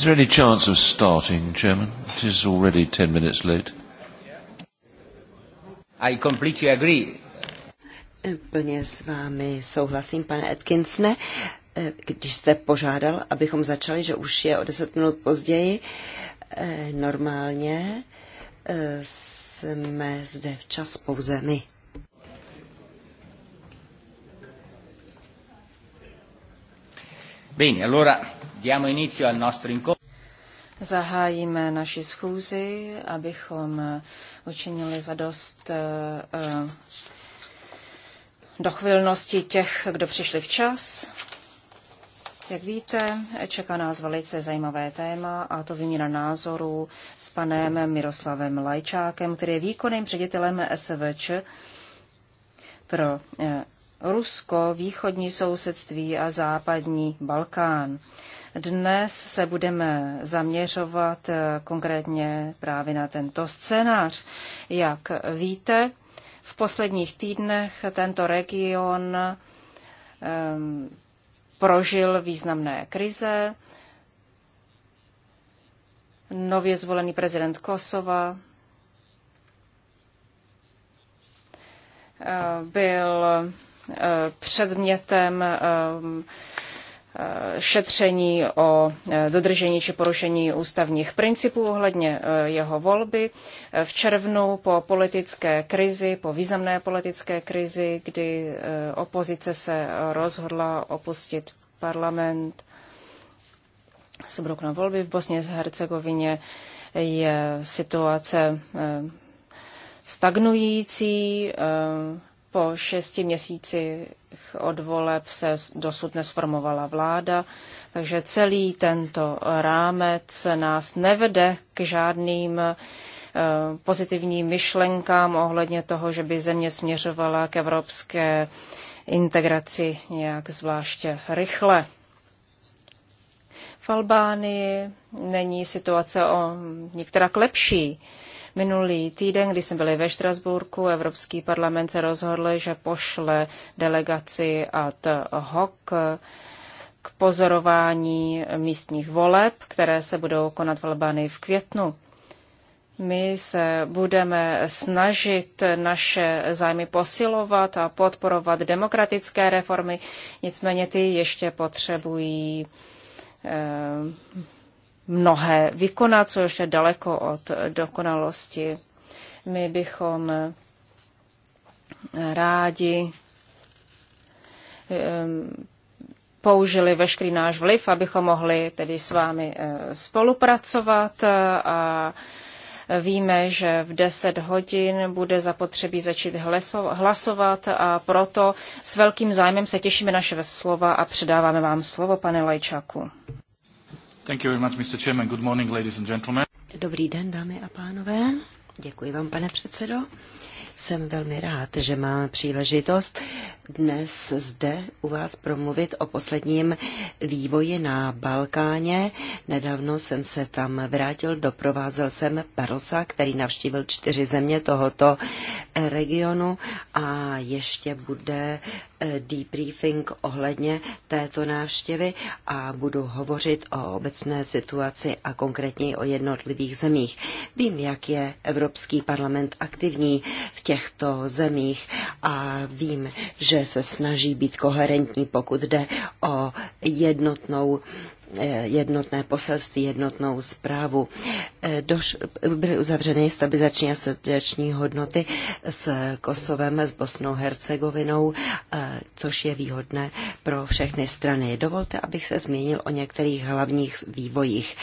Is there any chance of starting, Chairman? It is already ten minutes late. I completely agree. Plně s vámi souhlasím, pane Atkinsne. Když jste požádal, abychom začali, že už je o deset minut později, normálně jsme zde včas pouze my. Bene, allora Diamo inizio al nostro incontro. Zahájíme naši schůzi, abychom eh, učinili zadost eh, eh, dochvilnosti těch, kdo přišli včas. Jak víte, čeká nás velice zajímavé téma a to na názoru s panem Miroslavem Lajčákem, který je výkonným ředitelem SVČ pro Rusko, východní sousedství a západní Balkán. Dnes se budeme zaměřovat eh, konkrétně právě na tento scénář. Jak víte, v posledních týdnech tento region um, prožil významné krize. Nově zvolený prezident Kosova eh, byl eh, předmětem ehm, šetření o e, dodržení či porušení ústavních principů ohledně e, jeho volby. E, v červnu po politické krizi, po významné politické krizi, kdy opozice se rozhodla opustit parlament, se budou volby v Bosně a Hercegovině, je situace stagnující, po šesti měsících od voleb se dosud nesformovala vláda, takže celý tento rámec nás nevede k žádným eh, pozitivním myšlenkám ohledně toho, že by země směřovala k evropské integraci nějak zvláště rychle. V Albánii není situace o některak lepší. Minulý týden, kdy jsme byli ve Štrasburku, Evropský parlament se rozhodl, že pošle delegaci ad hoc k pozorování místních voleb, které se budou konat v Albánii v květnu. My se budeme snažit naše zájmy posilovat a podporovat demokratické reformy, nicméně ty ještě potřebují eh, mnohé vykonat, co ještě daleko od dokonalosti. My bychom eh, rádi ehm, použili veškerý náš vliv, abychom mohli tedy s vámi eh, spolupracovat eh, a Víme, že v 10 hodin bude zapotřebí začít hlasovat a proto s velkým zájmem se těšíme naše slova a předáváme vám slovo, pane Lajčaku. Thank you very much, Mr. Chairman. Good morning, ladies and gentlemen. Dobrý den, dámy a pánové. Děkuji vám, pane předsedo. Jsem velmi rád, že mám příležitost dnes zde u vás promluvit o posledním vývoji na Balkáně. Nedávno jsem se tam vrátil, doprovázel jsem Parosa, který navštívil čtyři země tohoto regionu a ještě bude eh, debriefing ohledně této návštěvy a budu hovořit o obecné situaci a konkrétně o jednotlivých zemích. Vím, jak je Evropský parlament aktivní v těch těchto zemích a vím, že se snaží být koherentní, pokud jde o jednotnou eh, jednotné poselství, jednotnou zprávu. Eh, doš, byly uzavřeny stabilizační a srdeční hodnoty s Kosovem, s Bosnou Hercegovinou, eh, což je výhodné pro všechny strany. Dovolte, abych se zmínil o některých hlavních vývojích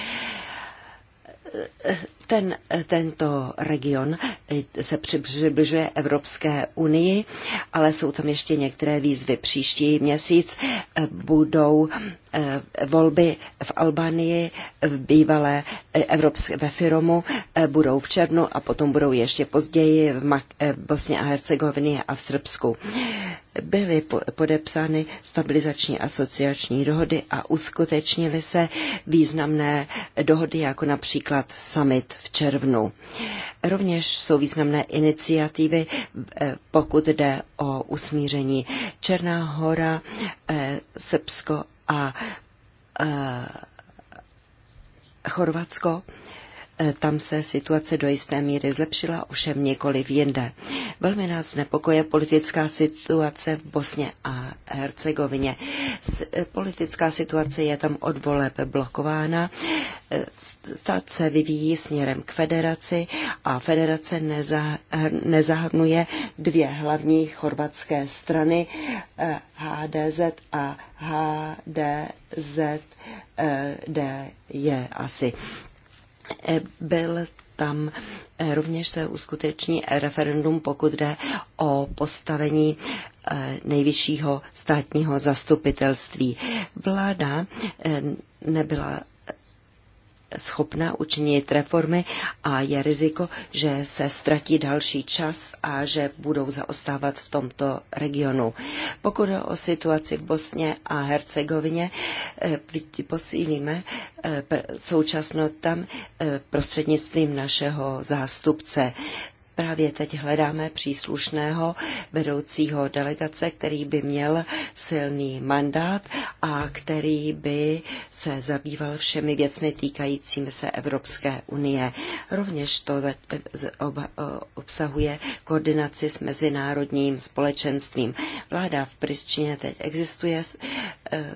ten, tento region eh, se přibližuje Evropské unii, ale jsou tam ještě některé výzvy. Příští měsíc eh, budou eh, volby v Albánii, v bývalé Evropské, ve Firomu, budou v Černu a potom budou ještě později v, Mak- v Bosně a Hercegovině a v Srbsku. Byly podepsány stabilizační asociační dohody a uskutečnily se významné dohody, jako například summit v červnu. Rovněž jsou významné iniciativy, eh, pokud jde o usmíření Černá hora, eh, Srbsko a eh, Chorvatsko E, tam se situace do jisté míry zlepšila, ovšem nikoliv jinde. Velmi nás nepokoje politická situace v Bosně a Hercegovině. E, politická situace je tam od voleb blokována. E, stát se vyvíjí směrem k federaci a federace nezahrnuje dvě hlavní chorvatské strany, HDZ a HDZ D je asi E, byl tam e, rovněž se uskuteční referendum, pokud jde o postavení e, nejvyššího státního zastupitelství. Vláda nebyla schopna učinit reformy a je riziko, že se ztratí další čas a že budou zaostávat v tomto regionu. Pokud o situaci v Bosně a Hercegovině, eh, posílíme eh, současnost tam eh, prostřednictvím našeho zástupce. Právě teď hledáme příslušného vedoucího delegace, který by měl silný mandát a který by se zabýval všemi věcmi týkajícími se Evropské unie. Rovněž to obsahuje koordinaci s mezinárodním společenstvím. Vláda v Pristině teď existuje e,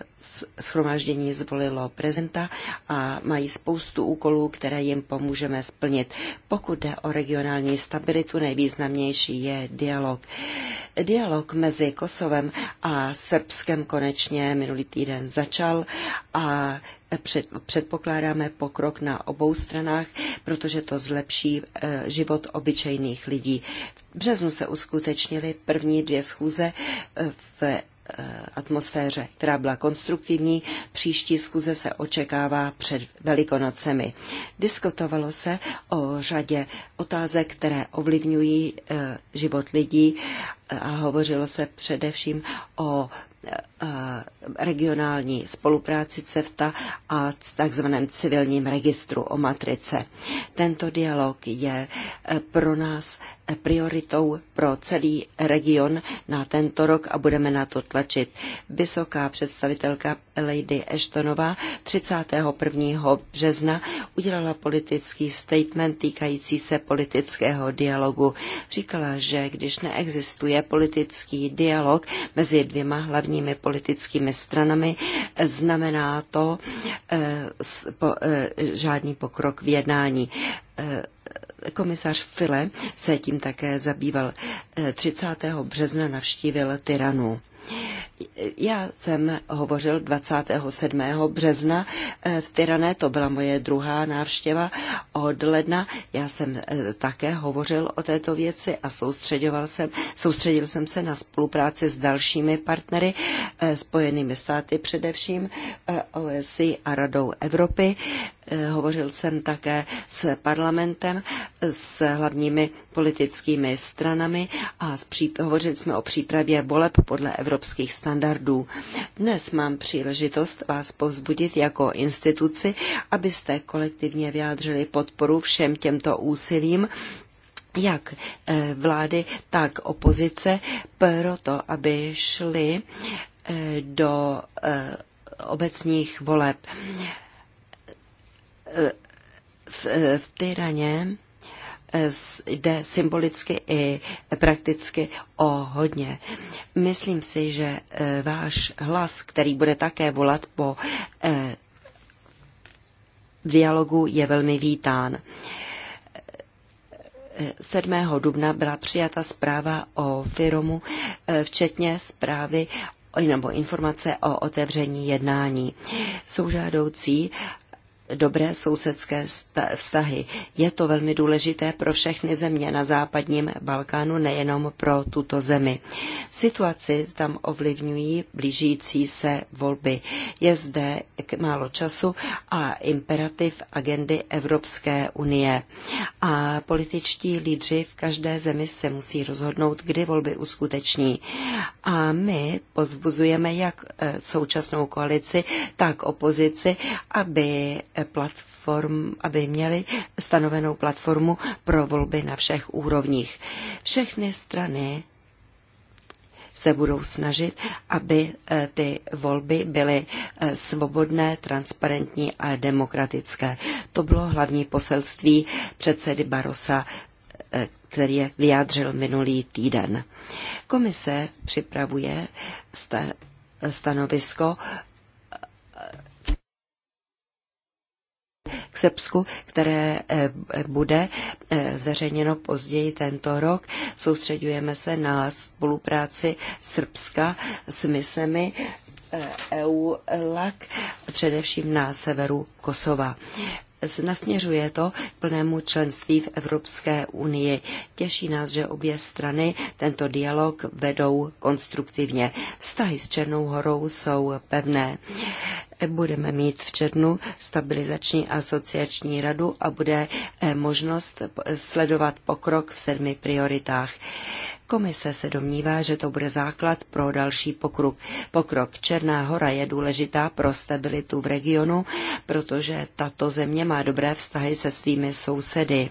schromáždění zvolilo prezenta a mají spoustu úkolů, které jim pomůžeme splnit. Pokud jde o regionální stabilitu, nejvýznamnější je dialog. Dialog mezi Kosovem a Srbskem konečně minulý týden začal a předpokládáme pokrok na obou stranách, protože to zlepší e, život obyčejných lidí. V březnu se uskutečnily první dvě schůze e, v Eh, atmosféře, která byla konstruktivní. Příští schůze se očekává před Velikonocemi. Diskutovalo se o řadě otázek, které ovlivňují eh, život lidí eh, a hovořilo se především o regionální spolupráci CEFTA a takzvaném civilním registru o matrice. Tento dialog je pro nás prioritou pro celý region na tento rok a budeme na to tlačit. Vysoká představitelka Lady Ashtonová 31. března udělala politický statement týkající se politického dialogu. Říkala, že když neexistuje politický dialog mezi dvěma hlavními politickými stranami, znamená to eh, eh, žádný pokrok v jednání. Eh, komisař File se tím také zabýval. 30. Eh, března navštívil Tyranu. Já jsem hovořil 27. března eh, v Tyrané, to byla moje druhá návštěva od ledna. Já jsem eh, také hovořil o této věci a soustředoval jsem, soustředil jsem se na spolupráci s dalšími partnery, eh, spojenými státy především, OSI a Radou Evropy. Hovořil jsem také s parlamentem, s hlavními politickými stranami a hovořili jsme o přípravě voleb podle evropských standardů. Dnes mám příležitost vás povzbudit jako instituci, abyste kolektivně vyjádřili podporu všem těmto úsilím, jak eh, vlády, tak opozice, proto aby šli eh, do eh, obecních voleb. V, v Tyraně jde symbolicky i prakticky o hodně. Myslím si, že e, váš hlas, který bude také volat po e, dialogu, je velmi vítán. 7. E, dubna byla přijata zpráva o Firomu, včetně zprávy nebo informace o otevření jednání. Soužádoucí dobré sousedské vztahy. Je to velmi důležité pro všechny země na západním Balkánu, nejenom pro tuto zemi. Situaci tam ovlivňují blížící se volby. Je zde málo času a imperativ agendy Evropské unie. A političtí lídři v každé zemi se musí rozhodnout, kdy volby uskuteční. A my pozbuzujeme jak eh, současnou koalici, tak opozici, aby eh, platform, aby měli stanovenou platformu pro volby na všech úrovních. Všechny strany se budou snažit, aby eh, ty volby byly eh, svobodné, transparentní a demokratické. To bylo hlavní poselství předsedy Barosa, eh, který je vyjádřil minulý týden. Komise připravuje stanovisko k Srbsku, které eh, bude eh, zveřejněno později tento rok. Soustředujeme se na spolupráci Srbska s misemi EU-LAC, eh, e především na severu Kosova nasměřuje to k plnému členství v Evropské unii. Těší nás, že obě strany tento dialog vedou konstruktivně. Vztahy s Černou horou jsou pevné. Budeme mít v černu stabilizační asociační radu a bude eh, možnost sledovat pokrok v sedmi prioritách. Komise se domnívá, že to bude základ pro další pokrok. Pokrok Černá hora je důležitá pro stabilitu v regionu, protože tato země má dobré vztahy se svými sousedy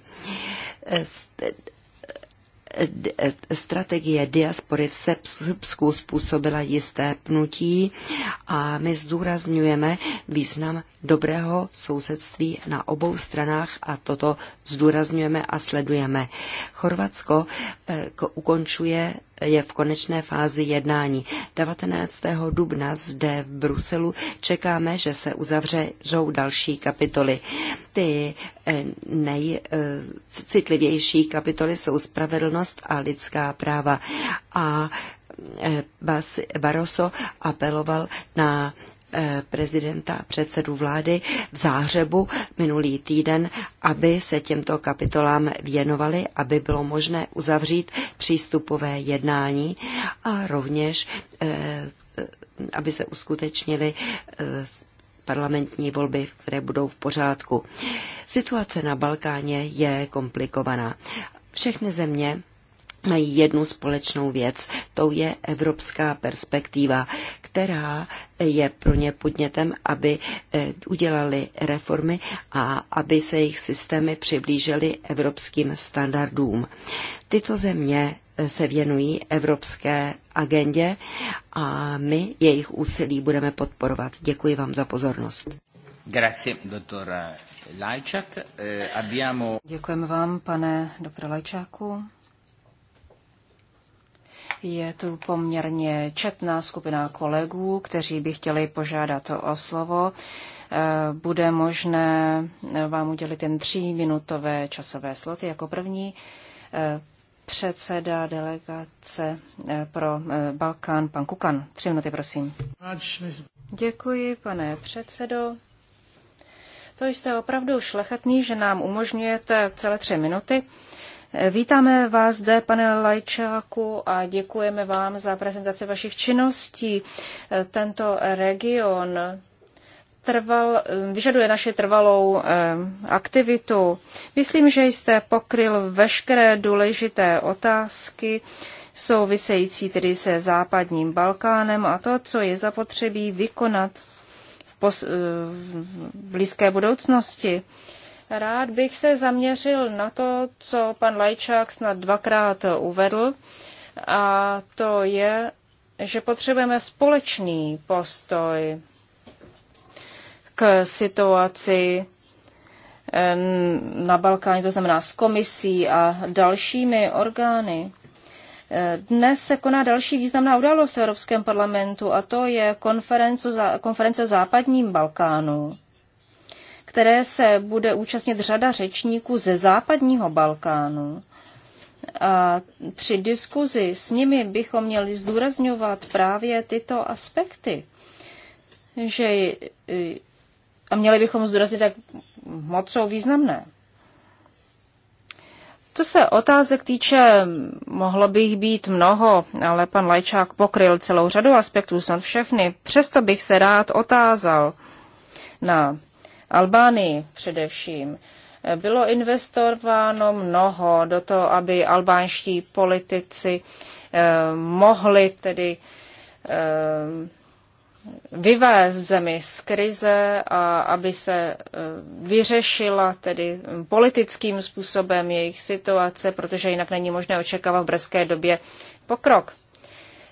strategie diaspory v Srbsku způsobila jisté pnutí a my zdůrazňujeme význam dobrého sousedství na obou stranách a toto zdůrazňujeme a sledujeme. Chorvatsko eh, ukončuje je v konečné fázi jednání. 19. dubna zde v Bruselu čekáme, že se uzavřou další kapitoly. Ty eh, nejcitlivější eh, kapitoly jsou spravedlnost a lidská práva. A Barroso apeloval na Eh, prezidenta a předsedu vlády v Záhřebu minulý týden, aby se těmto kapitolám věnovali, aby bylo možné uzavřít přístupové jednání a rovněž eh, aby se uskutečnily eh, parlamentní volby, které budou v pořádku. Situace na Balkáně je komplikovaná. Všechny země mají jednu společnou věc, to je evropská perspektiva, která je pro ně podnětem, aby eh, udělali reformy a aby se jejich systémy přiblížily evropským standardům. Tyto země eh, se věnují evropské agendě a my jejich úsilí budeme podporovat. Děkuji vám za pozornost. Grazie, dottor Lajčak. Eh, Děkujeme vám, pane doktore Lajčáku. Je tu poměrně četná skupina kolegů, kteří by chtěli požádat o slovo. Eh, Bude možné eh, vám udělit jen tříminutové časové sloty jako první eh, předseda delegace pro Balkán, pan Kukan. Tři minuty, prosím. Děkuji, pane předsedo. To jste opravdu šlechetný, že nám umožňujete celé tři minuty. Vítáme vás zde, pane Lajčáku, a děkujeme vám za prezentaci vašich činností. Tento region trval, vyžaduje naši trvalou eh, aktivitu. Myslím, že jste pokryl veškeré důležité otázky související tedy se západním Balkánem a to, co je zapotřebí vykonat v, pos- eh, v blízké budoucnosti. Rád bych se zaměřil na to, co pan Lajčák snad dvakrát uvedl, a to je, že potřebujeme společný postoj k situaci na Balkáně, to znamená s komisí a dalšími orgány. Eh, dnes se koná další významná událost v Evropském parlamentu a to je konference, konference západním Balkánu které se bude účastnit řada řečníků ze západního Balkánu. A při diskuzi s nimi bychom měli zdůrazňovat právě tyto aspekty. Že, eh, a měli bychom zdůraznit, jak moc jsou významné. Co se otázek týče, mohlo by jich být mnoho, ale pan Lajčák pokryl celou řadu aspektů, snad všechny. Přesto bych se rád otázal na Albánii především. Bylo investováno mnoho do toho, aby albánští politici eh, mohli tedy eh, vyvést zemi z krize a aby se eh, vyřešila tedy politickým způsobem jejich situace, protože jinak není možné očekávat v brzké době pokrok.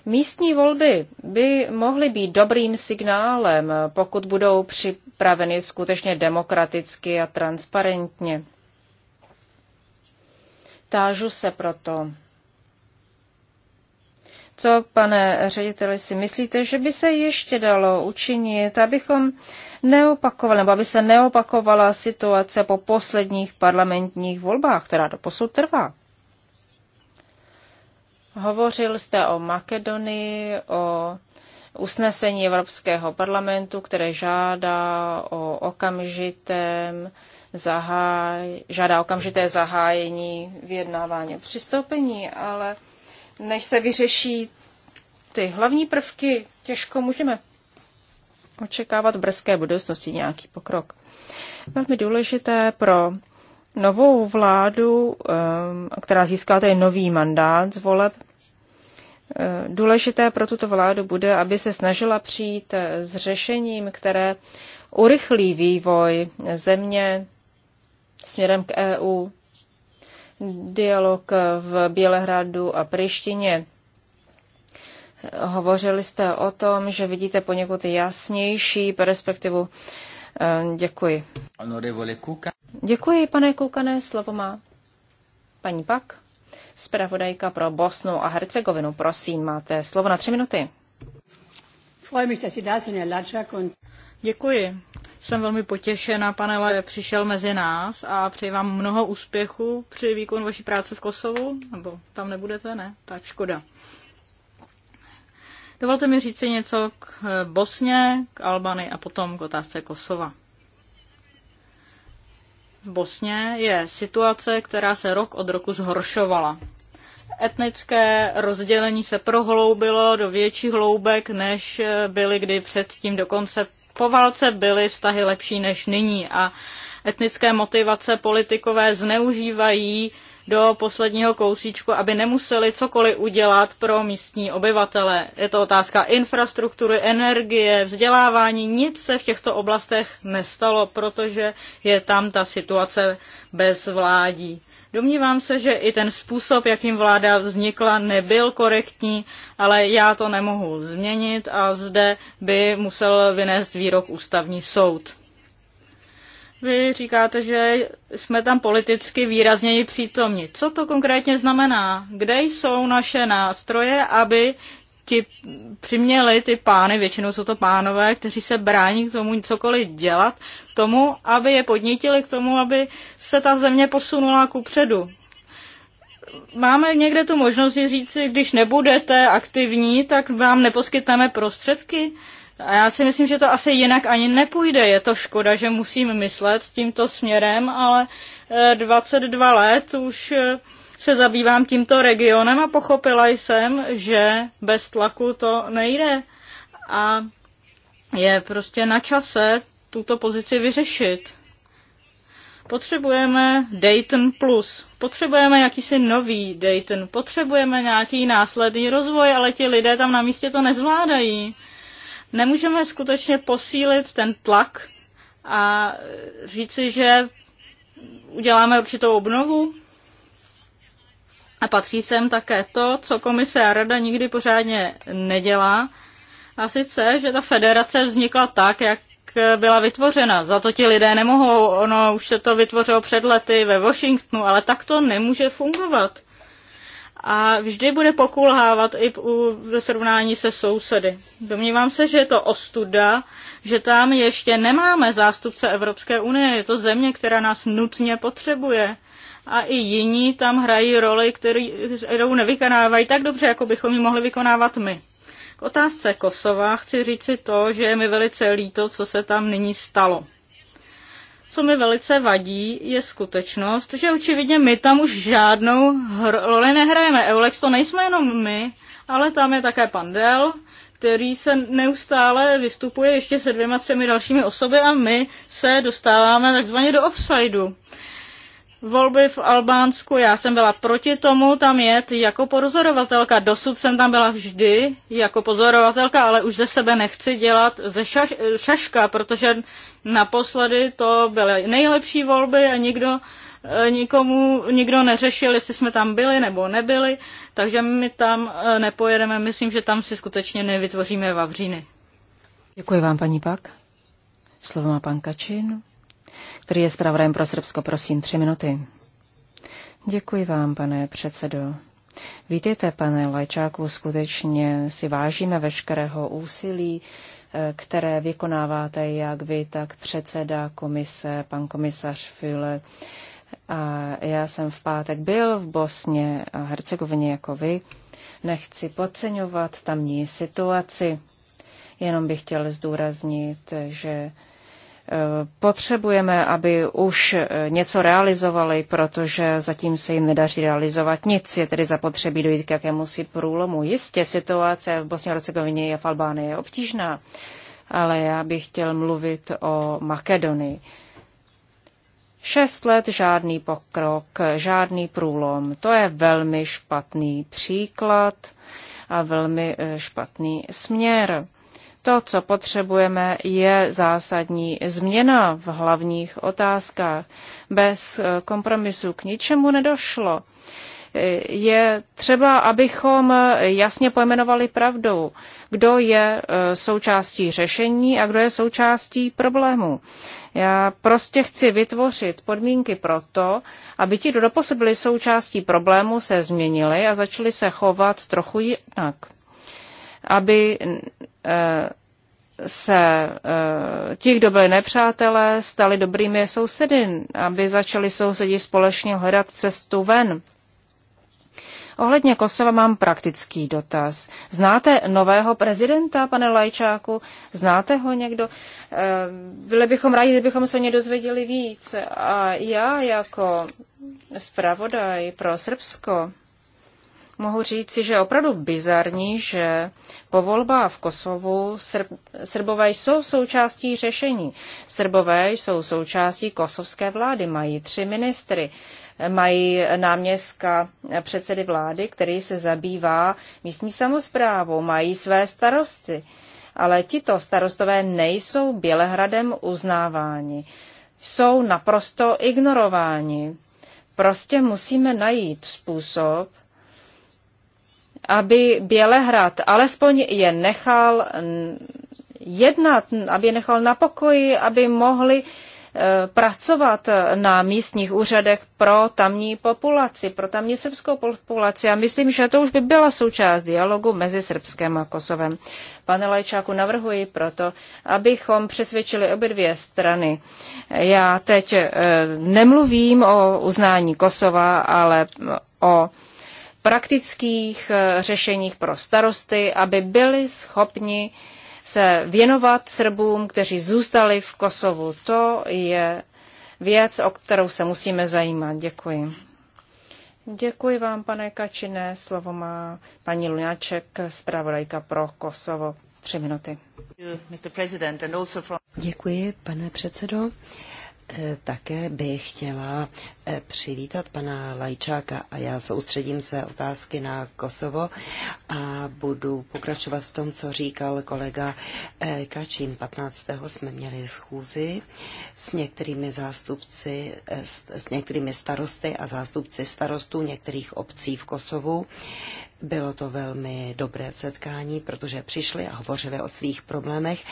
Místní volby by mohly být dobrým signálem, pokud budou připraveny skutečně demokraticky a transparentně. Tážu se proto. Co, pane řediteli, si myslíte, že by se ještě dalo učinit, abychom neopakovali, nebo aby se neopakovala situace po posledních parlamentních volbách, která do posud trvá? Hovořil jste o Makedonii, o usnesení Evropského parlamentu, které žádá o okamžitém zaháj, žádá okamžité zahájení vyjednávání o přistoupení, ale než se vyřeší ty hlavní prvky, těžko můžeme očekávat v brzké budoucnosti nějaký pokrok. Velmi důležité pro novou vládu, eh, která získá tedy nový mandát z voleb, eh, důležité pro tuto vládu bude, aby se snažila přijít s řešením, které urychlí vývoj země směrem k EU, dialog v Bělehradu a Prištině. Hovořili jste o tom, že vidíte poněkud jasnější perspektivu Eh, děkuji. Děkuji, pane Koukané. Slovo má paní Pak, zpravodajka pro Bosnu a Hercegovinu. Prosím, máte slovo na tři minuty. Děkuji. Jsem velmi potěšena, pane Lade, přišel mezi nás a přeji vám mnoho úspěchu při výkonu vaší práce v Kosovu, nebo tam nebudete, ne? Tak škoda. Dovolte mi říci něco k eh, Bosně, k Albany a potom k otázce Kosova. V Bosně je situace, která se rok od roku zhoršovala. Etnické rozdělení se prohloubilo do větších hloubek, než eh, byly kdy předtím. Dokonce po válce byly vztahy lepší než nyní a etnické motivace politikové zneužívají do posledního kousíčku, aby nemuseli cokoliv udělat pro místní obyvatele. Je to otázka infrastruktury, energie, vzdělávání. Nic se v těchto oblastech nestalo, protože je tam ta situace bez vládí. Domnívám se, že i ten způsob, jakým vláda vznikla, nebyl korektní, ale já to nemohu změnit a zde by musel vynést výrok ústavní soud. Vy říkáte, že jsme tam politicky výrazněji přítomni. Co to konkrétně znamená? Kde jsou naše nástroje, aby ti přiměli ty pány, většinou jsou to pánové, kteří se brání k tomu cokoliv dělat, tomu, aby je podnítili k tomu, aby se ta země posunula ku předu. Máme někde tu možnost říci, když nebudete aktivní, tak vám neposkytneme prostředky. A já si myslím, že to asi jinak ani nepůjde. Je to škoda, že musím myslet tímto směrem, ale 22 eh, let už eh, se zabývám tímto regionem a pochopila jsem, že bez tlaku to nejde. A je prostě na čase tuto pozici vyřešit. Potřebujeme Dayton Plus, potřebujeme jakýsi nový Dayton, potřebujeme nějaký následný rozvoj, ale ti lidé tam na místě to nezvládají nemůžeme skutečně posílit ten tlak a říci, že uděláme určitou obnovu. A patří sem také to, co komise a rada nikdy pořádně nedělá. A sice, že ta federace vznikla tak, jak byla vytvořena. Za to ti lidé nemohou, ono už se to vytvořilo před lety ve Washingtonu, ale tak to nemůže fungovat a vždy bude pokulhávat i ve srovnání se sousedy. Domnívám se, že je to ostuda, že tam ještě nemáme zástupce Evropské unie. Je to země, která nás nutně potřebuje. A i jiní tam hrají roli, kterou nevykonávají tak dobře, jako bychom ji mohli vykonávat my. K otázce Kosova chci říci to, že je mi velice líto, co se tam nyní stalo co mi velice vadí, je skutečnost, že očividně my tam už žádnou roli nehrajeme. Eulex to nejsme jenom my, ale tam je také Pandel, který se neustále vystupuje ještě se dvěma, třemi dalšími osoby a my se dostáváme takzvaně do offsideu volby v Albánsku. Já jsem byla proti tomu tam jet jako pozorovatelka. Dosud jsem tam byla vždy jako pozorovatelka, ale už ze sebe nechci dělat ze šaš, šaška, protože naposledy to byly nejlepší volby a nikdo eh, nikomu, nikdo neřešil, jestli jsme tam byli nebo nebyli, takže my tam eh, nepojedeme. Myslím, že tam si skutečně nevytvoříme vavříny. Děkuji vám, paní Pak. Slovo má pan Kačin který je zpravodajem pro Srbsko. Prosím, tři minuty. Děkuji vám, pane předsedo. Vítejte, pane Lajčáku, skutečně si vážíme veškerého úsilí, eh, které vykonáváte jak vy, tak předseda komise, pan komisař File. A já jsem v pátek byl v Bosně a Hercegovině jako vy. Nechci podceňovat tamní situaci, jenom bych chtěl zdůraznit, že Potřebujeme, aby už eh, něco realizovali, protože zatím se jim nedaří realizovat nic. Je tedy zapotřebí dojít k jakému si průlomu. Jistě situace v Bosně a Hercegovině a v Albánii je obtížná, ale já bych chtěl mluvit o Makedonii. Šest let žádný pokrok, žádný průlom. To je velmi špatný příklad a velmi eh, špatný směr. To, co potřebujeme, je zásadní změna v hlavních otázkách. Bez eh, kompromisu k ničemu nedošlo. Eh, je třeba, abychom eh, jasně pojmenovali pravdu, kdo je součástí řešení a kdo je součástí problému. Já prostě chci vytvořit podmínky pro to, aby ti, kdo doposud byli součástí problému, se změnili a začali se chovat trochu jinak aby eh, se eh, ti, kdo byli nepřátelé, stali dobrými sousedy, aby začali sousedi společně hledat cestu ven. Ohledně Kosova mám praktický dotaz. Znáte nového prezidenta, pane Lajčáku? Znáte ho někdo? Eh, byli bychom rádi, kdybychom se o ně dozvěděli víc. A já jako zpravodaj pro Srbsko mohu říci, že je opravdu bizarní, že po volbách v Kosovu Srb- Srbové jsou součástí řešení. Srbové jsou součástí kosovské vlády, mají tři ministry, mají náměstka předsedy vlády, který se zabývá místní samozprávou, mají své starosty. Ale tito starostové nejsou Bělehradem uznáváni. Jsou naprosto ignorováni. Prostě musíme najít způsob, aby Bělehrad alespoň je nechal jednat, aby je nechal na pokoji, aby mohli e, pracovat na místních úřadech pro tamní populaci, pro tamní srbskou populaci. A myslím, že to už by byla součást dialogu mezi Srbskem a Kosovem. Pane Lajčáku, navrhuji proto, abychom přesvědčili obě dvě strany. Já teď e, nemluvím o uznání Kosova, ale o praktických eh, řešeních pro starosty, aby byli schopni se věnovat Srbům, kteří zůstali v Kosovu. To je věc, o kterou se musíme zajímat. Děkuji. Děkuji vám, pane Kačine. Slovo má paní Lunáček zpravodajka pro Kosovo. Tři minuty. Děkuji, pane předsedo. Eh, také bych chtěla eh, přivítat pana Lajčáka a já soustředím se otázky na Kosovo a budu pokračovat v tom, co říkal kolega eh, Kačín. 15. jsme měli schůzi s některými zástupci, s, s některými starosty a zástupci starostů některých obcí v Kosovu. Bylo to velmi dobré setkání, protože přišli a hovořili o svých problémech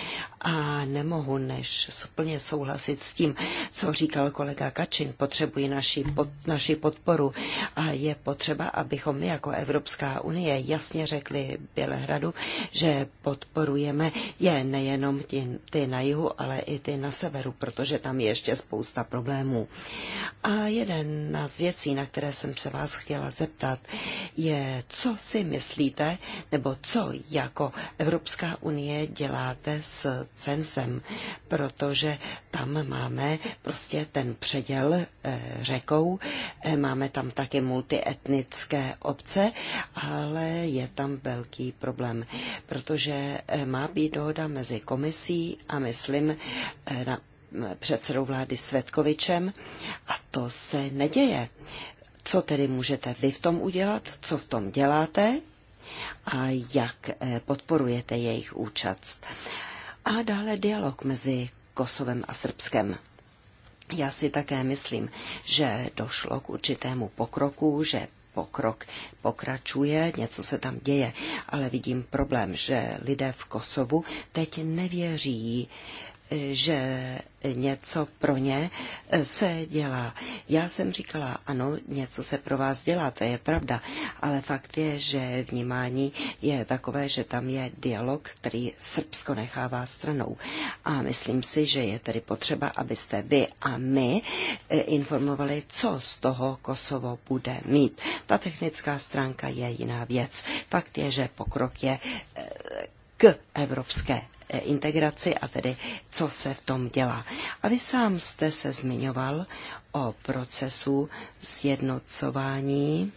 a nemohu než plně souhlasit s tím, co říkal kolega Kačin. Potřebují naši, pod, naši podporu a je potřeba, abychom my jako Evropská unie jasně řekli Bělehradu, že podporujeme je nejenom ty, ty na jihu, ale i ty na severu, protože tam je ještě spousta problémů. A jeden z věcí, na které jsem se vás chtěla zeptat, je, co si myslíte, nebo co jako Evropská unie děláte s censem, protože tam máme prostě ten předěl eh, řekou, eh, máme tam také multietnické obce, ale je tam velký problém, protože eh, má být dohoda mezi komisí a myslím na předsedou vlády Svetkovičem a to se neděje co tedy můžete vy v tom udělat, co v tom děláte a jak eh, podporujete jejich účast. A dále dialog mezi Kosovem a Srbskem. Já si také myslím, že došlo k určitému pokroku, že pokrok pokračuje, něco se tam děje, ale vidím problém, že lidé v Kosovu teď nevěří že něco pro ně eh, se dělá. Já jsem říkala, ano, něco se pro vás dělá, to je pravda, ale fakt je, že vnímání je takové, že tam je dialog, který Srbsko nechává stranou. A myslím si, že je tedy potřeba, abyste vy a my eh, informovali, co z toho Kosovo bude mít. Ta technická stránka je jiná věc. Fakt je, že pokrok je eh, k evropské Eh, integraci a tedy co se v tom dělá. A vy sám jste se zmiňoval o procesu sjednocování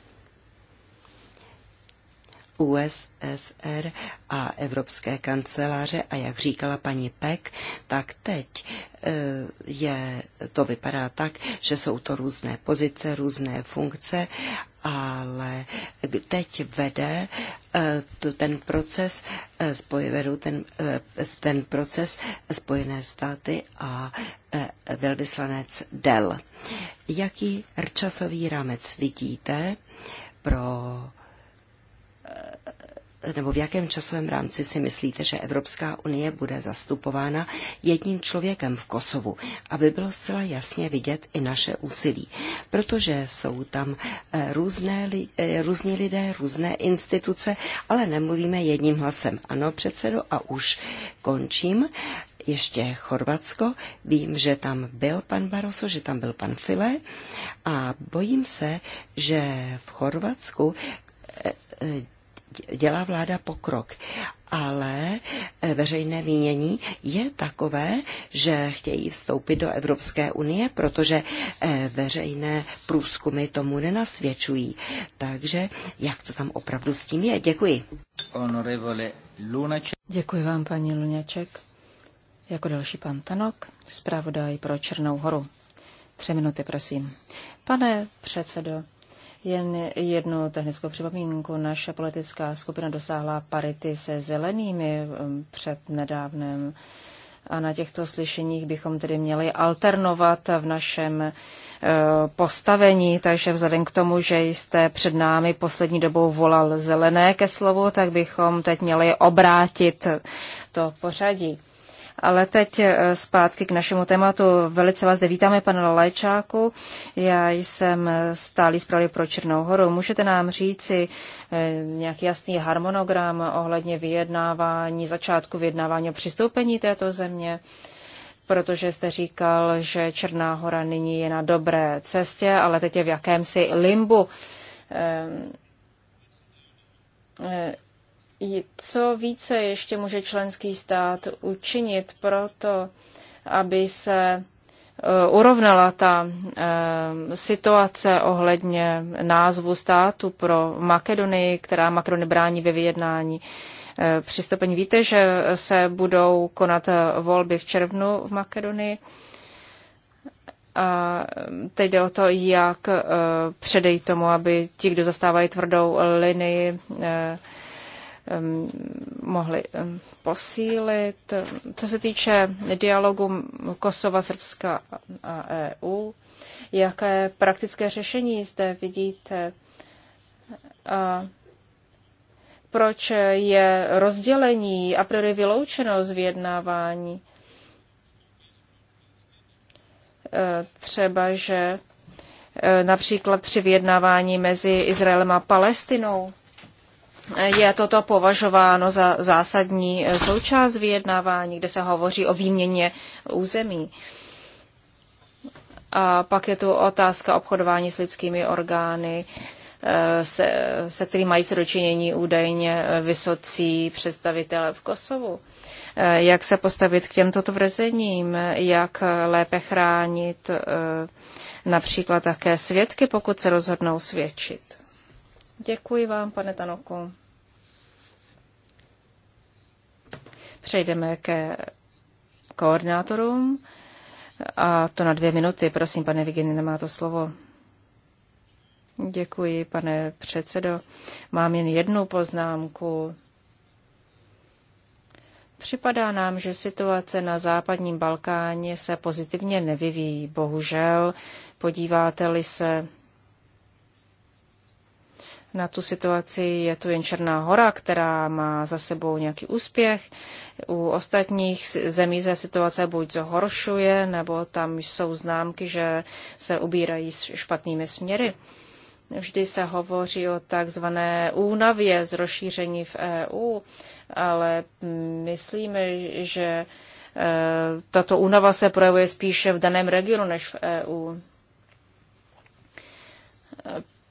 USSR a Evropské kanceláře a jak říkala paní Peck, tak teď eh, je, to vypadá tak, že jsou to různé pozice, různé funkce, ale teď vede eh, ten proces, eh, vedou ten, ten proces Spojené státy a velvyslanec Dell. Jaký časový rámec vidíte pro nebo v jakém časovém rámci si myslíte, že Evropská unie bude zastupována jedním člověkem v Kosovu, aby bylo zcela jasně vidět i naše úsilí. Protože jsou tam eh, různé, eh, různí lidé, různé instituce, ale nemluvíme jedním hlasem. Ano, předsedo, a už končím ještě Chorvatsko. Vím, že tam byl pan Baroso, že tam byl pan File a bojím se, že v Chorvatsku eh, dělá vláda pokrok, ale eh, veřejné výnění je takové, že chtějí vstoupit do Evropské unie, protože eh, veřejné průzkumy tomu nenasvědčují. Takže jak to tam opravdu s tím je? Děkuji. Děkuji vám, paní Lunaček. Jako další pan Tanok, zpravodaj pro Černou horu. Tři minuty, prosím. Pane předsedo, jen jednu technickou připomínku. Naše politická skupina dosáhla parity se zelenými um, před nedávnem. A na těchto slyšeních bychom tedy měli alternovat v našem uh, postavení, takže vzhledem k tomu, že jste před námi poslední dobou volal zelené ke slovu, tak bychom teď měli obrátit to pořadí. Ale teď eh, zpátky k našemu tématu. Velice vás zde vítáme, pane Lajčáku. Já jsem stálý zprávě pro Černou horu. Můžete nám říci eh, nějaký jasný harmonogram ohledně vyjednávání, začátku vyjednávání o přistoupení této země? protože jste říkal, že Černá hora nyní je na dobré cestě, ale teď je v jakémsi limbu. Ehm, eh, co více ještě může členský stát učinit pro to, aby se eh, urovnala ta eh, situace ohledně názvu státu pro Makedonii, která Makedonii brání ve vyjednání eh, přistoupení. Víte, že se budou konat volby v červnu v Makedonii. A teď jde o to, jak předejít tomu, aby ti, kdo zastávají tvrdou linii, Ehm, mohli ehm, posílit. Co se týče dialogu Kosova, Srbska a EU, jaké praktické řešení zde vidíte? A proč je rozdělení a priori vyloučeno z vyjednávání? E, třeba, že e, například při vyjednávání mezi Izraelem a Palestinou je toto považováno za zásadní součást vyjednávání, kde se hovoří o výměně území. A pak je tu otázka obchodování s lidskými orgány, eh, se, se kterým mají dočinění údajně vysocí představitelé v Kosovu. Eh, jak se postavit k těmto tvrzením, jak lépe chránit eh, například také svědky, pokud se rozhodnou svědčit. Děkuji vám, pane Tanoku. Přejdeme ke koordinátorům. A to na dvě minuty. Prosím, pane Viginy, nemá to slovo. Děkuji, pane předsedo. Mám jen jednu poznámku. Připadá nám, že situace na západním Balkáně se pozitivně nevyvíjí. Bohužel, podíváte-li se na tu situaci. Je tu jen Černá hora, která má za sebou nějaký úspěch. U ostatních zemí se situace buď zhoršuje, nebo tam jsou známky, že se ubírají špatnými směry. Vždy se hovoří o takzvané únavě z rozšíření v EU, ale myslíme, že e, tato únava se projevuje spíše v daném regionu než v EU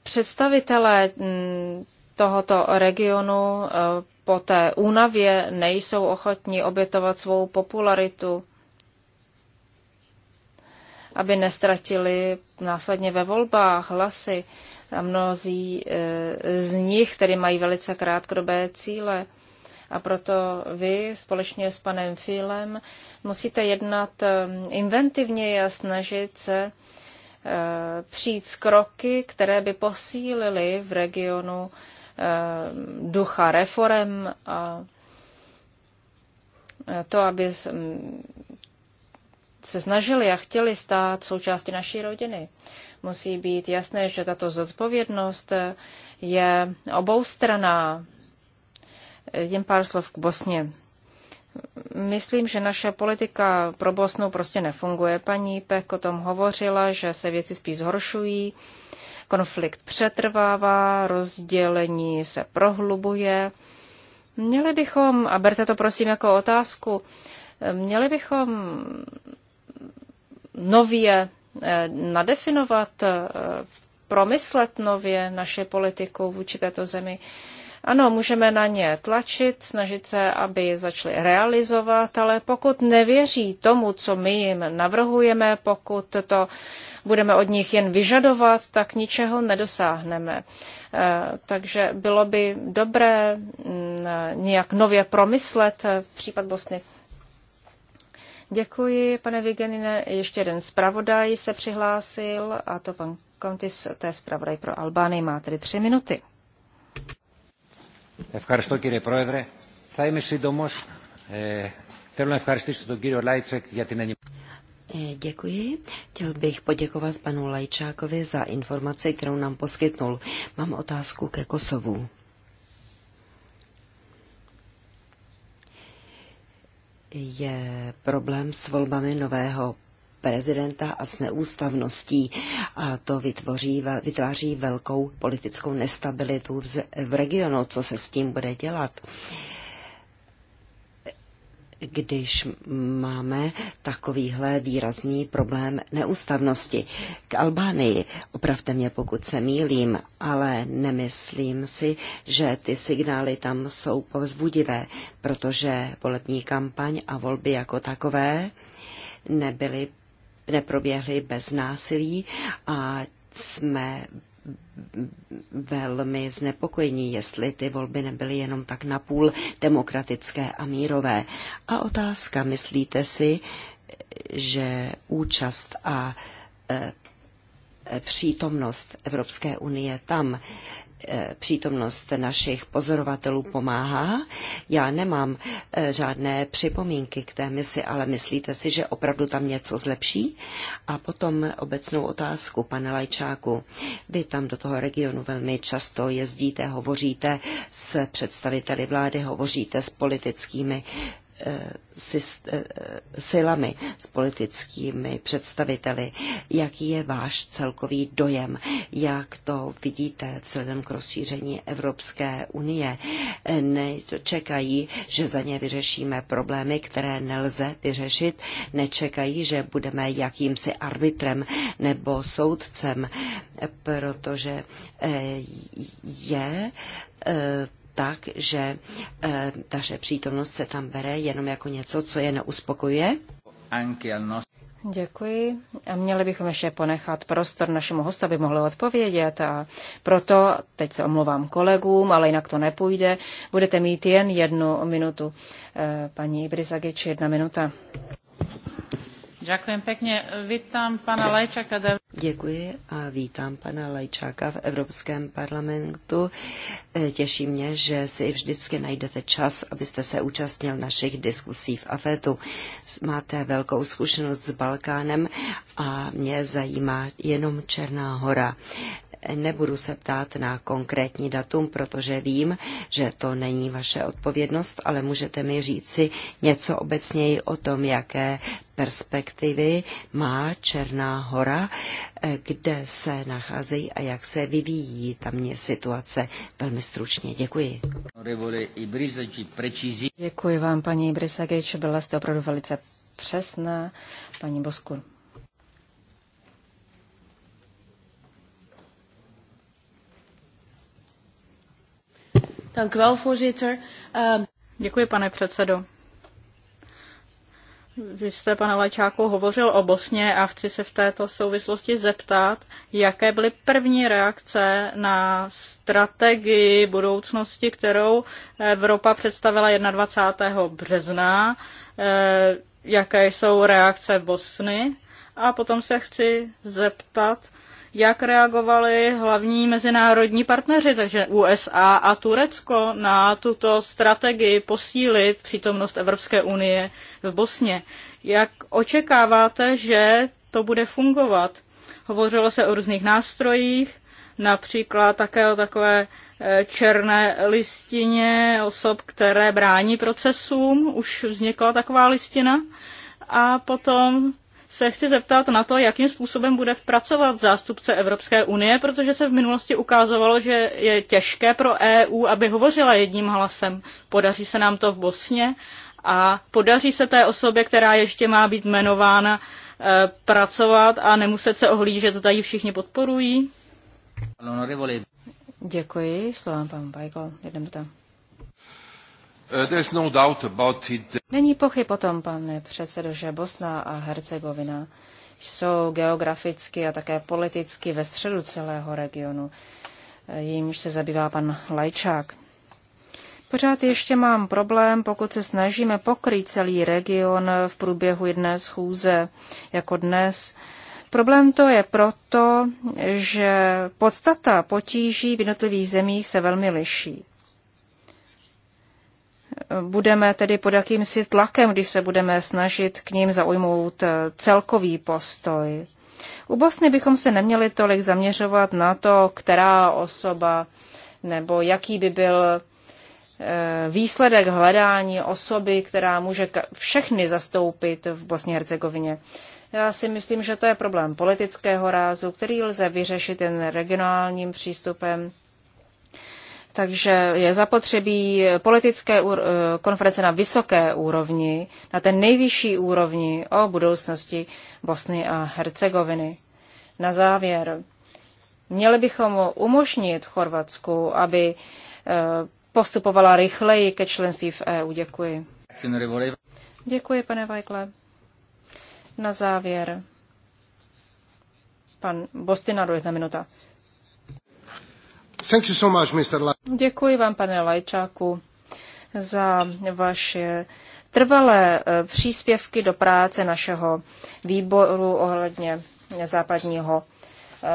Představitelé mm, tohoto regionu e, po té únavě nejsou ochotní obětovat svou popularitu, aby nestratili následně ve volbách hlasy. A mnozí e, z nich, tedy mají velice krátkodobé cíle. A proto vy společně s panem Filem musíte jednat e, inventivně a snažit se Eh, přijít s kroky, které by posílily v regionu eh, ducha reform a eh, to, aby se snažili a chtěli stát součástí naší rodiny. Musí být jasné, že tato zodpovědnost je oboustraná. Jen pár slov k Bosně. Myslím, že naše politika pro Bosnu prostě nefunguje. Paní Pek o tom hovořila, že se věci spíš zhoršují, konflikt přetrvává, rozdělení se prohlubuje. Měli bychom, a berte to prosím jako otázku, měli bychom nově eh, nadefinovat, eh, promyslet nově naše politiku vůči této zemi. Ano, můžeme na ně tlačit, snažit se, aby začali realizovat, ale pokud nevěří tomu, co my jim navrhujeme, pokud to budeme od nich jen vyžadovat, tak ničeho nedosáhneme. E, takže bylo by dobré mm, nějak nově promyslet e, případ Bosny. Děkuji, pane Vigenine. Ještě jeden zpravodaj se přihlásil, a to pan Kontis, to je zpravodaj pro Albány, má tedy tři minuty. Děkuji. Chtěl bych poděkovat panu Lajčákovi za informaci, kterou nám poskytnul. Mám otázku ke Kosovu. Je problém s volbami nového prezidenta a s neústavností. A to vytvoří, vytváří velkou politickou nestabilitu v, v regionu. Co se s tím bude dělat? když máme takovýhle výrazný problém neústavnosti. K Albánii, opravte mě, pokud se mýlím, ale nemyslím si, že ty signály tam jsou povzbudivé, protože volební kampaň a volby jako takové nebyly neproběhly bez násilí a jsme velmi znepokojení, jestli ty volby nebyly jenom tak napůl demokratické a mírové. A otázka, myslíte si, že účast a e, přítomnost Evropské unie tam Eh, přítomnost našich pozorovatelů pomáhá. Já nemám eh, žádné připomínky k té misi, ale myslíte si, že opravdu tam něco zlepší? A potom obecnou otázku, pane Lajčáku. Vy tam do toho regionu velmi často jezdíte, hovoříte s představiteli vlády, hovoříte s politickými Eh, eh, silami, s politickými představiteli. Jaký je váš celkový dojem? Jak to vidíte vzhledem k rozšíření Evropské unie? Nečekají, že za ně vyřešíme problémy, které nelze vyřešit. Nečekají, že budeme jakýmsi arbitrem nebo soudcem, protože eh, je tak, že naše eh, přítomnost se tam bere jenom jako něco, co je neuspokuje. Děkuji. A měli bychom ještě ponechat prostor našemu hostu, aby mohli odpovědět. A proto, teď se omluvám kolegům, ale jinak to nepůjde, budete mít jen jednu minutu. Eh, paní Ibrisagič, jedna minuta. Děkuji pěkně. Vítám pana Lajčaka. Děkuji a vítám pana Lajčáka v Evropském parlamentu. E, Těší mě, že si vždycky najdete čas, abyste se účastnil našich diskusí v AFETu. Máte velkou zkušenost s Balkánem a mě zajímá jenom Černá hora nebudu se ptát na konkrétní datum, protože vím, že to není vaše odpovědnost, ale můžete mi říci něco obecněji o tom, jaké perspektivy má Černá hora, eh, kde se nacházejí a jak se vyvíjí tamně situace. Velmi stručně děkuji. Děkuji vám, paní Ibrisagič, byla jste opravdu velice přesná. Paní Boskur. Dank u wel, voorzitter. Um... Děkuji, pane předsedo. Vy jste, pane Lajčáku, hovořil o Bosně a chci se v této souvislosti zeptat, jaké byly první reakce na strategii budoucnosti, kterou Evropa představila 21. března, eh, jaké jsou reakce Bosny. A potom se chci zeptat, jak reagovali hlavní mezinárodní partneři, takže USA a Turecko, na tuto strategii posílit přítomnost Evropské unie v Bosně. Jak očekáváte, že to bude fungovat? Hovořilo se o různých nástrojích, například také o takové eh, černé listině osob, které brání procesům. Už vznikla taková listina. A potom se chci zeptat na to, jakým způsobem bude pracovat zástupce Evropské unie, protože se v minulosti ukázalo, že je těžké pro EU, aby hovořila jedním hlasem. Podaří se nám to v Bosně a podaří se té osobě, která ještě má být jmenována, eh, pracovat a nemuset se ohlížet, zda ji všichni podporují? Děkuji, slovám panu Bajko, do tam. Uh, no Není pochyb o tom, pane předsedo, že Bosna a Hercegovina jsou geograficky a také politicky ve středu celého regionu. Eh, Jímž se zabývá pan Lajčák. Pořád ještě mám problém, pokud se snažíme pokrýt celý region v průběhu jedné schůze jako dnes. Problém to je proto, že podstata potíží v jednotlivých zemích se velmi liší budeme tedy pod jakýmsi tlakem, když se budeme snažit k ním zaujmout eh, celkový postoj. U vlastně Bosny bychom se neměli tolik zaměřovat na to, která osoba nebo jaký by byl eh, výsledek hledání osoby, která může všechny zastoupit v Bosně Hercegovině. Já si myslím, že to je problém politického rázu, který lze vyřešit jen regionálním přístupem takže je zapotřebí politické eh, konference na vysoké úrovni, na té nejvyšší úrovni o budoucnosti Bosny a Hercegoviny. Na závěr, měli bychom umožnit Chorvatsku, aby eh, postupovala rychleji ke členství v EU. Děkuji. Děkuji, pane Vajkle. Na závěr, pan Bostinado, jedna minuta. Thank you so much, Mr. Děkuji vám, pane Lajčáku, za vaše trvalé eh, příspěvky do práce našeho výboru ohledně západního eh,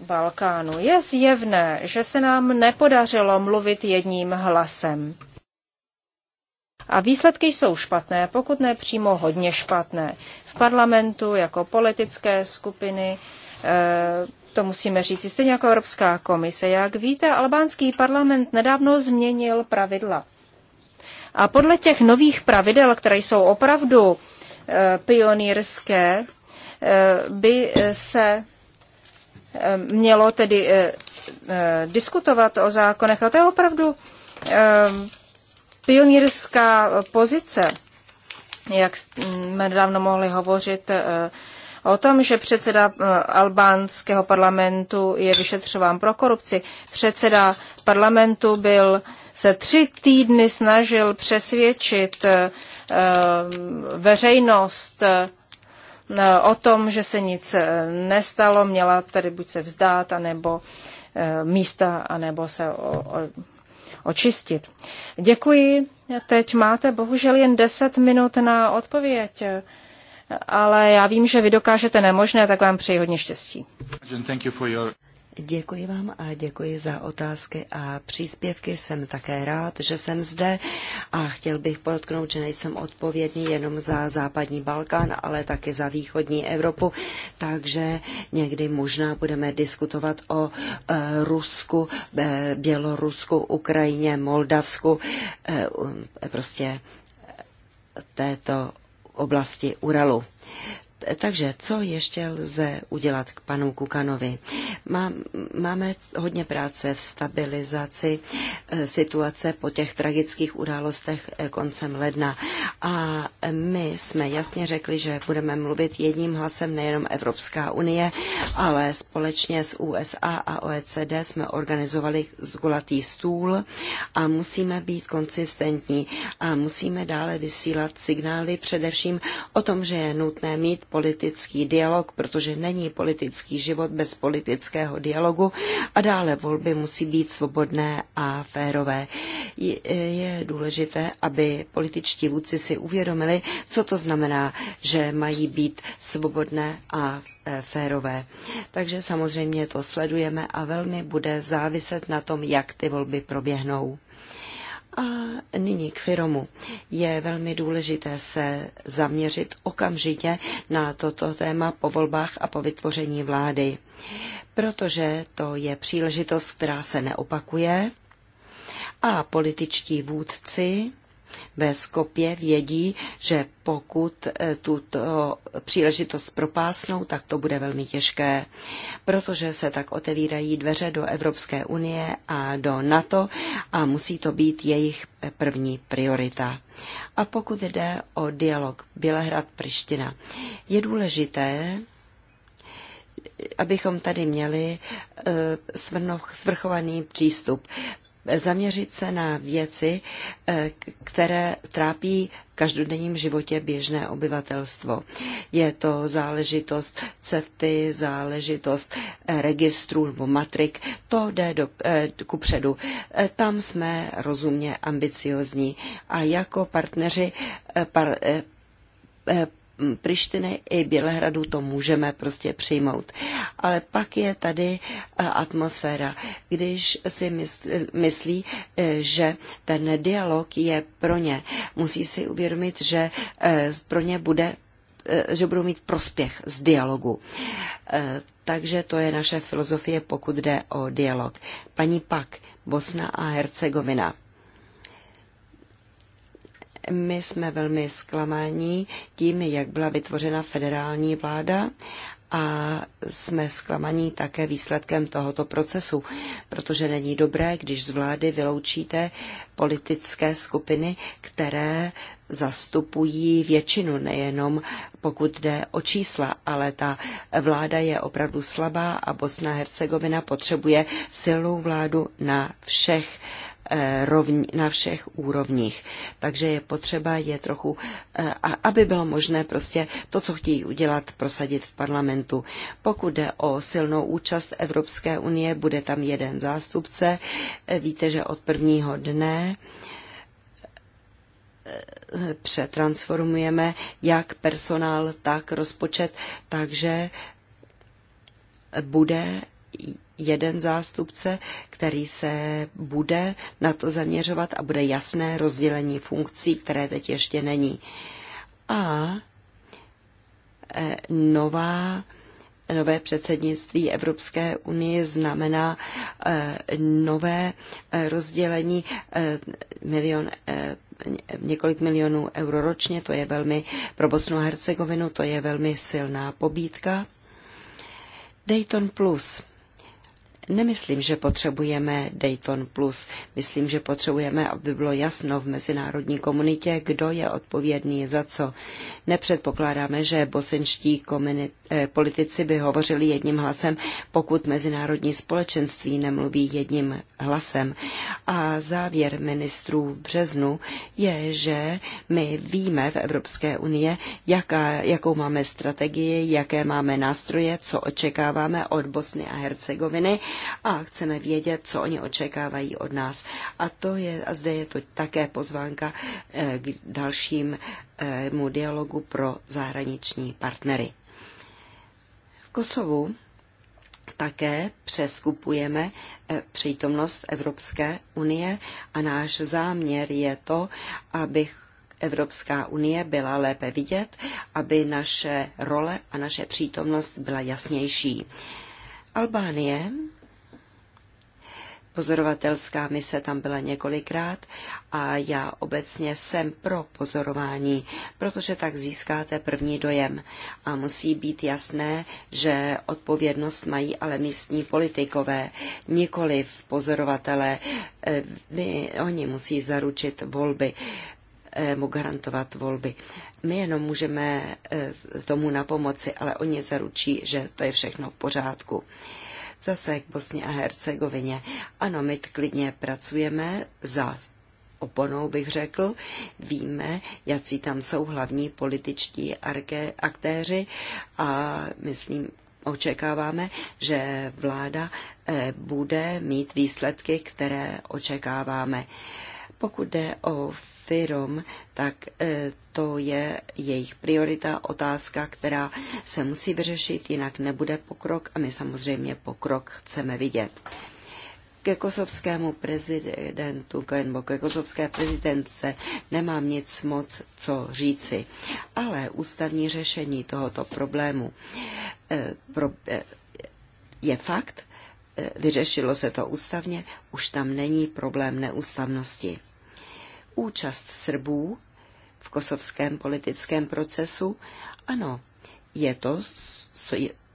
Balkánu. Je zjevné, že se nám nepodařilo mluvit jedním hlasem. A výsledky jsou špatné, pokud ne přímo hodně špatné. V parlamentu jako politické skupiny eh, to musíme říct stejně jako Evropská komise. Jak víte, albánský parlament nedávno změnil pravidla. A podle těch nových pravidel, které jsou opravdu e, pionýrské, eh, by se eh, mělo tedy diskutovat o zákonech. A to je opravdu pionýrská pozice, jak jsme mm, nedávno mohli hovořit O tom, že předseda eh, albánského parlamentu je vyšetřován pro korupci. Předseda parlamentu byl se tři týdny snažil přesvědčit eh, eh, veřejnost o tom, že se nic nestalo, měla tedy buď se vzdát, anebo místa, anebo se o, o, očistit. Děkuji. Teď máte bohužel jen 10 minut na odpověď ale já vím, že vy dokážete nemožné, tak vám přeji hodně štěstí. Děkuji vám a děkuji za otázky a příspěvky. Jsem také rád, že jsem zde a chtěl bych podotknout, že nejsem odpovědný jenom za západní Balkán, ale také za východní Evropu, takže někdy možná budeme diskutovat o eh, Rusku, eh, Bělorusku, Ukrajině, Moldavsku, eh, prostě této oblasti Uralu. Takže co ještě lze udělat k panu Kukanovi? Má, máme hodně práce v stabilizaci eh, situace po těch tragických událostech eh, koncem ledna. A my jsme jasně řekli, že budeme mluvit jedním hlasem nejenom Evropská unie, ale společně s USA a OECD jsme organizovali zgulatý stůl a musíme být konsistentní a musíme dále vysílat signály především o tom, že je nutné mít politický dialog, protože není politický život bez politického dialogu a dále volby musí být svobodné a férové. Je, je důležité, aby političtí vůdci si uvědomili, co to znamená, že mají být svobodné a e, férové. Takže samozřejmě to sledujeme a velmi bude záviset na tom, jak ty volby proběhnou. A nyní k Firomu. Je velmi důležité se zaměřit okamžitě na toto téma po volbách a po vytvoření vlády, protože to je příležitost, která se neopakuje a političtí vůdci ve Skopě vědí, že pokud e, tuto příležitost propásnou, tak to bude velmi těžké, protože se tak otevírají dveře do Evropské unie a do NATO a musí to být jejich první priorita. A pokud jde o dialog Bělehrad-Priština, je důležité, abychom tady měli e, svrchovaný přístup zaměřit se na věci, eh, které trápí v každodenním životě běžné obyvatelstvo. Je to záležitost CEFTY, záležitost eh, registrů nebo matrik, to jde do, eh, ku předu. Tam jsme rozumně ambiciozní a jako partneři par, Mm, Prištiny i Bělehradu to můžeme prostě přijmout. Ale pak je tady eh, atmosféra, když si myslí, eh, že ten dialog je pro ně. Musí si uvědomit, že eh, pro ně bude že budou mít prospěch z dialogu. Takže to je naše filozofie, pokud jde o dialog. Paní Pak, Bosna a Hercegovina. My jsme velmi zklamáni tím, jak byla vytvořena federální vláda a jsme zklamaní také výsledkem tohoto procesu, protože není dobré, když z vlády vyloučíte politické skupiny, které zastupují většinu, nejenom pokud jde o čísla, ale ta vláda je opravdu slabá a Bosna Hercegovina potřebuje silnou vládu na všech Eh, na všech úrovních. Takže je potřeba je trochu, eh, aby bylo možné prostě to, co chtějí udělat, prosadit v parlamentu. Pokud jde o silnou účast Evropské unie, bude tam jeden zástupce. Eh, víte, že od prvního dne přetransformujeme jak personál, tak rozpočet, takže bude jeden zástupce, který se bude na to zaměřovat a bude jasné rozdělení funkcí, které teď ještě není. A e, nová nové předsednictví Evropské unie znamená e, nové e, rozdělení milion, několik milionů euro ročně, to je velmi pro Bosnu a Hercegovinu, to je velmi silná pobídka. Dayton Plus nemyslím, že potřebujeme Dayton Plus. Myslím, že potřebujeme, aby bylo jasno v mezinárodní komunitě, kdo je odpovědný za co. Nepředpokládáme, že bosenští komunit, eh, politici by hovořili jedním hlasem, pokud mezinárodní společenství nemluví jedním hlasem. A závěr ministrů v březnu je, že my víme v Evropské unie, jaká, jakou máme strategii, jaké máme nástroje, co očekáváme od Bosny a Hercegoviny a chceme vědět, co oni očekávají od nás. A, to je, a zde je to také pozvánka eh, k dalšímu eh, dialogu pro zahraniční partnery. V Kosovu také přeskupujeme eh, přítomnost Evropské unie a náš záměr je to, abych Evropská unie byla lépe vidět, aby naše role a naše přítomnost byla jasnější. Albánie Pozorovatelská mise tam byla několikrát a já obecně jsem pro pozorování, protože tak získáte první dojem. A musí být jasné, že odpovědnost mají ale místní politikové, nikoli v pozorovatele. My, oni musí zaručit volby, e, mu garantovat volby. My jenom můžeme e, tomu na pomoci, ale oni zaručí, že to je všechno v pořádku zase k Bosně a Hercegovině. Ano, my klidně pracujeme za oponou, bych řekl. Víme, jaký tam jsou hlavní političtí aktéři a myslím, očekáváme, že vláda eh, bude mít výsledky, které očekáváme. Pokud jde o firm, tak eh, to je jejich priorita, otázka, která se musí vyřešit, jinak nebude pokrok a my samozřejmě pokrok chceme vidět ke kosovskému prezidentu, nebo ke kosovské prezidentce nemám nic moc co říci. Ale ústavní řešení tohoto problému eh, eh, je fakt, vyřešilo se to ústavně, už tam není problém neústavnosti účast Srbů v kosovském politickém procesu. Ano, je to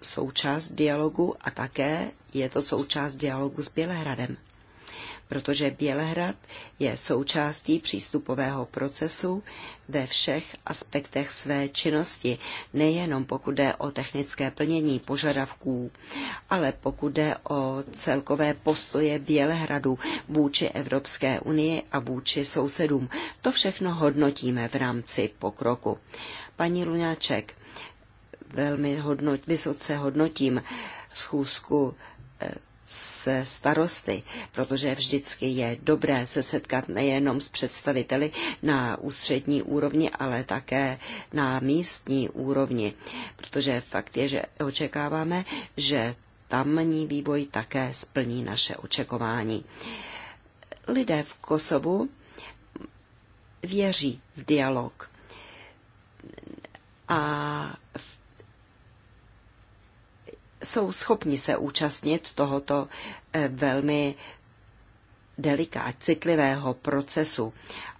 součást dialogu a také je to součást dialogu s Bělehradem protože Bělehrad je součástí přístupového procesu ve všech aspektech své činnosti, nejenom pokud jde o technické plnění požadavků, ale pokud jde o celkové postoje Bělehradu vůči Evropské unii a vůči sousedům. To všechno hodnotíme v rámci pokroku. Paní Luňáček, velmi hodnot, vysoce hodnotím schůzku eh, se starosty, protože vždycky je dobré se setkat nejenom s představiteli na ústřední úrovni, ale také na místní úrovni, protože fakt je, že očekáváme, že tamní vývoj také splní naše očekování. Lidé v Kosovu věří v dialog a v jsou schopni se účastnit tohoto eh, velmi delikát, citlivého procesu.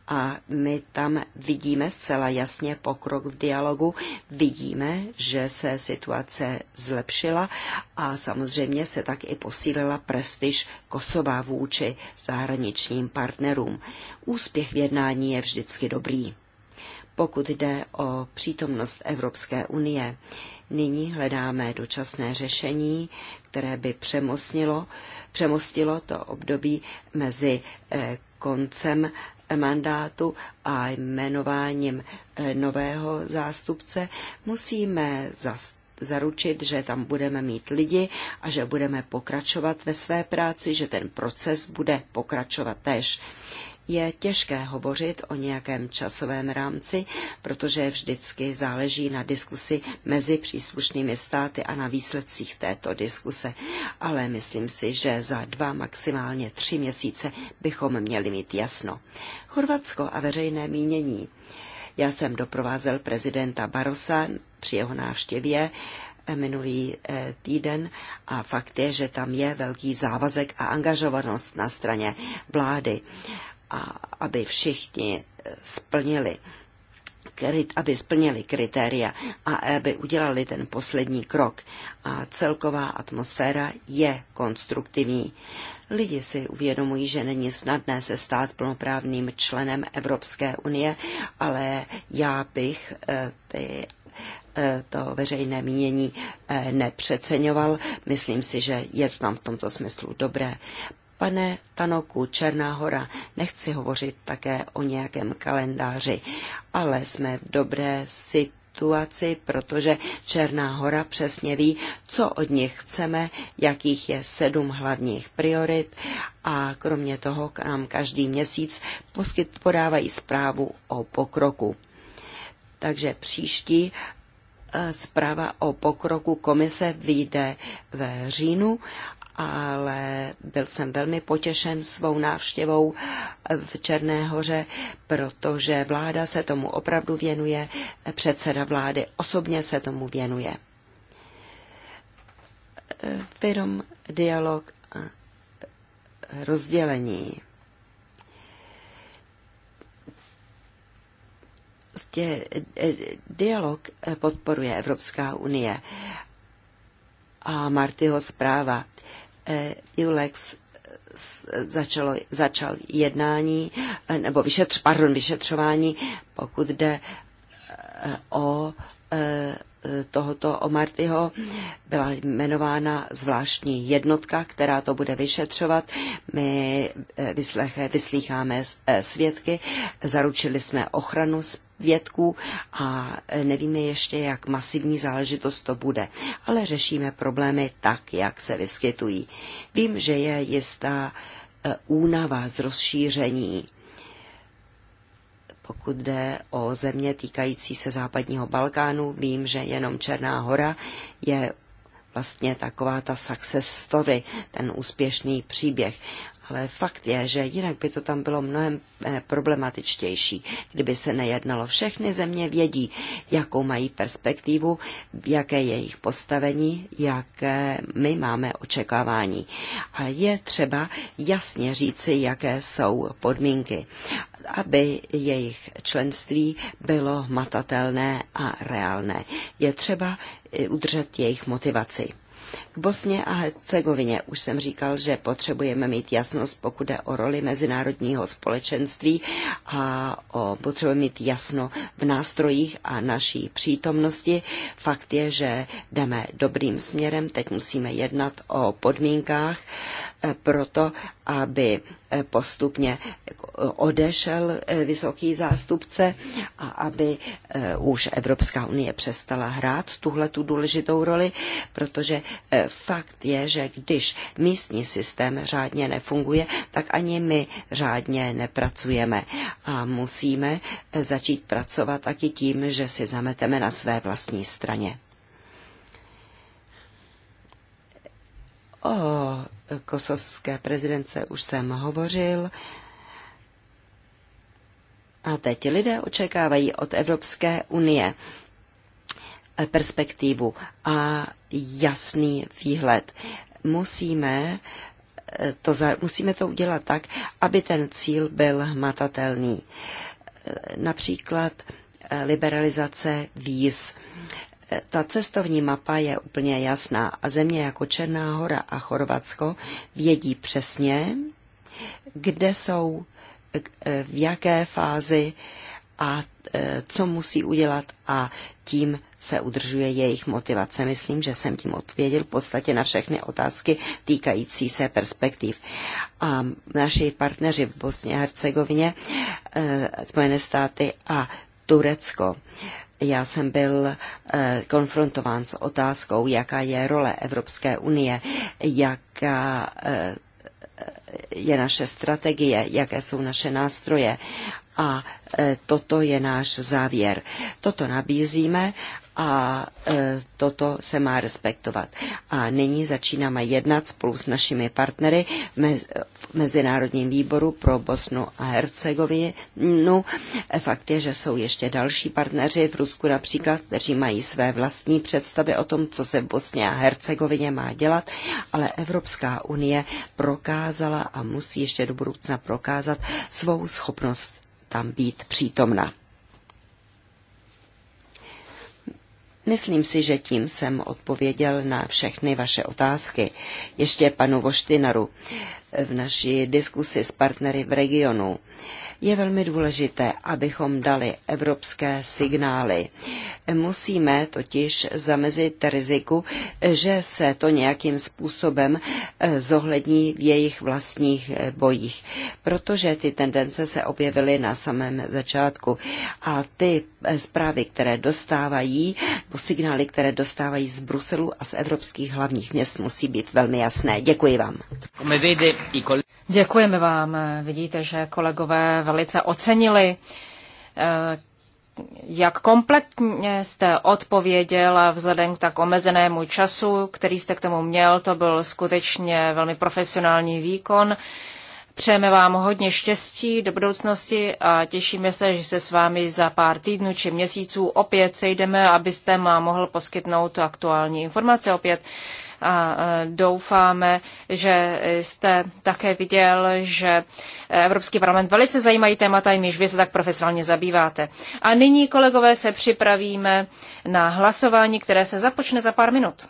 A my tam vidíme zcela jasně pokrok v dialogu, vidíme, že se situace zlepšila a samozřejmě se tak i posílila prestiž Kosova vůči zahraničním partnerům. Úspěch v jednání je vždycky dobrý pokud jde o přítomnost Evropské unie. Nyní hledáme dočasné řešení, které by přemostilo, přemostilo to období mezi eh, koncem mandátu a jmenováním eh, nového zástupce. Musíme zastavit zaručit, že tam budeme mít lidi a že budeme pokračovat ve své práci, že ten proces bude pokračovat tež je těžké hovořit o nějakém časovém rámci, protože vždycky záleží na diskusi mezi příslušnými státy a na výsledcích této diskuse. Ale myslím si, že za dva, maximálně tři měsíce bychom měli mít jasno. Chorvatsko a veřejné mínění. Já jsem doprovázel prezidenta Barosa při jeho návštěvě eh, minulý eh, týden a fakt je, že tam je velký závazek a angažovanost na straně vlády a aby všichni eh, splnili aby splnili kritéria a aby udělali ten poslední krok. A celková atmosféra je konstruktivní. Lidi si uvědomují, že není snadné se stát plnoprávným členem Evropské unie, ale já bych eh, ty eh, to veřejné mínění nepřeceňoval. Myslím si, že je tam v tomto smyslu dobré Pane Tanoku, Černá hora, nechci hovořit také o nějakém kalendáři, ale jsme v dobré situaci protože Černá hora přesně ví, co od nich chceme, jakých je sedm hlavních priorit a kromě toho k nám každý měsíc poskyt podávají zprávu o pokroku. Takže příští eh, zpráva o pokroku komise vyjde ve říjnu ale byl jsem velmi potěšen svou návštěvou v Černé hoře, protože vláda se tomu opravdu věnuje, předseda vlády osobně se tomu věnuje. Firm, dialog a rozdělení. Prostě, e, dialog podporuje Evropská unie a Martyho zpráva Eulex eh, eh, eh, začalo, začal jednání, nebo vyšetř, pardon, vyšetřování, pokud jde o tohoto Omartyho byla jmenována zvláštní jednotka, která to bude vyšetřovat. My eh, vyslechy, vyslýcháme eh, svědky, zaručili jsme ochranu svědků a eh, nevíme ještě, jak masivní záležitost to bude, ale řešíme problémy tak, jak se vyskytují. Vím, že je jistá únava z rozšíření pokud jde o země týkající se západního Balkánu, vím, že jenom Černá hora je vlastně taková ta success story, ten úspěšný příběh. Ale fakt je, že jinak by to tam bylo mnohem eh, problematičtější, kdyby se nejednalo. Všechny země vědí, jakou mají perspektivu, jaké je jejich postavení, jaké my máme očekávání. A je třeba jasně říci, jaké jsou podmínky aby jejich členství bylo matatelné a reálné. Je třeba eh, udržet jejich motivaci. K Bosně a Hercegovině už jsem říkal, že potřebujeme mít jasnost, pokud jde o roli mezinárodního společenství a o, potřebujeme mít jasno v nástrojích a naší přítomnosti. Fakt je, že jdeme dobrým směrem, teď musíme jednat o podmínkách proto, aby postupně odešel vysoký zástupce a aby eh, už Evropská unie přestala hrát tuhle tu důležitou roli, protože eh, fakt je, že když místní systém řádně nefunguje, tak ani my řádně nepracujeme a musíme eh, začít pracovat taky tím, že si zameteme na své vlastní straně. O kosovské prezidence už jsem hovořil. A teď lidé očekávají od Evropské unie perspektivu a jasný výhled. Musíme eh, to, za, musíme to udělat tak, aby ten cíl byl hmatatelný. Eh, například eh, liberalizace výz. Ta cestovní mapa je úplně jasná a země jako Černá hora a Chorvatsko vědí přesně, kde jsou, v jaké fázi a e, co musí udělat a tím se udržuje jejich motivace. Myslím, že jsem tím odpověděl v podstatě na všechny otázky týkající se perspektiv. A naši partneři v Bosně a Hercegovině, e, Spojené státy a Turecko já jsem byl eh, konfrontován s otázkou, jaká je role Evropské unie, jaká eh, je naše strategie, jaké jsou naše nástroje. A eh, toto je náš závěr. Toto nabízíme a e, toto se má respektovat. A nyní začínáme jednat spolu s našimi partnery v Mezinárodním výboru pro Bosnu a Hercegovinu. Fakt je, že jsou ještě další partneři v Rusku například, kteří mají své vlastní představy o tom, co se v Bosně a Hercegovině má dělat, ale Evropská unie prokázala a musí ještě do budoucna prokázat svou schopnost tam být přítomna. Myslím si, že tím jsem odpověděl na všechny vaše otázky. Ještě panu Voštinaru v naší diskusi s partnery v regionu. Eh, je velmi důležité, abychom dali evropské signály. Musíme totiž zamezit riziku, že se to nějakým způsobem eh, zohlední v jejich vlastních eh, bojích, protože ty tendence se objevily na samém začátku a ty eh, zprávy, které dostávají, signály, které dostávají z Bruselu a z evropských hlavních měst, musí být velmi jasné. Děkuji vám. Děkujeme vám. Vidíte, že kolegové velice ocenili, eh, jak kompletně jste odpověděl a vzhledem k tak omezenému času, který jste k tomu měl, to byl skutečně velmi profesionální výkon. Přejeme vám hodně štěstí do budoucnosti a těšíme se, že se s vámi za pár týdnů či měsíců opět sejdeme, abyste má mohl poskytnout aktuální informace opět a e, doufáme, že jste také viděl, že Evropský parlament velice zajímají témata, jimiž vy se tak profesionálně zabýváte. A nyní, kolegové, se připravíme na hlasování, které se započne za pár minut.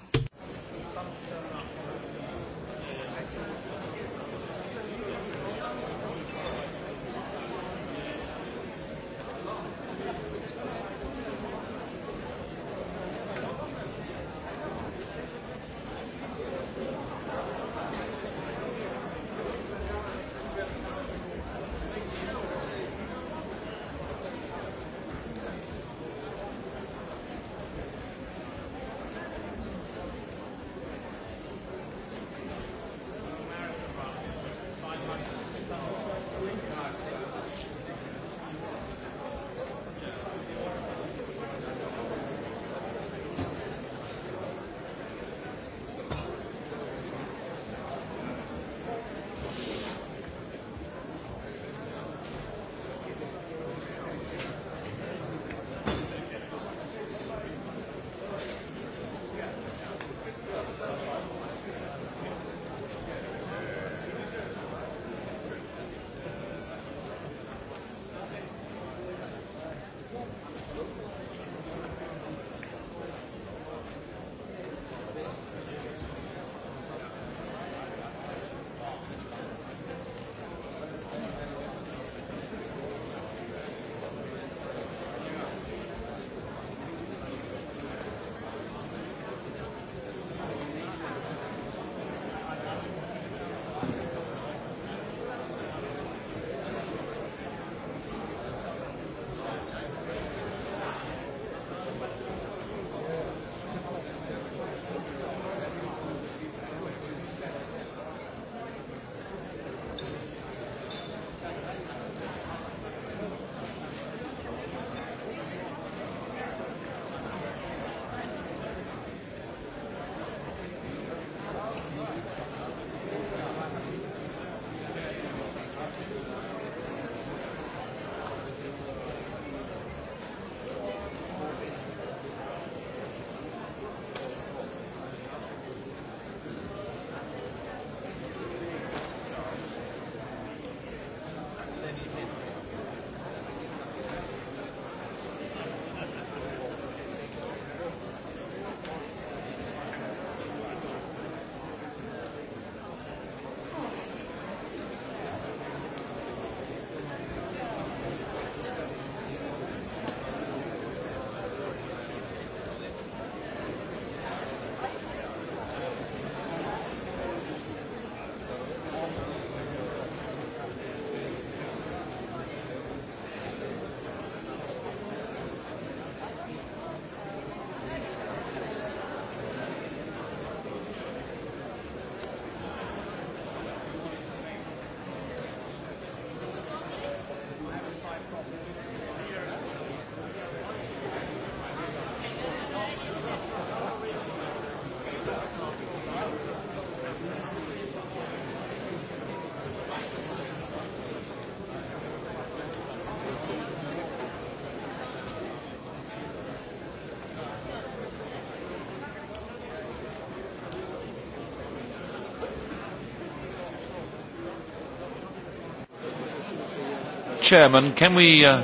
Uh,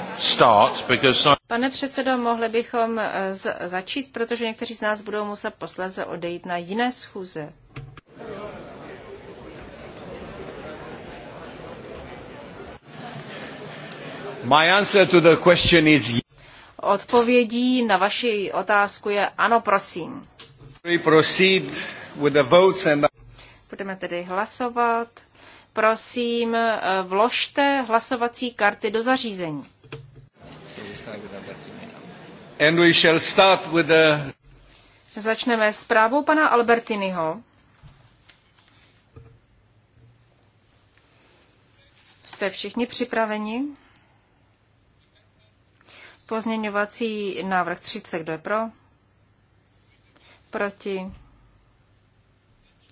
Pane předsedo, mohli bychom uh, začít, protože někteří z nás budou muset posléze odejít na jiné schůze. My answer to the question is... Odpovědí na vaši otázku je ano, prosím. We proceed with the votes and... Budeme tedy hlasovat prosím eh, vložte hlasovací karty do zařízení. And we shall start with the... Začneme s právou pana Albertiniho. Jste všichni připraveni? Pozměňovací návrh 30, kdo je pro? Proti?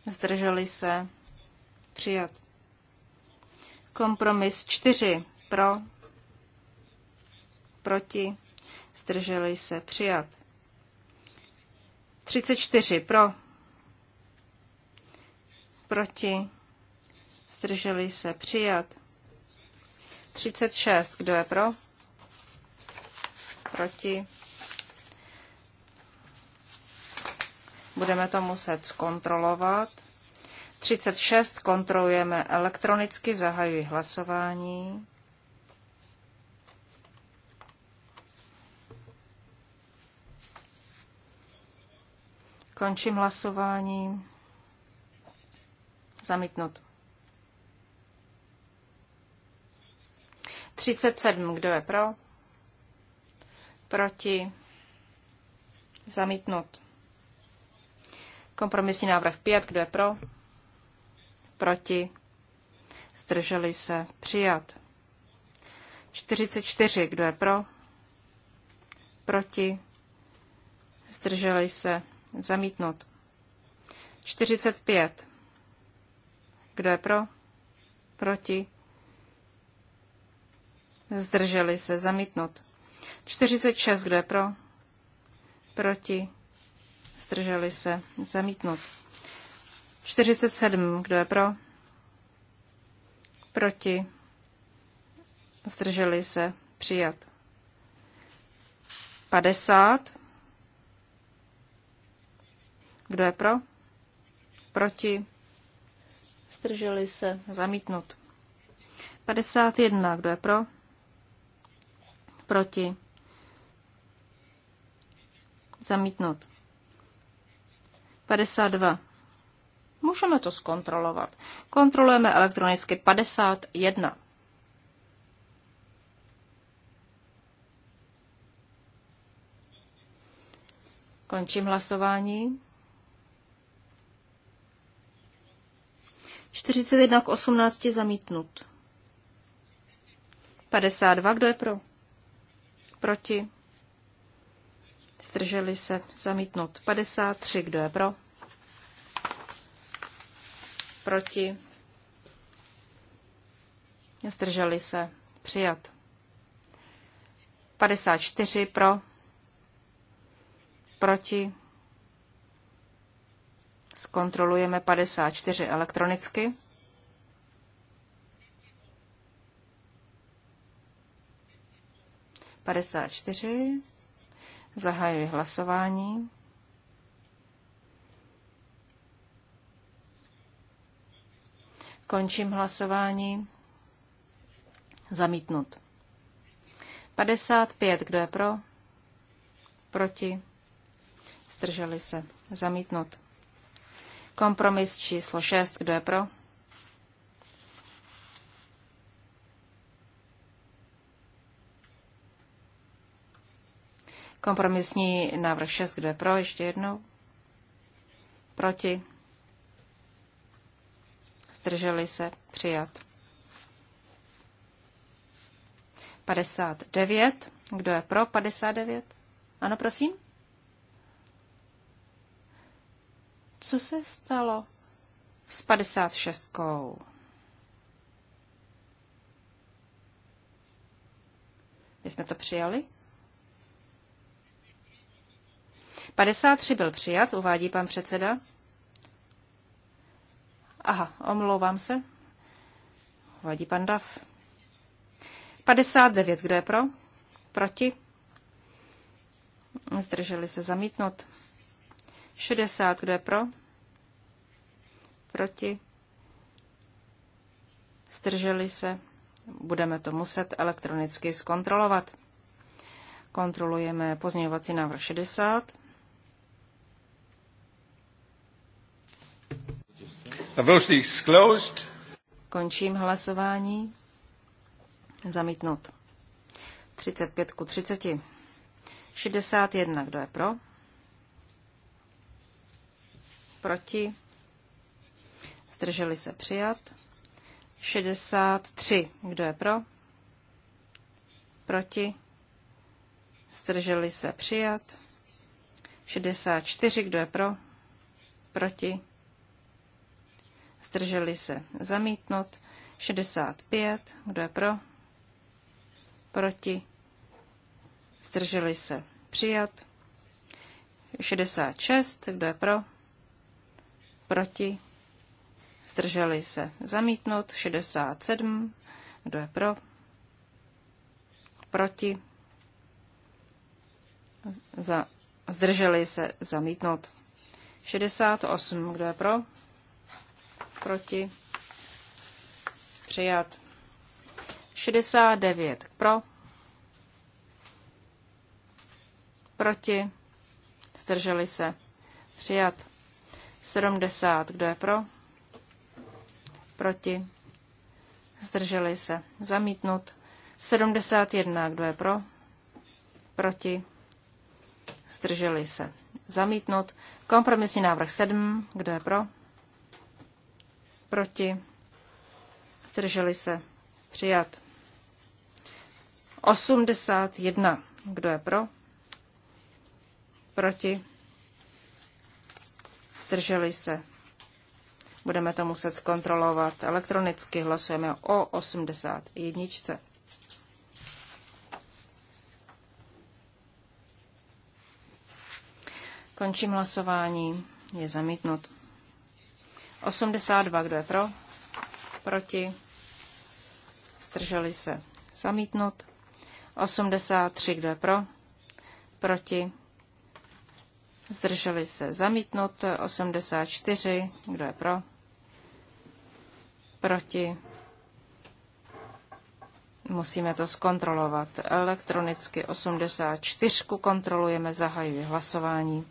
Zdrželi se? Přijat. Kompromis 4 pro, proti, zdrželi se přijat. 34 pro, proti, zdrželi se přijat. 36, kdo je pro? Proti. Budeme to muset zkontrolovat. 36 kontrolujeme elektronicky, zahajuji hlasování. Končím hlasování. Zamítnut. 37. Kdo je pro? Proti? Zamítnut. Kompromisní návrh 5. Kdo je pro? proti, zdrželi se, přijat. 44, kdo je pro, proti, zdrželi se, zamítnut. 45, kdo je pro, proti, zdrželi se, zamítnut. 46, kdo je pro, proti, zdrželi se, zamítnut. 47. Kdo je pro? Proti? Zdrželi se? Přijat. 50. Kdo je pro? Proti? Zdrželi se? Zamítnut. 51. Kdo je pro? Proti? Zamítnut. 52. Můžeme to zkontrolovat. Kontrolujeme elektronicky 51. Končím hlasování. 41 k 18 zamítnut. 52, kdo je pro? Proti? Strželi se zamítnut. 53, kdo je pro? proti, zdrželi se, přijat. 54 pro, proti, zkontrolujeme 54 elektronicky. Padesát čtyři. Zahajuji hlasování. Končím hlasování. Zamítnut. 55. Kdo je pro? Proti? Zdrželi se. Zamítnut. Kompromis číslo 6. Kdo je pro? Kompromisní návrh 6. Kdo je pro? Ještě jednou. Proti? zdrželi se, přijat. 59. Kdo je pro 59? Ano, prosím. Co se stalo s 56? My jsme to přijali? 53 byl přijat, uvádí pan předseda. Aha, omlouvám se. Vadí pan Dav. 59, kdo je pro? Proti? Zdrželi se zamítnout. 60, kdo je pro? Proti? Zdrželi se. Budeme to muset elektronicky zkontrolovat. Kontrolujeme pozměňovací návrh 60. Končím hlasování. Zamítnut. 35 ku 30. 61. Kdo je pro? Proti? Zdrželi se přijat. 63. Kdo je pro? Proti? Zdrželi se přijat. 64. Kdo je pro? Proti? zdrželi se zamítnout, 65, kdo je pro, proti, zdrželi se přijat, 66, kdo je pro, proti, zdrželi se zamítnout, 67, kdo je pro, proti, za, zdrželi se zamítnout. 68, kdo je pro? proti, přijat. 69 pro, proti, zdrželi se, přijat. 70, kdo je pro, proti, zdrželi se, zamítnut. 71, kdo je pro, proti, zdrželi se, zamítnut. Kompromisní návrh 7, kdo je pro, proti, zdrželi se, přijat. 81, kdo je pro, proti, zdrželi se. Budeme to muset zkontrolovat elektronicky, hlasujeme o 81. Končím hlasování. Je zamítnut. 82, kdo je pro? Proti? Zdrželi se. Zamítnut. 83, kdo je pro? Proti? Zdrželi se. Zamítnut. 84, kdo je pro? Proti? Musíme to zkontrolovat. Elektronicky 84 kontrolujeme, zahajuji hlasování.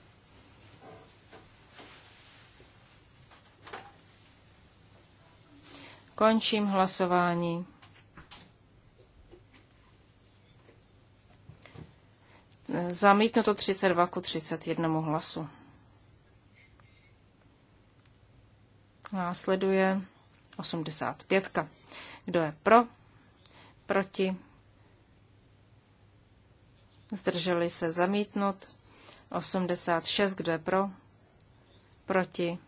Končím hlasování. Zamítnuto 32 ku 31 hlasu. Následuje 85. Kdo je pro? Proti? Zdrželi se zamítnut. 86. Kdo je pro? Proti?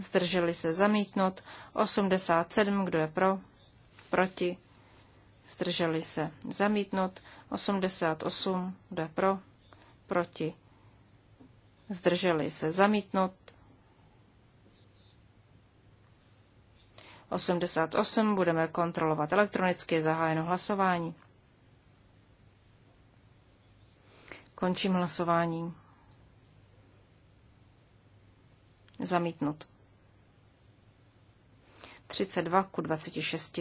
zdrželi se zamítnout, 87, kdo je pro, proti, zdrželi se zamítnout, 88, kdo je pro, proti, zdrželi se zamítnout, 88 budeme kontrolovat elektronicky zahájeno hlasování. Končím hlasování. Zamítnut. 32 ku 26.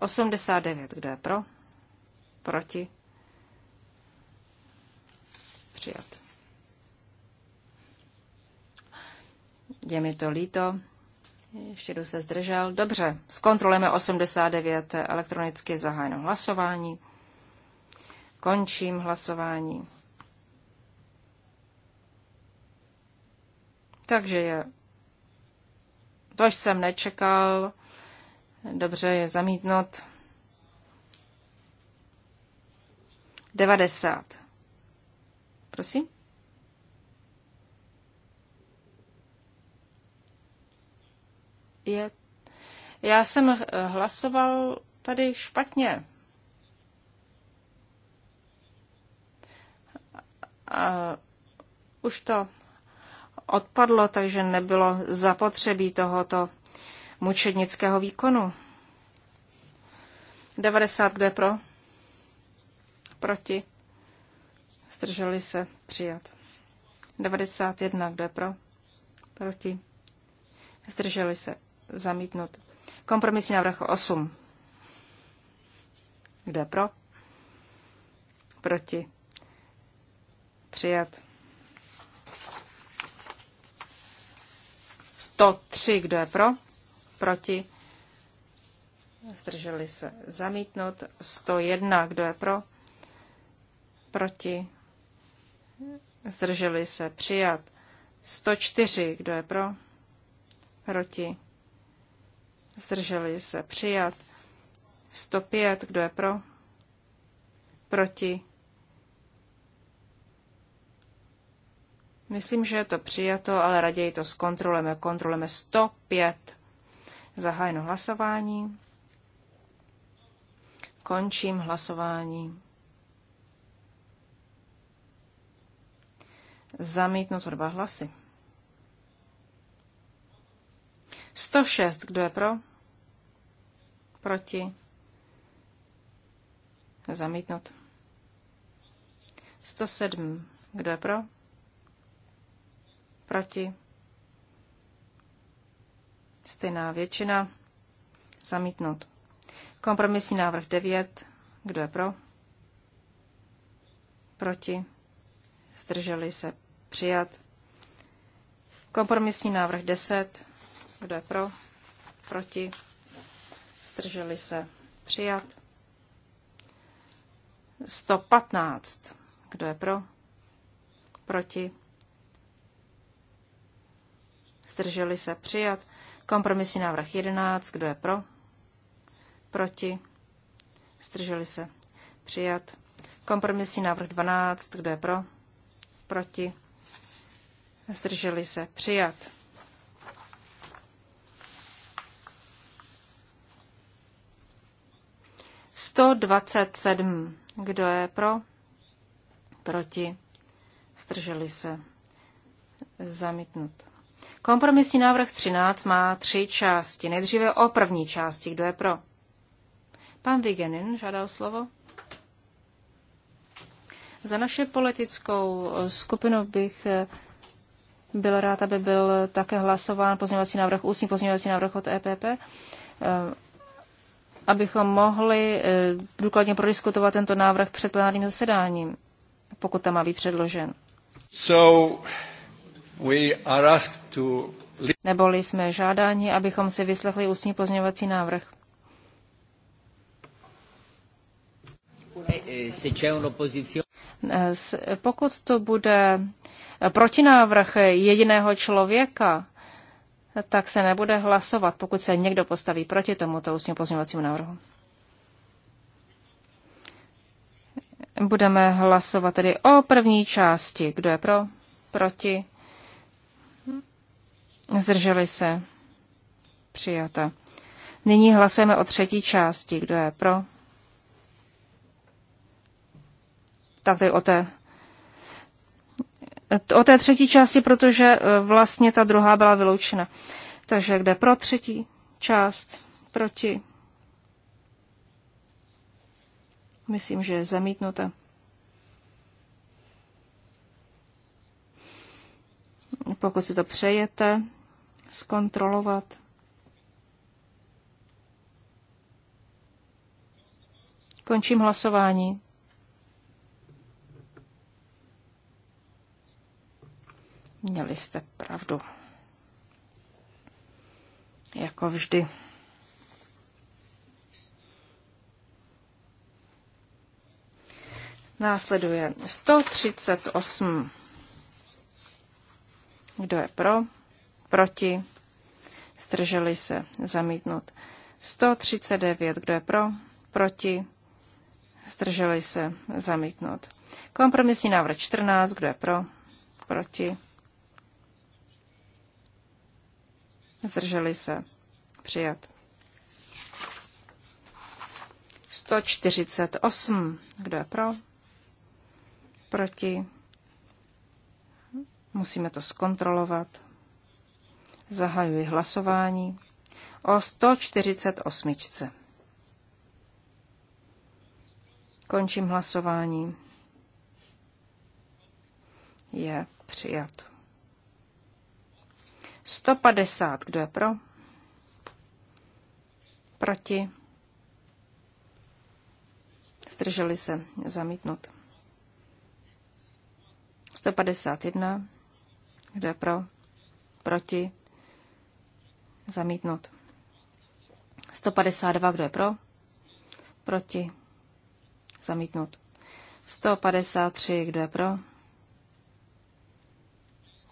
89, kdo je pro? Proti? Přijat. Je mi to líto. Ještě jdu se zdržel. Dobře, zkontrolujeme 89 elektronicky zahájeno hlasování. Končím hlasování. Takže je to jsem nečekal. Dobře, je zamítnout. 90. Prosím. Je. Já jsem eh, hlasoval tady špatně. A už to odpadlo, takže nebylo zapotřebí tohoto mučednického výkonu. 90 kde pro? Proti. Zdrželi se přijat. 91 kde pro? Proti. Zdrželi se zamítnut. Kompromisní návrh 8. Kde pro? Proti. Přijat. 103, kdo je pro, proti, zdrželi se zamítnout, 101, kdo je pro, proti, zdrželi se přijat, 104, kdo je pro, proti, zdrželi se přijat, 105, kdo je pro, proti, Myslím, že je to přijato, ale raději to zkontrolujeme. Kontrolujeme 105. Zahájeno hlasování. Končím hlasování. Zamítnuto dva hlasy. 106. Kdo je pro? Proti? Zamítnut. 107. Kdo je pro? Proti? Stejná většina. Zamítnut. Kompromisní návrh 9. Kdo je pro? Proti? Zdrželi se. Přijat. Kompromisní návrh 10. Kdo je pro? Proti? Zdrželi se. Přijat. 115. Kdo je pro? Proti? zdrželi se přijat. Kompromisní návrh 11, kdo je pro, proti, zdrželi se přijat. Kompromisní návrh 12, kdo je pro, proti, zdrželi se přijat. Sto dvacet sedm. Kdo je pro? Proti. Zdrželi se. Zamítnut. Kompromisní návrh 13 má tři části. Nejdříve o první části. Kdo je pro? Pan Vigenin žádal slovo. Za naše politickou eh, skupinu bych eh, byl rád, aby byl také hlasován pozměňovací návrh, ústní pozměňovací návrh od EPP, eh, abychom mohli důkladně prodiskutovat tento návrh před plenárním zasedáním, pokud tam má být předložen. So, Neboli jsme žádáni, abychom si vyslechli ústní pozměňovací návrh. Eh, pokud to bude protinávrh jediného člověka, tak se nebude hlasovat, pokud se někdo postaví proti tomuto ústní pozměňovacímu návrhu. Budeme hlasovat tedy o první části. Kdo je pro? Proti? Zdrželi se. Přijata. Nyní hlasujeme o třetí části. Kdo je pro? Tak tady o té, o té třetí části, protože eh, vlastně ta druhá byla vyloučena. Takže kde pro třetí část? Proti? Myslím, že je zamítnuta. Pokud si to přejete, zkontrolovat. Končím hlasování. Měli jste pravdu. Jako vždy. Následuje 138. Kdo je pro? Proti? Zdrželi se. Zamítnut. 139. Kdo je pro? Proti? Zdrželi se. Zamítnut. Kompromisní návrh 14. Kdo je pro? Proti? Zdrželi se. Přijat. 148. Kdo je pro? Proti? Musíme to zkontrolovat. Zahajuji hlasování o 148. Končím hlasování. Je přijat. 150. Kdo je pro? Proti? Zdrželi se zamítnut. 151. Kdo je pro? Proti? Zamítnut. 152, kdo je pro? Proti. Zamítnut. 153, kdo je pro?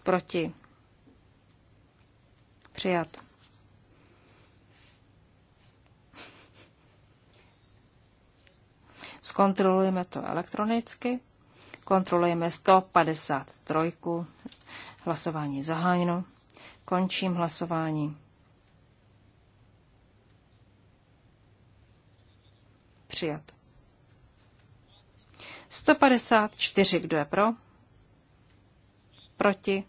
Proti. Přijat. Zkontrolujeme to elektronicky. Kontrolujeme 153. Hlasování zahájeno. Končím hlasování. přijat. 154, kdo je pro? Proti?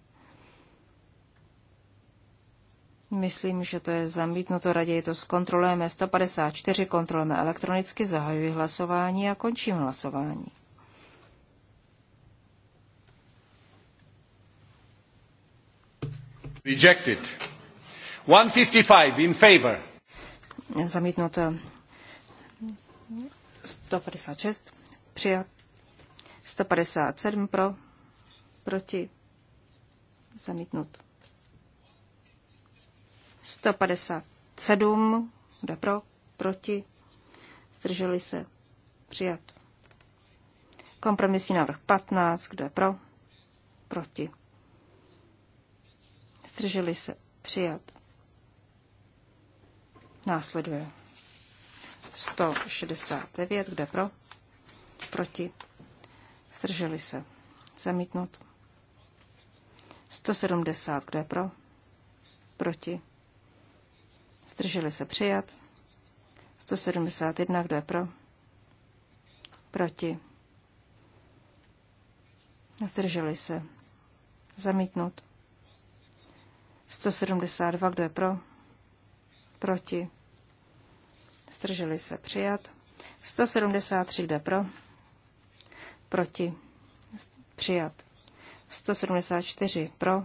Myslím, že to je zamítnuto, raději to zkontrolujeme. 154 kontrolujeme elektronicky, zahajuji hlasování a končím hlasování. Rejected. 155 in favor. Zamítnuto 156 přijat, 157 pro, proti, zamítnut. 157, kde pro, proti, zdrželi se, přijat. Kompromisní návrh 15, kde pro, proti, zdrželi se, přijat. Následuje 169, kde pro, proti, zdrželi se, zamítnut. 170, kde pro, proti, zdrželi se, přijat. 171, kdo je pro, proti, zdrželi se, zamítnut. 172, kdo je pro, proti, Zdrželi se přijat. 173 jde pro. Proti. Přijat. 174 pro.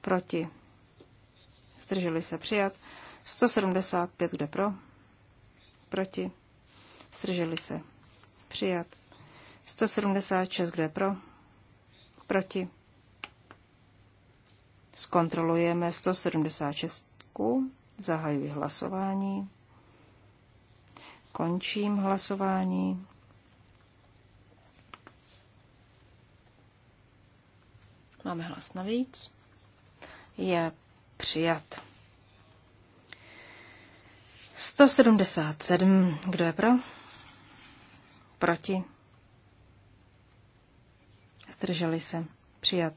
Proti. Zdrželi se přijat. 175 jde pro. Proti. Zdrželi se přijat. 176 kde pro. Proti. Zkontrolujeme 176. Zahajuji hlasování. Končím hlasování. Máme hlas navíc. Je přijat. 177. Kdo je pro? Proti? Zdrželi se. Přijat.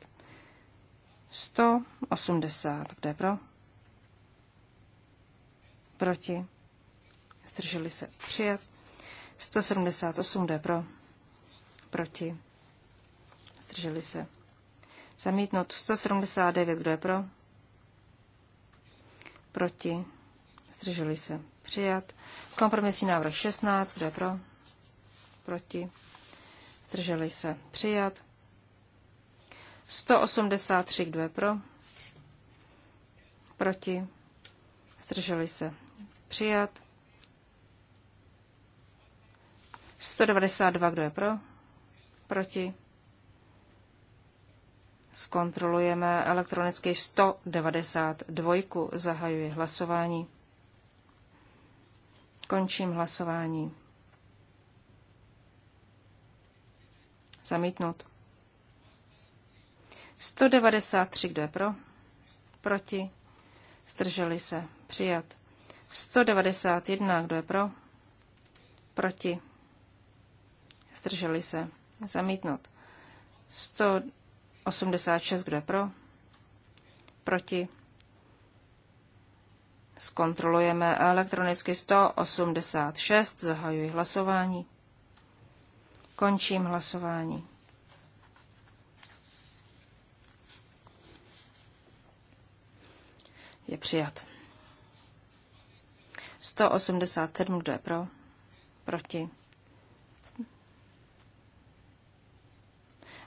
180. Kdo je pro? Proti? zdrželi se přijat. 178 jde pro, proti, zdrželi se zamítnout. 179, kdo je pro, proti, zdrželi se přijat. Kompromisní návrh 16, kdo je pro, proti, zdrželi se přijat. 183, kdo je pro, proti, zdrželi se přijat. 192, kdo je pro? Proti? Zkontrolujeme elektronicky 192. Zahajuji hlasování. Končím hlasování. Zamítnut. 193, kdo je pro? Proti? Zdrželi se. Přijat. 191, kdo je pro? Proti? zdrželi se, zamítnut. 186, kdo je pro, proti, zkontrolujeme elektronicky 186, zahajuji hlasování, končím hlasování. Je přijat. 187, kdo je pro, proti,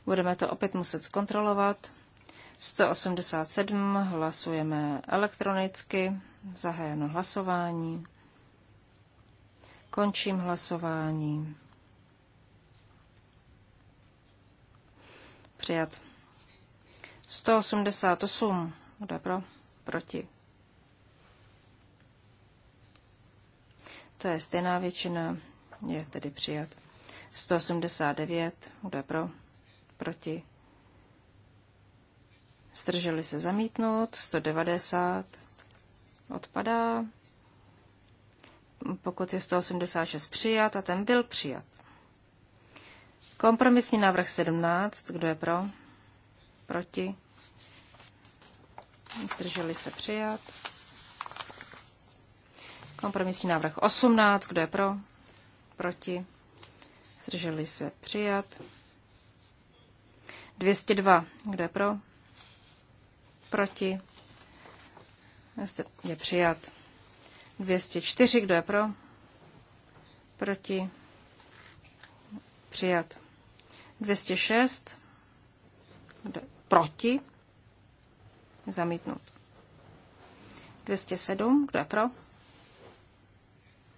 Budeme to opět muset zkontrolovat. 187 hlasujeme elektronicky. Zahájeno hlasování. Končím hlasování. Přijat. 188. Kdo pro? Proti. To je stejná většina, je tedy přijat. 189. Kdo pro? proti, zdrželi se zamítnout, 190 odpadá, pokud je 186 přijat a ten byl přijat. Kompromisní návrh 17, kdo je pro, proti, zdrželi se přijat. Kompromisní návrh 18, kdo je pro, proti, zdrželi se přijat. 202. Kdo je pro? Proti? Je přijat. 204. Kdo je pro? Proti? Přijat. 206. Kdo je proti? Zamítnut. 207. Kdo je pro?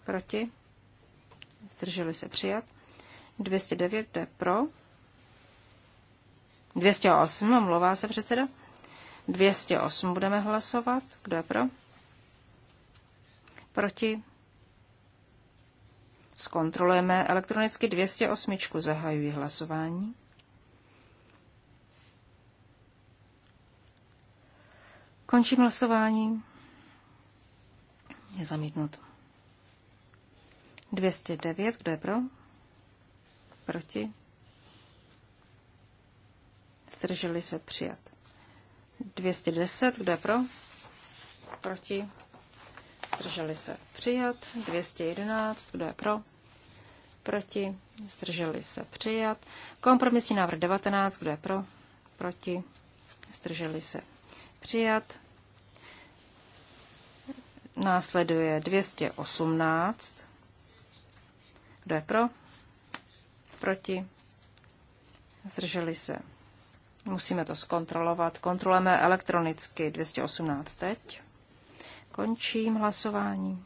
Proti? Zdrželi se přijat. 209. Kdo je pro? 208, omlouvá se předseda. 208 budeme hlasovat. Kdo je pro? Proti? Zkontrolujeme elektronicky 208. Zahajuji hlasování. Končím hlasování. Je zamítnut. 209, kdo je pro? Proti? Zdrželi se přijat. 210, kdo je pro? Proti? Zdrželi se přijat. 211, kdo je pro? Proti? Zdrželi se přijat. Kompromisní návrh 19, kdo je pro? Proti? Zdrželi se přijat. Následuje 218. Kdo je pro? Proti? Zdrželi se Musíme to zkontrolovat. Kontrolujeme elektronicky 218 teď. Končím hlasování.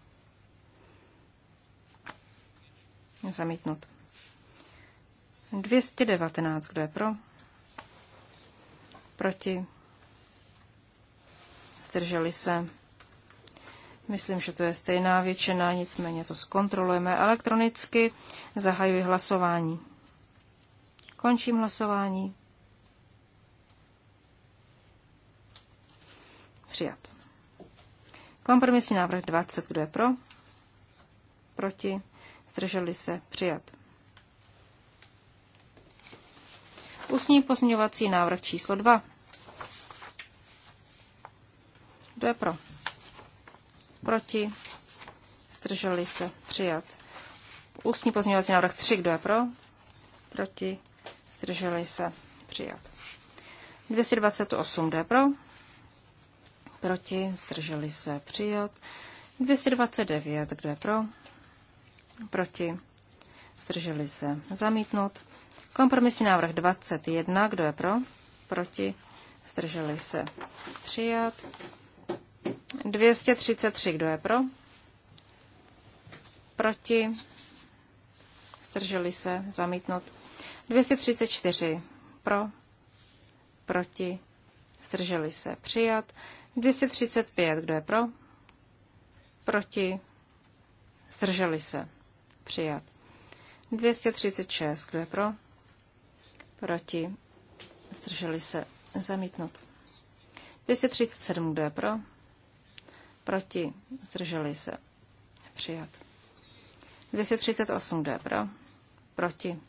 Zamítnut. 219, kdo je pro? Proti? Zdrželi se? Myslím, že to je stejná většina, nicméně to zkontrolujeme elektronicky. Zahajuji hlasování. Končím hlasování. Přijat. Kompromisní návrh 20. Kdo je pro? Proti? Zdrželi se? Přijat. Ústní pozměňovací návrh číslo 2. Kdo je pro? Proti? Zdrželi se? Přijat. Ústní pozměňovací návrh 3. Kdo je pro? Proti? Zdrželi se? Přijat. 228. Kdo je pro? proti, zdrželi se přijat. 229, kdo je pro, proti, zdrželi se zamítnout. Kompromisní návrh 21, kdo je pro, proti, zdrželi se přijat. 233, kdo je pro, proti, zdrželi se zamítnout. 234, pro, proti, Zdrželi se přijat. 235, kdo je pro? Proti? Zdrželi se přijat. 236, kdo je pro? Proti? Zdrželi se zamítnut. 237, kdo je pro? Proti? Zdrželi se přijat. 238, kdo je pro? Proti?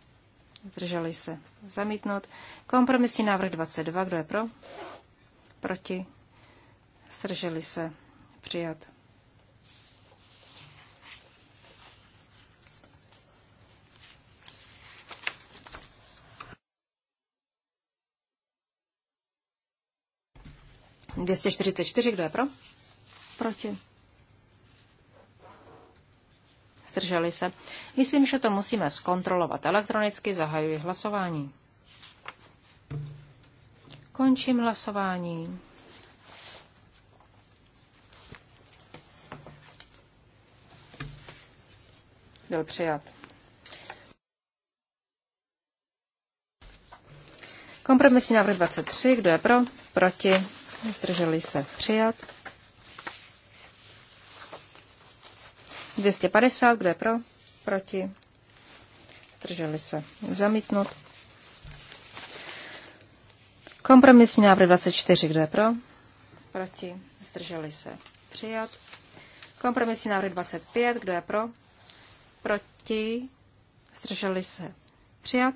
Zdrželi se. Zamítnout. Kompromisní návrh 22. Kdo je pro? proti, zdrželi se, přijat. Dvěstě čtyřicet čtyři, kdo je pro? Proti. Strželi se. Myslím, že to musíme zkontrolovat elektronicky. Zahajuji hlasování. Končím hlasování. Byl přijat. Kompromisní návrh 23. Kdo je pro? Proti? Zdrželi se přijat. 250. Kdo je pro? Proti? Zdrželi se zamítnut. Kompromisní návrh 24, kdo je pro? Proti? Zdrželi se. Přijat. Kompromisní návrh 25, kdo je pro? Proti? Zdrželi se. Přijat.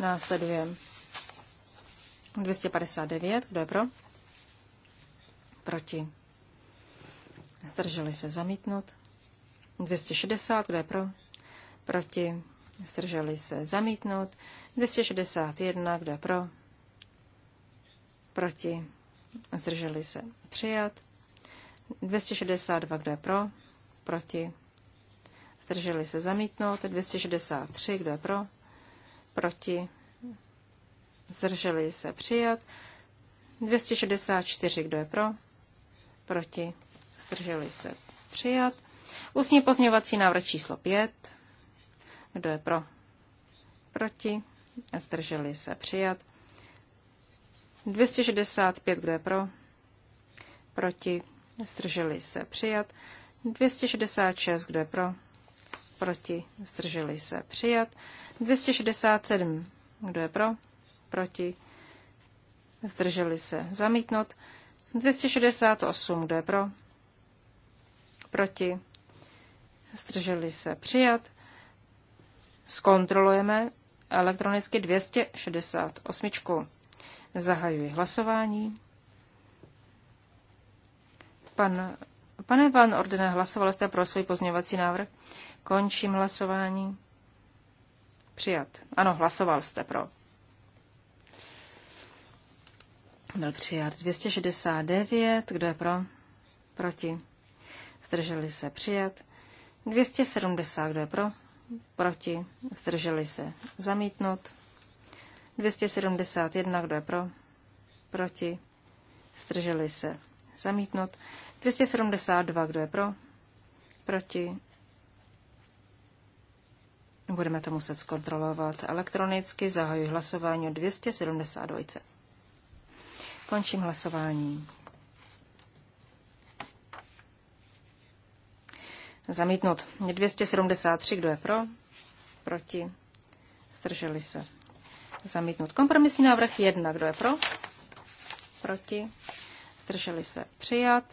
Následuje 259, kdo je pro? Proti. Zdrželi se zamítnout. 260, kdo je pro? Proti. Zdrželi se zamítnout. 261, kdo pro? Proti. Zdrželi se přijat. 262, kdo je pro? Proti. Zdrželi se zamítnout. 263, kdo je pro? Proti. Zdrželi se přijat. 264, kdo je pro? Proti. Zdrželi se přijat. Ústní pozměňovací návrh číslo 5. Kdo je pro? Proti? Zdrželi se přijat. 265, kdo je pro? Proti? Zdrželi se přijat. 266, kdo je pro? Proti? Zdrželi se přijat. 267, kdo je pro? Proti? Zdrželi se zamítnout. 268, kdo je pro? Proti? Zdrželi se přijat. Zkontrolujeme elektronicky 268. Zahajuji hlasování. Pan, pane Van Ordene, hlasoval jste pro svůj pozměňovací návrh? Končím hlasování. Přijat. Ano, hlasoval jste pro. Byl přijat 269. Kdo je pro? Proti. Zdrželi se přijat. 270. Kdo je pro? proti, zdrželi se, zamítnut. 271, kdo je pro, proti, zdrželi se, zamítnut. 272, kdo je pro, proti, budeme to muset zkontrolovat elektronicky, zahajuji hlasování o 272. Končím hlasování. Zamítnut. 273, kdo je pro? Proti? Zdrželi se. Zamítnut. Kompromisní návrh 1, kdo je pro? Proti? Zdrželi se. Přijat.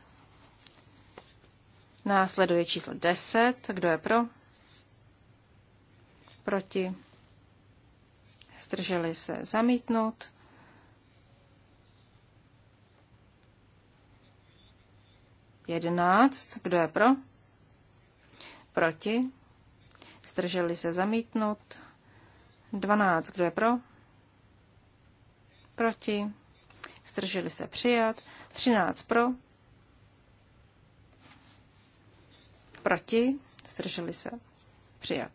Následuje číslo 10, kdo je pro? Proti? Zdrželi se. Zamítnut. Jedenáct, kdo je pro? Proti? Zdrželi se zamítnout. 12. Kdo je pro? Proti? Zdrželi se přijat. 13 pro. Proti? Zdrželi se přijat.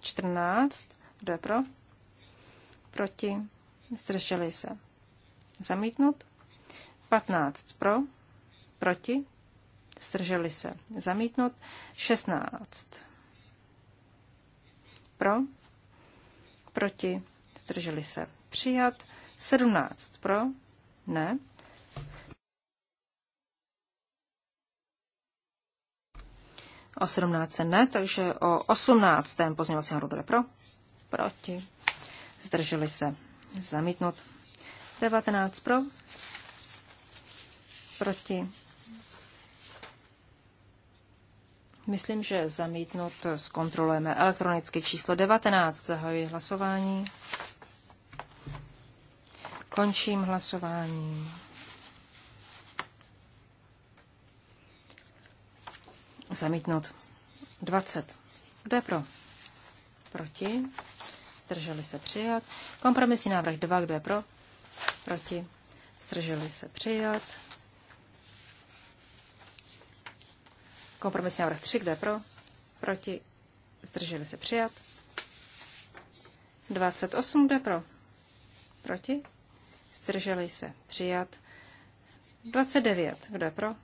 14. Kdo je pro? Proti? Zdrželi se. zamítnout? 15 pro. Proti? Zdrželi se. Zamítnut. 16. Pro. Proti. Zdrželi se. Přijat. 17. Pro. Ne. O 17 ne, takže o 18. pozměňovacím hru bude pro. Proti. Zdrželi se. Zamítnut. 19 pro. Proti Myslím, že zamítnut zkontrolujeme elektronicky číslo 19. Zahajuji hlasování. Končím hlasování. Zamítnut 20. Kdo je pro? Proti. Zdrželi se přijat. Kompromisní návrh 2. Kdo je pro? Proti. Zdrželi se přijat. Kompromisní návrh 3, kdo je pro? Proti? Zdrželi se přijat. 28, kdo je pro? Proti? Zdrželi se přijat. 29, kdo je pro?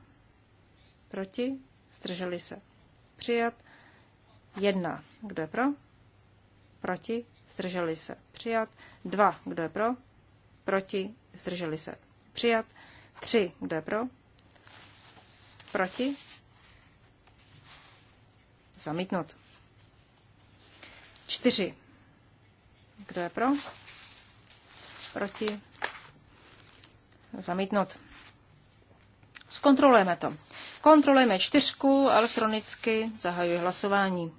Proti? Zdrželi se přijat. 1, kdo je pro? Proti? Zdrželi se přijat. 2, kdo je pro? Proti? Zdrželi se přijat. 3, kdo je pro? Proti? Zamítnut. Čtyři. Kdo je pro? Proti? Zamítnut. Zkontrolujeme to. Kontrolujeme čtyřku elektronicky, zahajuji hlasování.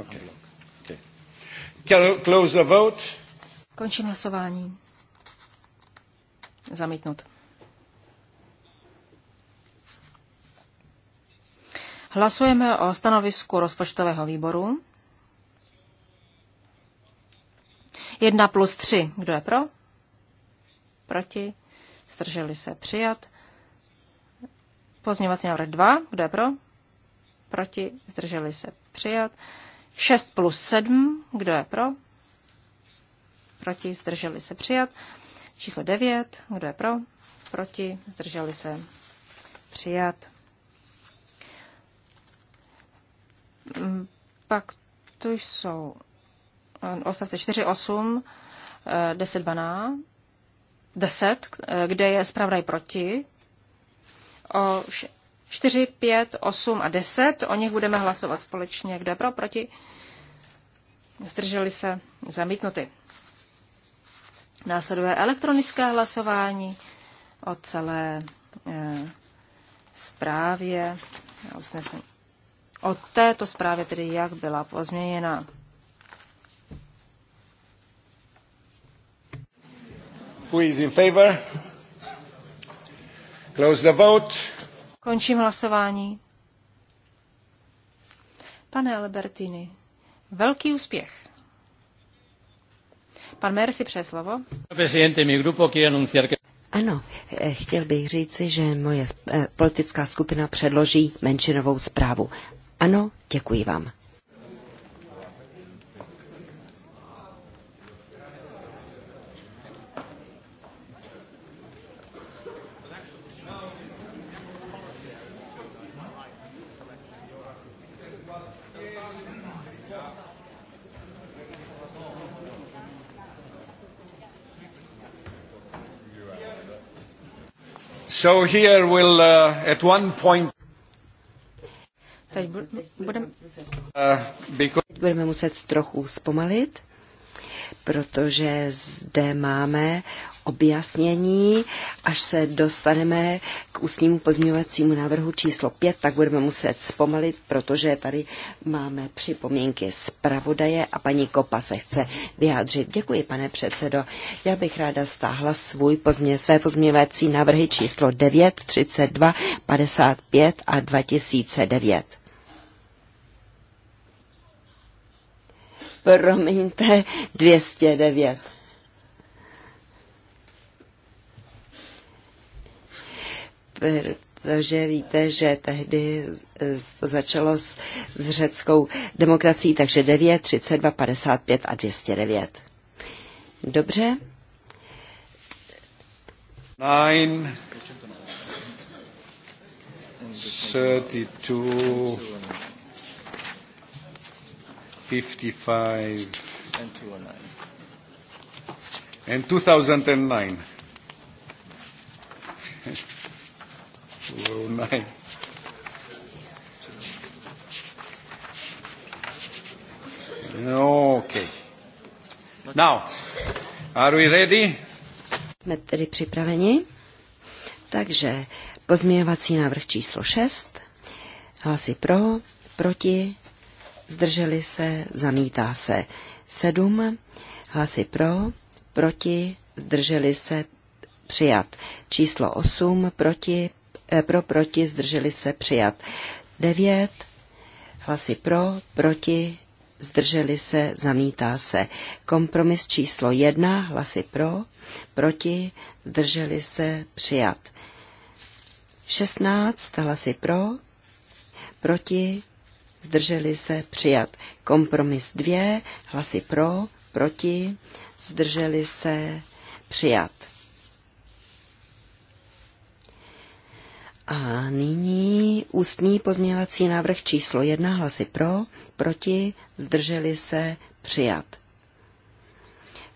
Okay. Okay. close the vote? Končím hlasování. Zamítnut. Hlasujeme o stanovisku rozpočtového výboru. 1 plus 3. Kdo je pro? Proti? Zdrželi se přijat. Pozměňovací návrh 2. Kdo je pro? Proti? Zdrželi se přijat. 6 plus 7. Kdo je pro? Proti? Zdrželi se přijat. Číslo 9. Kdo je pro? Proti? Zdrželi se přijat. Mm, pak tu jsou eh, odstavce 4, 8, 10, 12, 10, kde je zpravodaj proti. O 4, 5, 8 a 10, o nich budeme hlasovat společně. Kdo je pro, proti? Zdrželi se zamítnuty. Následuje elektronické hlasování o celé e, zprávě a usnesení o této zprávě, tedy jak byla pozměněna. Who is in favor? Close the vote. Končím hlasování. Pane Albertini, velký úspěch. Pan Mér si přeslovo. Ano, eh, chtěl bych říci, že moje eh, politická skupina předloží menšinovou zprávu. Ano, děkuji vám. So here we'll, uh, at one point... Teď budeme, budeme muset trochu zpomalit, protože zde máme objasnění. Až se dostaneme k ústnímu pozměňovacímu návrhu číslo 5, tak budeme muset zpomalit, protože tady máme připomínky zpravodaje a paní Kopa se chce vyjádřit. Děkuji, pane předsedo. Já bych ráda stáhla svůj pozmě, své pozměňovací návrhy číslo 9, 32, 55 a 2009. promiňte, 209. protože víte, že tehdy to začalo s, s řeckou demokracií, takže 9, 32, 55 a 209. Dobře? Nine, 32, 55 and 209 and 2009. 209. Okay. Now, are we ready? Jsme tedy připraveni. Takže pozměňovací návrh číslo 6. Hlasy pro, proti, zdrželi se, zamítá se. sedm hlasy pro, proti, zdrželi se, přijat. Číslo osm proti, eh, pro, proti, zdrželi se, přijat. devět hlasy pro, proti, zdrželi se, zamítá se. Kompromis číslo jedna hlasy pro, proti, zdrželi se, přijat. 16 hlasy pro, proti, zdrželi se přijat. Kompromis dvě hlasy pro, proti, zdrželi se přijat. A nyní ústní pozměňovací návrh číslo jedna hlasy pro, proti, zdrželi se přijat.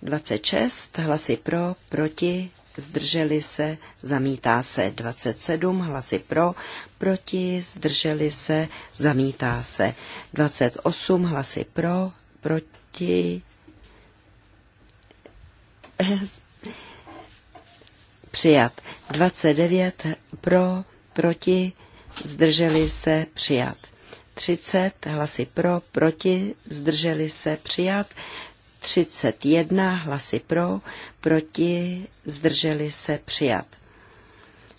26 hlasy pro, proti, zdrželi se, zamítá se 27 hlasy pro, proti, zdrželi se, zamítá se. 28 hlasy pro, proti, přijat. 29 pro, proti, zdrželi se, přijat. 30 hlasy pro, proti, zdrželi se, přijat. 31 hlasy pro, proti, zdrželi se, přijat.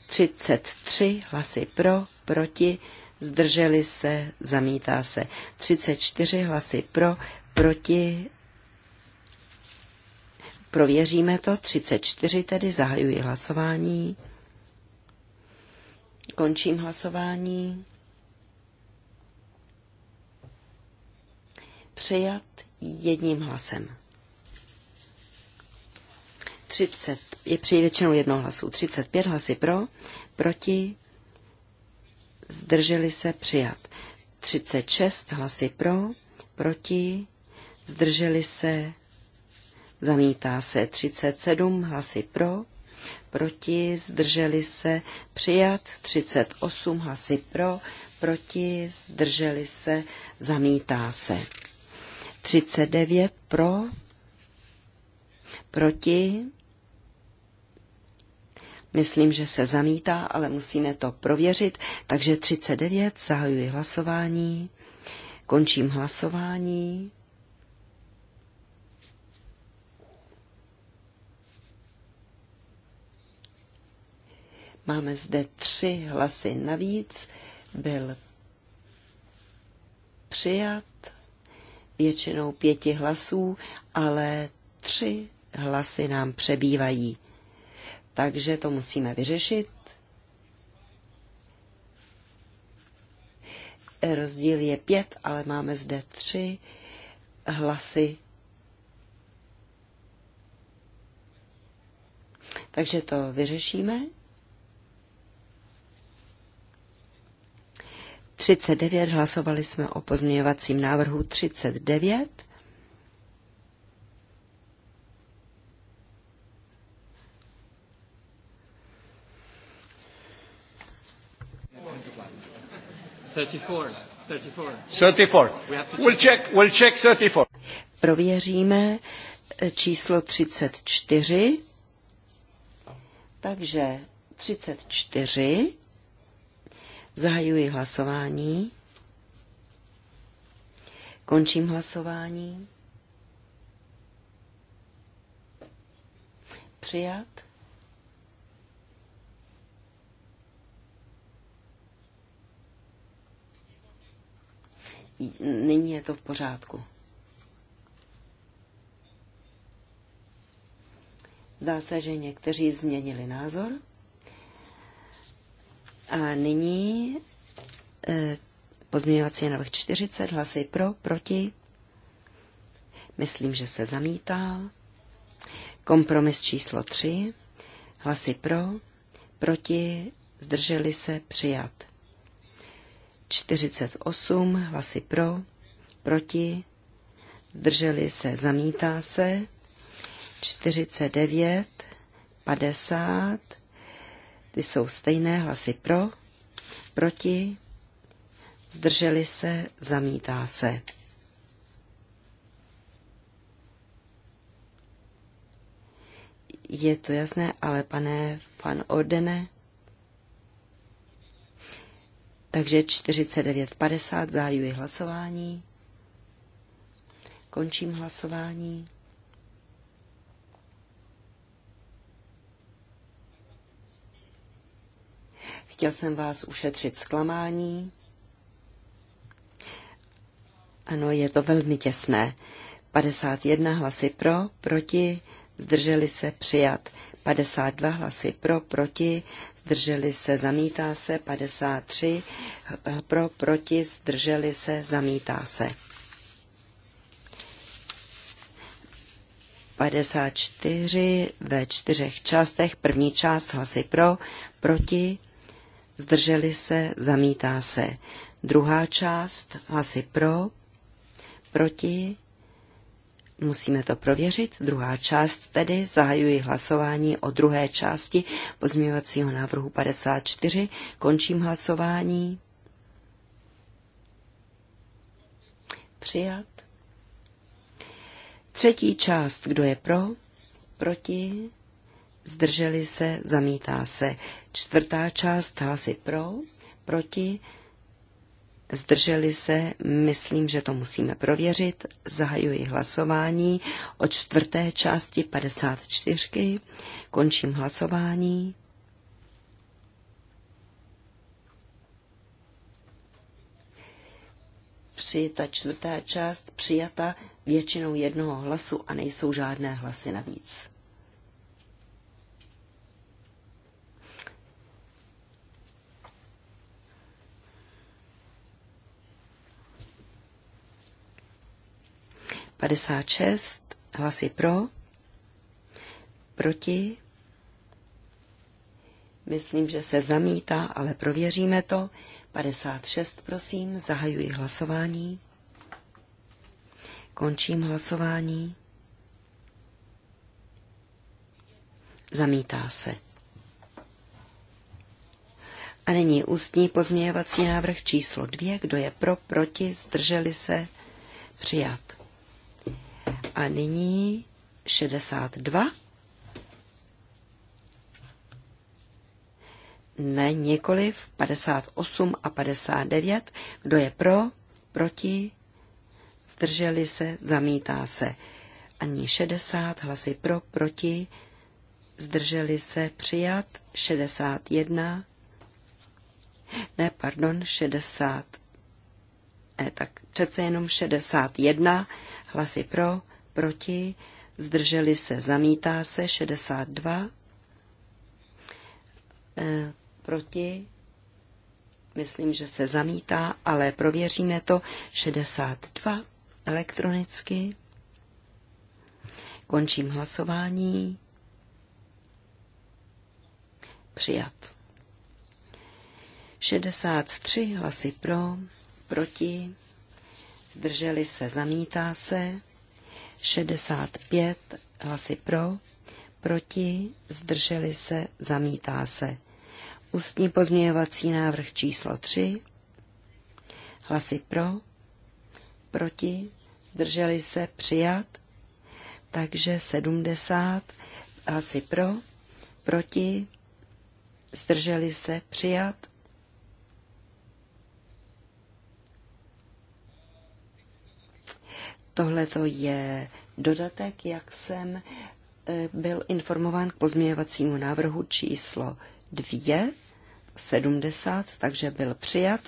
33 hlasy pro, proti, zdrželi se, zamítá se. 34 hlasy pro, proti, prověříme to, 34 tedy zahajuji hlasování. Končím hlasování. Přijat jedním hlasem. 30 je při většinou jednoho hlasu. 35 hlasy pro, proti, zdrželi se přijat. 36 hlasy pro, proti, zdrželi se, zamítá se. 37 hlasy pro, proti, zdrželi se, přijat. 38 hlasy pro, proti, zdrželi se, zamítá se. 39 pro, proti, Myslím, že se zamítá, ale musíme to prověřit. Takže 39, zahajuji hlasování, končím hlasování. Máme zde tři hlasy navíc. Byl přijat většinou pěti hlasů, ale tři hlasy nám přebývají takže to musíme vyřešit. Rozdíl je pět, ale máme zde tři hlasy. Takže to vyřešíme. 39 hlasovali jsme o pozměňovacím návrhu 39. 34. 34. Prověříme eh, číslo 34. Takže 34. Zahajuji hlasování. Končím hlasování. Přijat. nyní je to v pořádku. Zdá se, že někteří změnili názor. A nyní eh, pozměňovací návrh 40, hlasy pro, proti. Myslím, že se zamítá. Kompromis číslo 3, hlasy pro, proti, zdrželi se, přijat. 48 hlasy pro, proti, zdrželi se, zamítá se. 49, 50, ty jsou stejné hlasy pro, proti, zdrželi se, zamítá se. Je to jasné, ale pane Van Ordene, takže 49.50 zájuji hlasování. Končím hlasování. Chtěl jsem vás ušetřit zklamání. Ano, je to velmi těsné. 51 hlasy pro, proti, zdrželi se přijat. 52 hlasy pro, proti, zdrželi se, zamítá se, 53 eh, pro, proti, zdrželi se, zamítá se. 54 ve čtyřech částech, první část hlasy pro, proti, zdrželi se, zamítá se. Druhá část hlasy pro, proti, Musíme to prověřit. Druhá část tedy zahajuji hlasování o druhé části pozměňovacího návrhu 54. Končím hlasování. Přijat. Třetí část. Kdo je pro? Proti? Zdrželi se? Zamítá se. Čtvrtá část. Hlasy pro? Proti? Zdrželi se, myslím, že to musíme prověřit. Zahajuji hlasování o čtvrté části 54. Končím hlasování. Při ta čtvrtá část přijata většinou jednoho hlasu a nejsou žádné hlasy navíc. 56 hlasy pro, proti. Myslím, že se zamítá, ale prověříme to. 56, prosím, zahajuji hlasování. Končím hlasování. Zamítá se. A nyní ústní pozměňovací návrh číslo dvě. Kdo je pro, proti, zdrželi se, přijat. A nyní 62. Ne, nikoliv 58 a 59. Kdo je pro, proti, zdrželi se, zamítá se. Ani 60 hlasy pro, proti, zdrželi se, přijat 61. Ne, pardon, 60. Ne, tak přece jenom 61 hlasy pro, proti, zdrželi se, zamítá se 62, e, proti, myslím, že se zamítá, ale prověříme to 62 elektronicky. Končím hlasování. Přijat. 63 hlasy pro, proti, zdrželi se, zamítá se. 65 hlasy pro, proti, zdrželi se, zamítá se. Ústní pozměňovací návrh číslo 3, hlasy pro, proti, zdrželi se, přijat. Takže 70 hlasy pro, proti, zdrželi se, přijat. Tohle to je dodatek, jak jsem eh, byl informován k pozměňovacímu návrhu číslo 2, 70, takže byl přijat,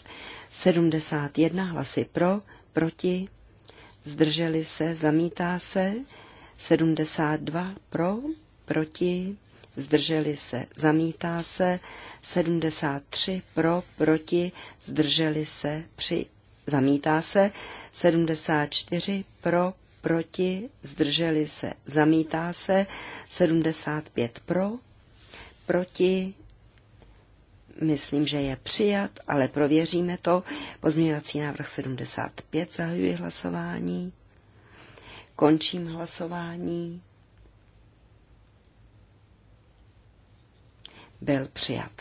71 hlasy pro, proti, zdrželi se, zamítá se, 72 pro, proti, zdrželi se, zamítá se, 73 pro, proti, zdrželi se, při, zamítá se, 74 pro, proti, zdrželi se, zamítá se, 75 pro, proti, myslím, že je přijat, ale prověříme to. Pozměňovací návrh 75 zahajuji hlasování. Končím hlasování. Byl přijat.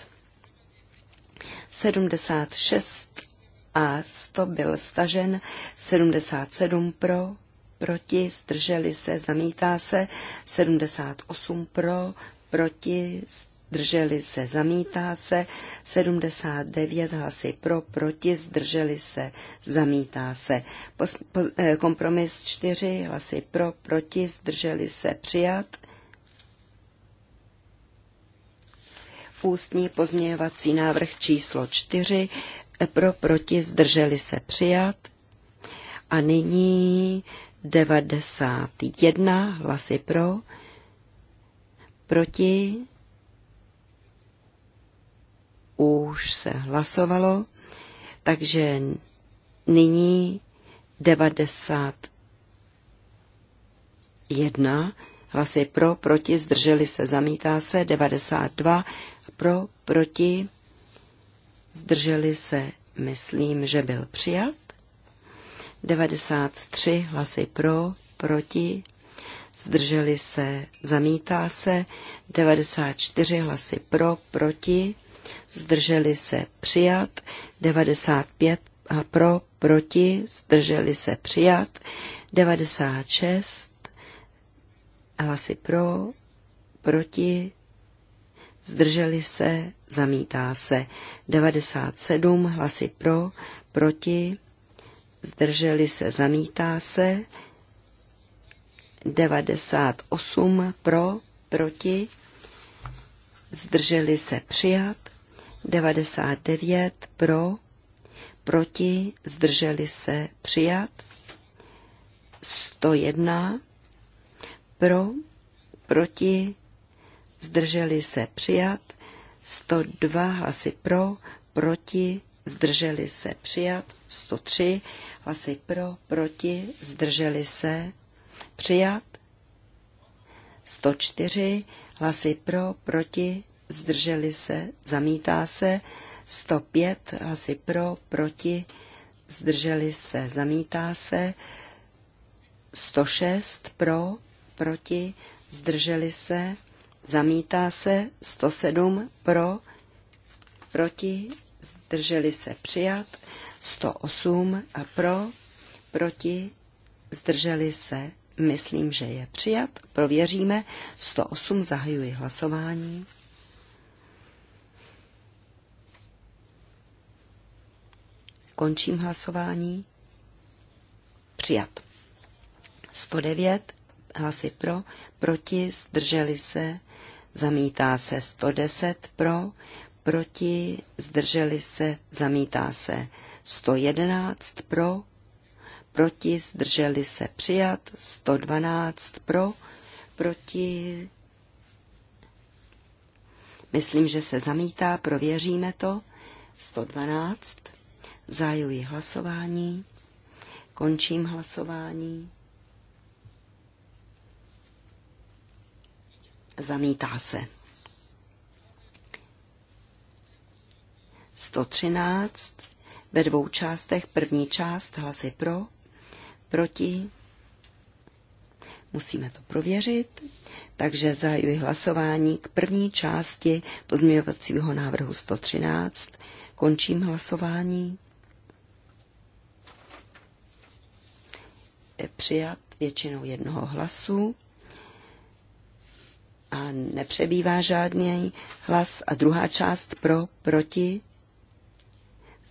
76 a 100 byl stažen, 77 pro, proti, zdrželi se, zamítá se, 78 pro, proti, zdrželi se, zamítá se, 79 hlasy pro, proti, zdrželi se, zamítá se. Pos, po, eh, kompromis 4 hlasy pro, proti, zdrželi se, přijat. Ústní pozměňovací návrh číslo 4 pro, proti, zdrželi se přijat. A nyní 91 hlasy pro, proti, už se hlasovalo, takže nyní 91 hlasy pro, proti, zdrželi se, zamítá se, 92 pro, proti, zdrželi se, myslím, že byl přijat. 93 hlasy pro, proti, zdrželi se, zamítá se. 94 hlasy pro, proti, zdrželi se, přijat. 95 pro, proti, zdrželi se, přijat. 96 hlasy pro, proti, zdrželi se, zamítá se. 97 hlasy pro, proti, zdrželi se, zamítá se. 98 pro, proti, zdrželi se, přijat. 99 pro, proti, zdrželi se, přijat. 101 pro, proti, zdrželi se přijat, 102 hlasy pro, proti, zdrželi se přijat, 103 hlasy pro, proti, zdrželi se přijat, 104 hlasy pro, proti, zdrželi se, zamítá se, 105 hlasy pro, proti, zdrželi se, zamítá se, 106 pro, proti, zdrželi se, zamítá se 107 pro, proti, zdrželi se přijat 108 a pro, proti, zdrželi se, myslím, že je přijat, prověříme, 108 zahajuji hlasování. Končím hlasování. Přijat. 109 hlasy pro, proti, zdrželi se, zamítá se 110 pro, proti, zdrželi se, zamítá se 111 pro, proti, zdrželi se, přijat 112 pro, proti, myslím, že se zamítá, prověříme to, 112, zájuji hlasování, končím hlasování. zamítá se. 113 ve dvou částech. První část hlasy pro, proti. Musíme to prověřit. Takže zahajuji hlasování k první části pozměňovacího návrhu 113. Končím hlasování. Přijat většinou jednoho hlasu a nepřebývá žádný hlas a druhá část pro, proti,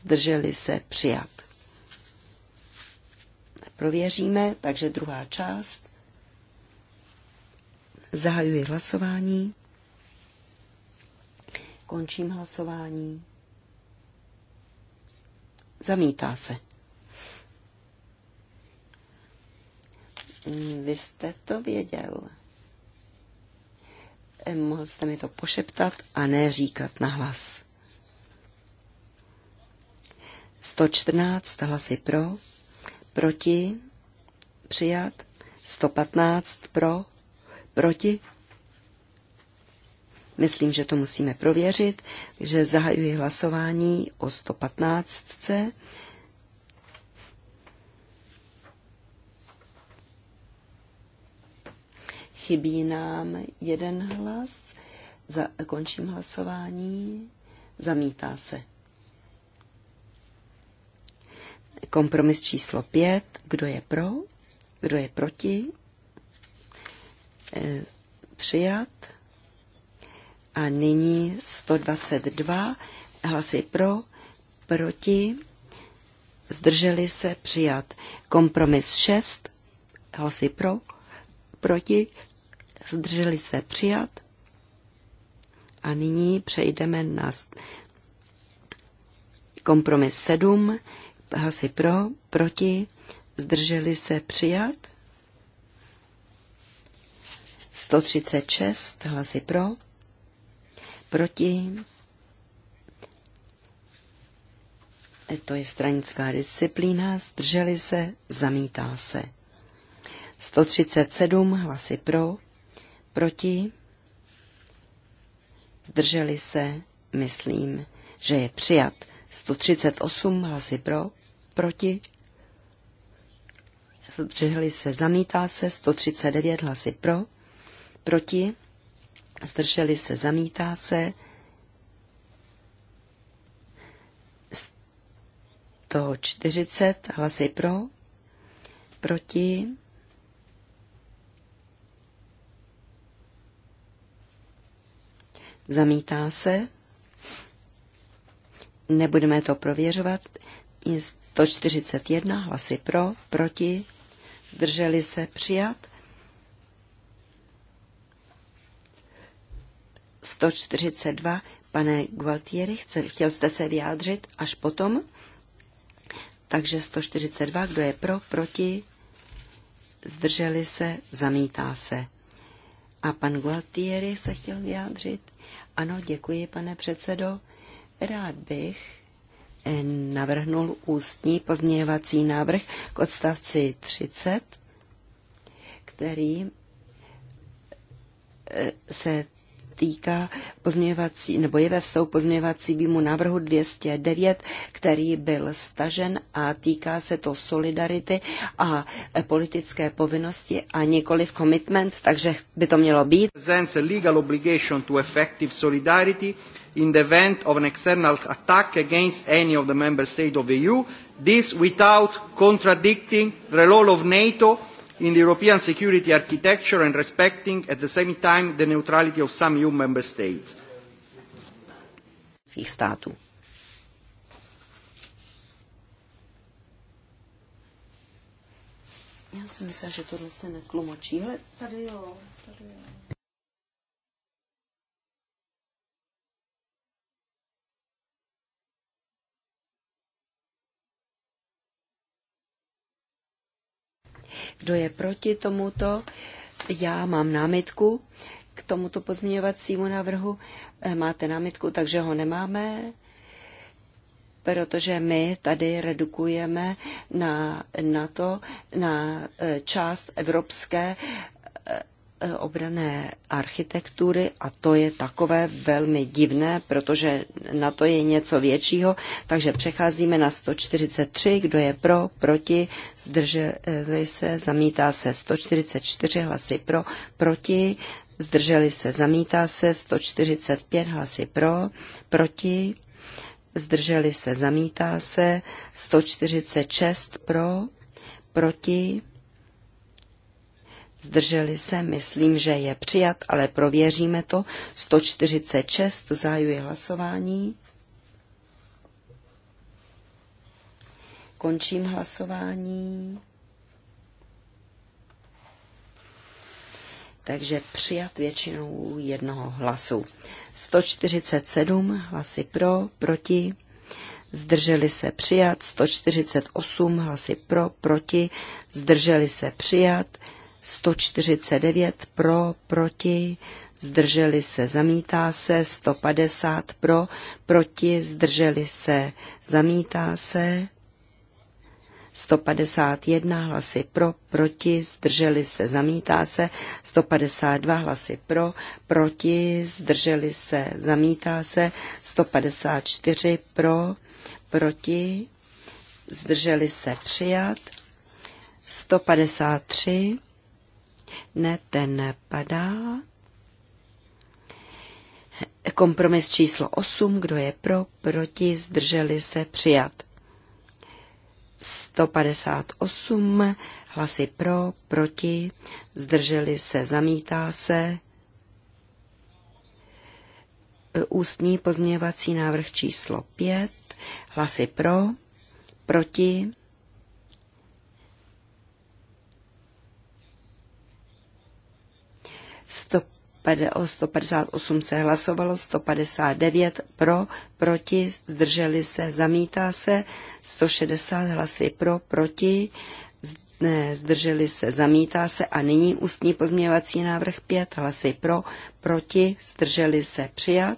zdrželi se přijat. Prověříme, takže druhá část. Zahajuji hlasování. Končím hlasování. Zamítá se. Vy jste to věděl. Eh, mohl jste mi to pošeptat a ne říkat hlas. 114 hlasy pro, proti, přijat, 115 pro, proti. Myslím, že to musíme prověřit, že zahajuji hlasování o 115. Chybí nám jeden hlas. Za, končím hlasování. Zamítá se. Kompromis číslo pět. Kdo je pro? Kdo je proti? E, přijat. A nyní 122 hlasy pro, proti, zdrželi se přijat. Kompromis 6 hlasy pro, proti, zdrželi se přijat. A nyní přejdeme na kompromis 7, hlasy pro, proti, zdrželi se přijat. 136 hlasy pro, proti, e, to je stranická disciplína, zdrželi se, zamítá se. 137 hlasy pro, proti, zdrželi se, myslím, že je přijat. 138 hlasy pro, proti, zdrželi se, zamítá se, 139 hlasy pro, proti, zdrželi se, zamítá se, 140 hlasy pro, proti, zamítá se, nebudeme to prověřovat, 141 hlasy pro, proti, zdrželi se přijat, 142, pane Gualtieri, chce, chtěl jste se vyjádřit až potom, takže 142, kdo je pro, proti, zdrželi se, zamítá se. A pan Gualtieri se chtěl vyjádřit. Ano, děkuji, pane předsedo. Rád bych eh, navrhnul ústní pozměňovací návrh k odstavci 30, který eh, se týká pozměňovací, nebo je ve pozměňovací výmu návrhu 209, který byl stažen a týká se to solidarity a politické povinnosti a nikoli v commitment, takže by to mělo být. legal obligation to effective solidarity in the event of an external attack against any of the member states of the EU, this without contradicting the role of NATO in the European security architecture and respecting at the same time the neutrality of some EU member states. Já jsem myslela, že tohle se netlumočí, ale tady jo. Kdo je proti tomuto? Já mám námitku k tomuto pozměňovacímu návrhu. Eh, máte námitku, takže ho nemáme, protože my tady redukujeme na, na to, na eh, část evropské eh, Eh, obrané architektury a to je takové velmi divné, protože na to je něco většího, takže přecházíme na 143, kdo je pro, proti, zdrželi se, zamítá se 144 hlasy pro, proti, zdrželi se, zamítá se 145 hlasy pro, proti, zdrželi se, zamítá se 146 pro, proti, zdrželi se, myslím, že je přijat, ale prověříme to. 146, zahajuje hlasování. Končím hlasování. takže přijat většinou jednoho hlasu. 147 hlasy pro, proti, zdrželi se přijat, 148 hlasy pro, proti, zdrželi se přijat, 149 pro, proti, zdrželi se, zamítá se, 150 pro, proti, zdrželi se, zamítá se, 151 hlasy pro, proti, zdrželi se, zamítá se, 152 hlasy pro, proti, zdrželi se, zamítá se, 154 pro, proti, zdrželi se, přijat, 153 ne, ten padá. Kompromis číslo 8, kdo je pro, proti, zdrželi se, přijat. 158 hlasy pro, proti, zdrželi se, zamítá se. Ústní pozměňovací návrh číslo 5, hlasy pro, proti, o 158 se hlasovalo, 159 pro, proti, zdrželi se, zamítá se, 160 hlasy pro, proti, zdrželi se, zamítá se a nyní ústní pozměvací návrh 5, hlasy pro, proti, zdrželi se, přijat.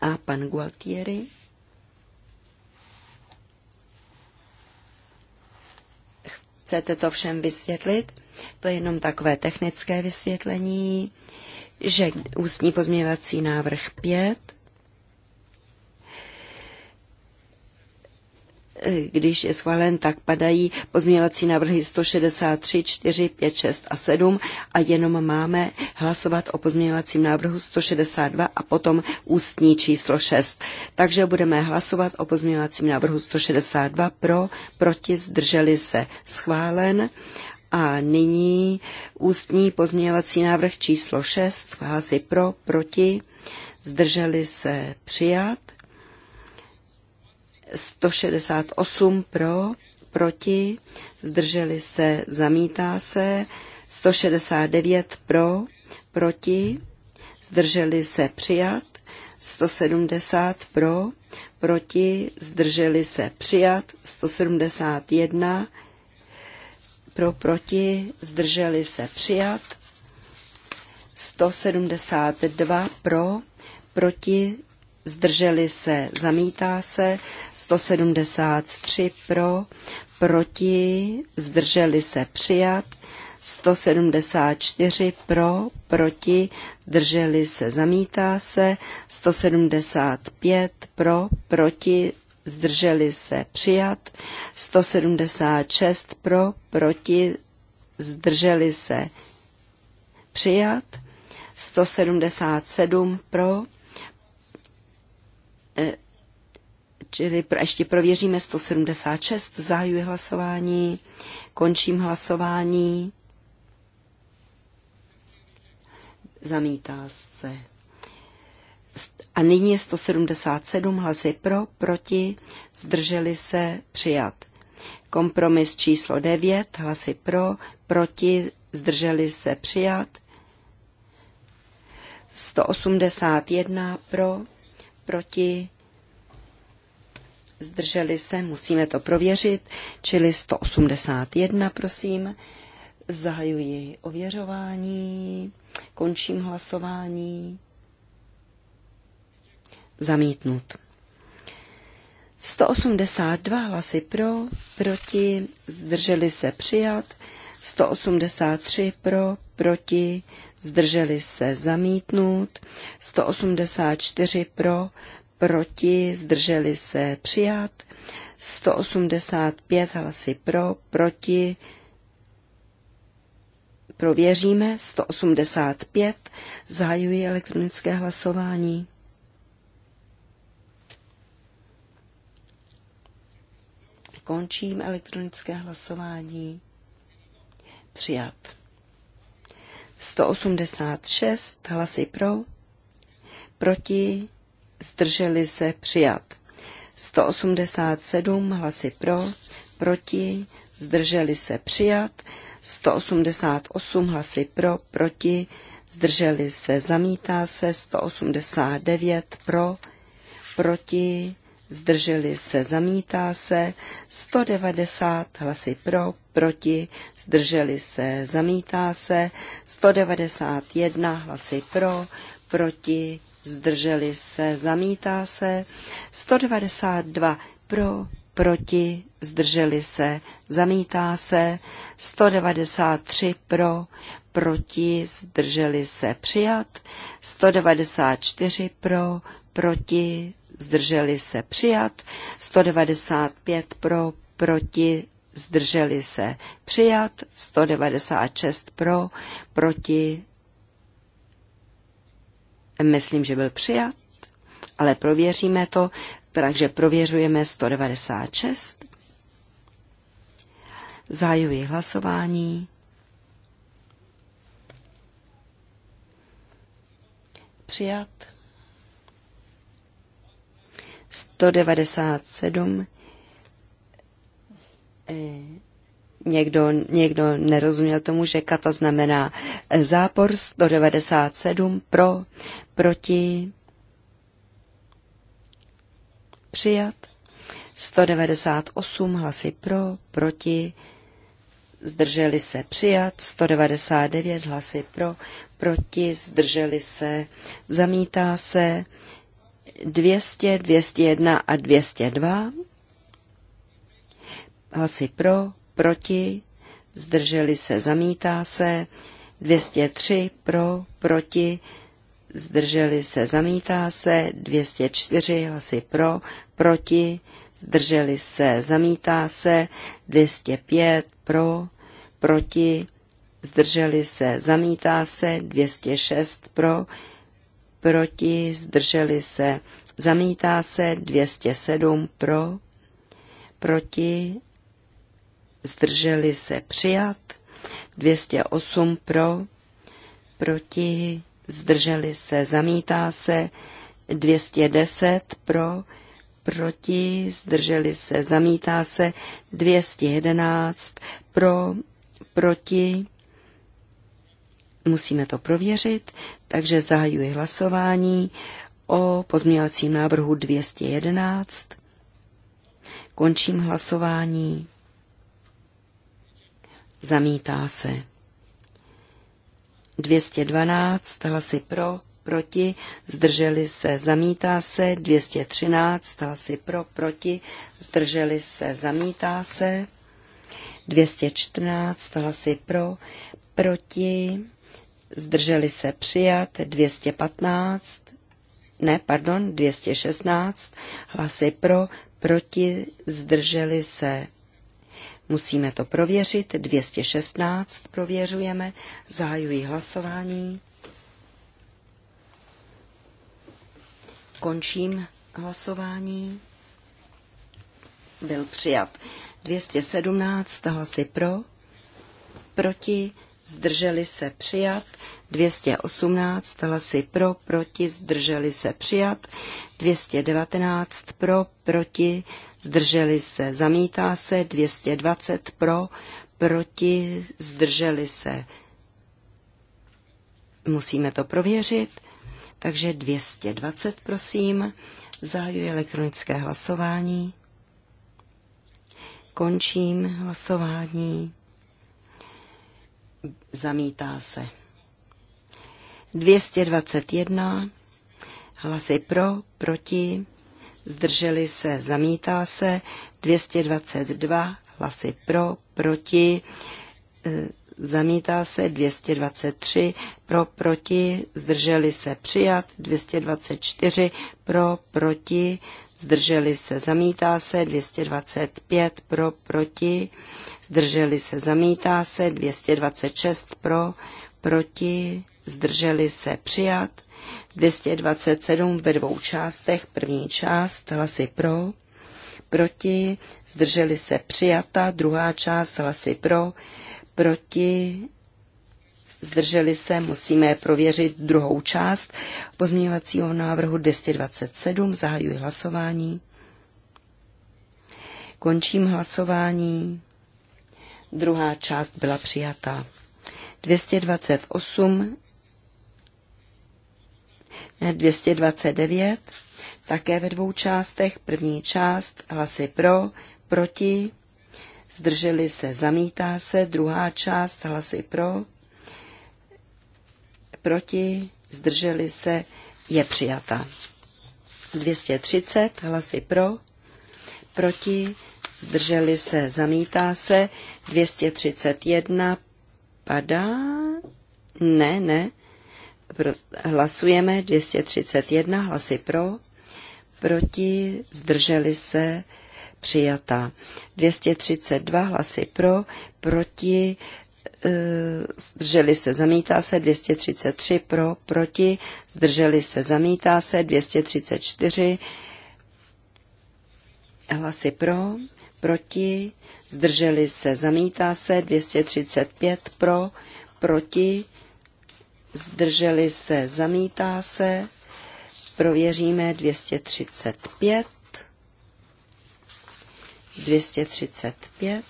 A pan Gualtieri. Chcete to všem vysvětlit? To je jenom takové technické vysvětlení, že ústní pozměňovací návrh 5, když je schválen, tak padají pozměňovací návrhy 163, 4, 5, 6 a 7 a jenom máme hlasovat o pozměňovacím návrhu 162 a potom ústní číslo 6. Takže budeme hlasovat o pozměňovacím návrhu 162 pro, proti, zdrželi se schválen a nyní ústní pozměňovací návrh číslo 6, hlasy pro, proti, zdrželi se přijat. 168 pro, proti, zdrželi se, zamítá se. 169 pro, proti, zdrželi se přijat. 170 pro, proti, zdrželi se přijat. 171 pro, proti, zdrželi se přijat. 172 pro, proti, zdrželi se, zamítá se. 173 pro, proti, zdrželi se přijat. 174 pro, proti, drželi se, zamítá se, 175 pro, proti, zdrželi se přijat, 176 pro, proti, zdrželi se přijat, 177 pro, e, čili ještě prověříme 176, zahajuji hlasování, končím hlasování, zamítá se. A nyní je 177 hlasy pro, proti, zdrželi se, přijat. Kompromis číslo 9, hlasy pro, proti, zdrželi se, přijat. 181 pro, proti, zdrželi se, musíme to prověřit, čili 181, prosím. Zahajuji ověřování, končím hlasování zamítnut. 182 hlasy pro, proti, zdrželi se přijat, 183 pro, proti, zdrželi se zamítnout, 184 pro, proti, zdrželi se přijat, 185 hlasy pro, proti, prověříme, 185, zahajuji elektronické hlasování. Končím elektronické hlasování. Přijat. 186 hlasy pro, proti, zdrželi se přijat. 187 hlasy pro, proti, zdrželi se přijat. 188 hlasy pro, proti, zdrželi se, zamítá se, 189 pro, proti, zdrželi se, zamítá se, 190 hlasy pro, proti, zdrželi se, zamítá se, 191 hlasy pro, proti, zdrželi se, zamítá se, 192 pro, proti, zdrželi se, zamítá se, 193 pro, proti, zdrželi se, přijat, 194 pro, proti, zdrželi se přijat, 195 pro, proti, zdrželi se přijat, 196 pro, proti, myslím, že byl přijat, ale prověříme to, takže prověřujeme 196. Zájuji hlasování. Přijat. 197. Eh, někdo, někdo nerozuměl tomu, že kata znamená eh, zápor 197 pro, proti, přijat. 198 hlasy pro, proti, zdrželi se přijat, 199 hlasy pro, proti, zdrželi se, zamítá se, 200, 201 a 202. Hlasy pro, proti, zdrželi se, zamítá se. 203 pro, proti, zdrželi se, zamítá se. 204 hlasy pro, proti, zdrželi se, zamítá se. 205 pro, proti, zdrželi se, zamítá se. 206 pro, proti, zdrželi se, zamítá se 207 pro, proti, zdrželi se přijat, 208 pro, proti, zdrželi se, zamítá se, 210 pro, proti, zdrželi se, zamítá se, 211 pro, proti, Musíme to prověřit, takže zahajuji hlasování o pozměňovacím návrhu 211. Končím hlasování. Zamítá se. 212 hlasy pro, proti, zdrželi se, zamítá se. 213 hlasy pro, proti, zdrželi se, zamítá se. 214 hlasy pro, proti, zdrželi se přijat 215, ne, pardon, 216, hlasy pro, proti, zdrželi se. Musíme to prověřit, 216 prověřujeme, zahajuji hlasování. Končím hlasování. Byl přijat 217 hlasy pro, proti zdrželi se přijat, 218 hlasy pro, proti, zdrželi se přijat, 219 pro, proti, zdrželi se, zamítá se, 220 pro, proti, zdrželi se. Musíme to prověřit, takže 220 prosím, zahajuji elektronické hlasování. Končím hlasování zamítá se. 221 hlasy pro, proti, zdrželi se, zamítá se. 222 hlasy pro, proti, e, zamítá se. 223 pro, proti, zdrželi se, přijat. 224 pro, proti, zdrželi se, zamítá se, 225 pro, proti, zdrželi se, zamítá se, 226 pro, proti, zdrželi se, přijat, 227 ve dvou částech, první část, hlasy pro, proti, zdrželi se, přijata, druhá část, hlasy pro, proti, zdrželi se, musíme prověřit druhou část pozměňovacího návrhu 227, zahajuji hlasování. Končím hlasování. Druhá část byla přijatá. 228, ne, 229, také ve dvou částech. První část hlasy pro, proti, zdrželi se, zamítá se. Druhá část hlasy pro, proti, zdrželi se, je přijata. 230 hlasy pro, proti, zdrželi se, zamítá se, 231 padá, ne, ne, pro, hlasujeme, 231 hlasy pro, proti, zdrželi se, přijata. 232 hlasy pro, proti, zdrželi se, zamítá se 233 pro, proti, zdrželi se, zamítá se 234 hlasy pro, proti, zdrželi se, zamítá se 235 pro, proti, zdrželi se, zamítá se, prověříme 235, 235,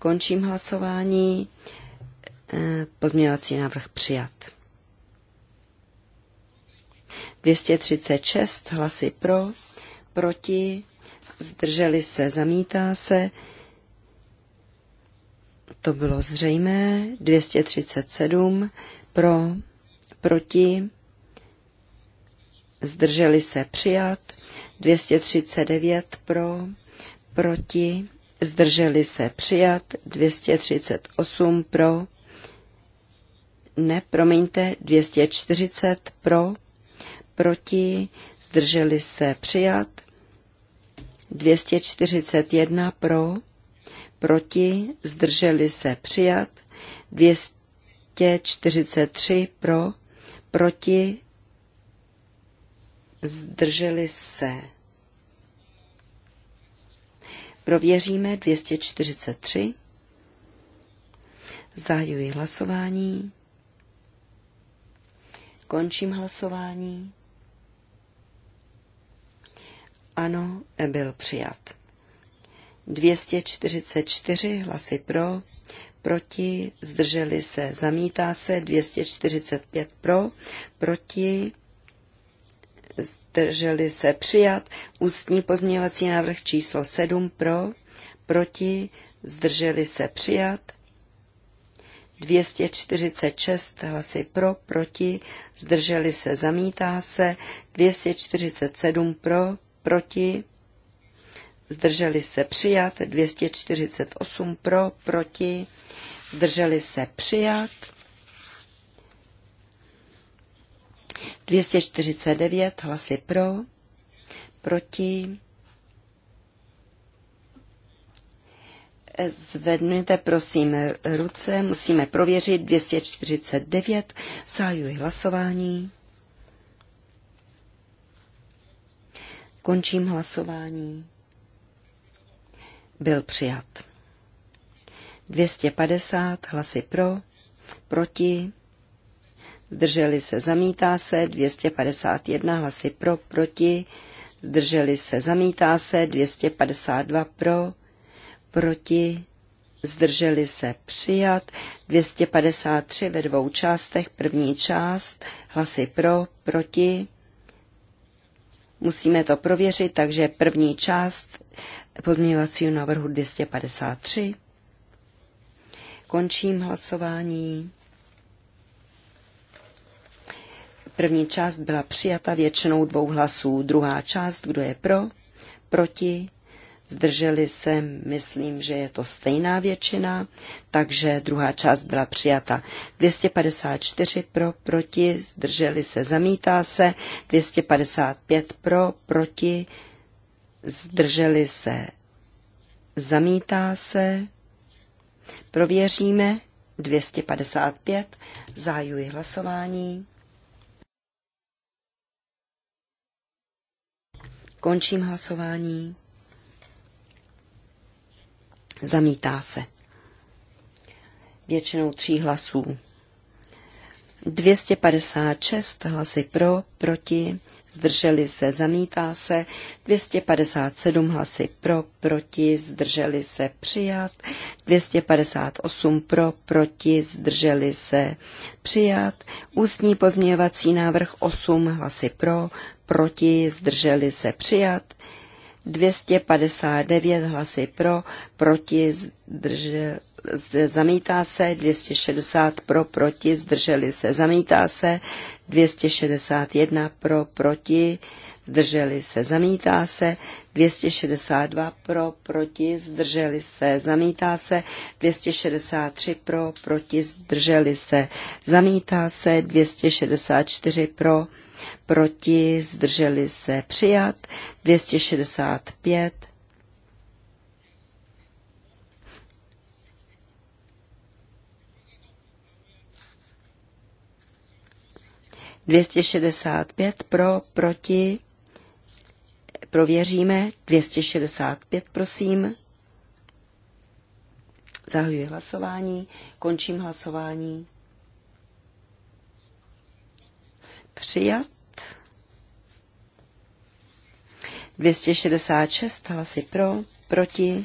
Končím hlasování. Eh, pozměňovací návrh přijat. 236 hlasy pro, proti, zdrželi se, zamítá se. To bylo zřejmé. 237 pro, proti, zdrželi se přijat. 239 pro, proti, zdrželi se přijat, 238 pro, ne, promiňte, 240 pro, proti, zdrželi se přijat, 241 pro, proti, zdrželi se přijat, 243 pro, proti, zdrželi se Prověříme 243. Zahajuji hlasování. Končím hlasování. Ano, byl přijat. 244 hlasy pro, proti, zdrželi se, zamítá se, 245 pro, proti, zdrželi se přijat. Ústní pozměňovací návrh číslo 7 pro, proti, zdrželi se přijat. 246 hlasy pro, proti, zdrželi se, zamítá se. 247 pro, proti, zdrželi se přijat. 248 pro, proti, zdrželi se přijat. 249 hlasy pro, proti. Zvedněte prosím ruce, musíme prověřit 249, sájuji hlasování. Končím hlasování. Byl přijat. 250 hlasy pro, proti, zdrželi se, zamítá se, 251 hlasy pro, proti, zdrželi se, zamítá se, 252 pro, proti, zdrželi se, přijat, 253 ve dvou částech, první část, hlasy pro, proti, musíme to prověřit, takže první část podměvacího návrhu 253. Končím hlasování. První část byla přijata většinou dvou hlasů. Druhá část, kdo je pro, proti, zdrželi se, myslím, že je to stejná většina, takže druhá část byla přijata. 254 pro, proti, zdrželi se, zamítá se, 255 pro, proti, zdrželi se, zamítá se, prověříme, 255, zájuji hlasování. Končím hlasování. Zamítá se. Většinou tří hlasů. 256 hlasy pro, proti, zdrželi se, zamítá se, 257 hlasy pro, proti, zdrželi se, přijat, 258 pro, proti, zdrželi se, přijat, ústní pozměňovací návrh 8 hlasy pro, proti, zdrželi se, přijat, 259 hlasy pro, proti zdržel, zamítá se, 260 pro, proti, zdrželi se, zamítá se, 261 pro, proti, zdrželi se, zamítá se, 262 pro, proti, zdrželi se, zamítá se, 263 pro, proti, zdrželi se, zamítá se, 264 pro, proti, zdrželi se přijat, 265, Dvěstě šedesát pět pro, proti, prověříme, 265 prosím. Zahajuji hlasování, končím hlasování. Přijat. 266 hlasy pro, proti,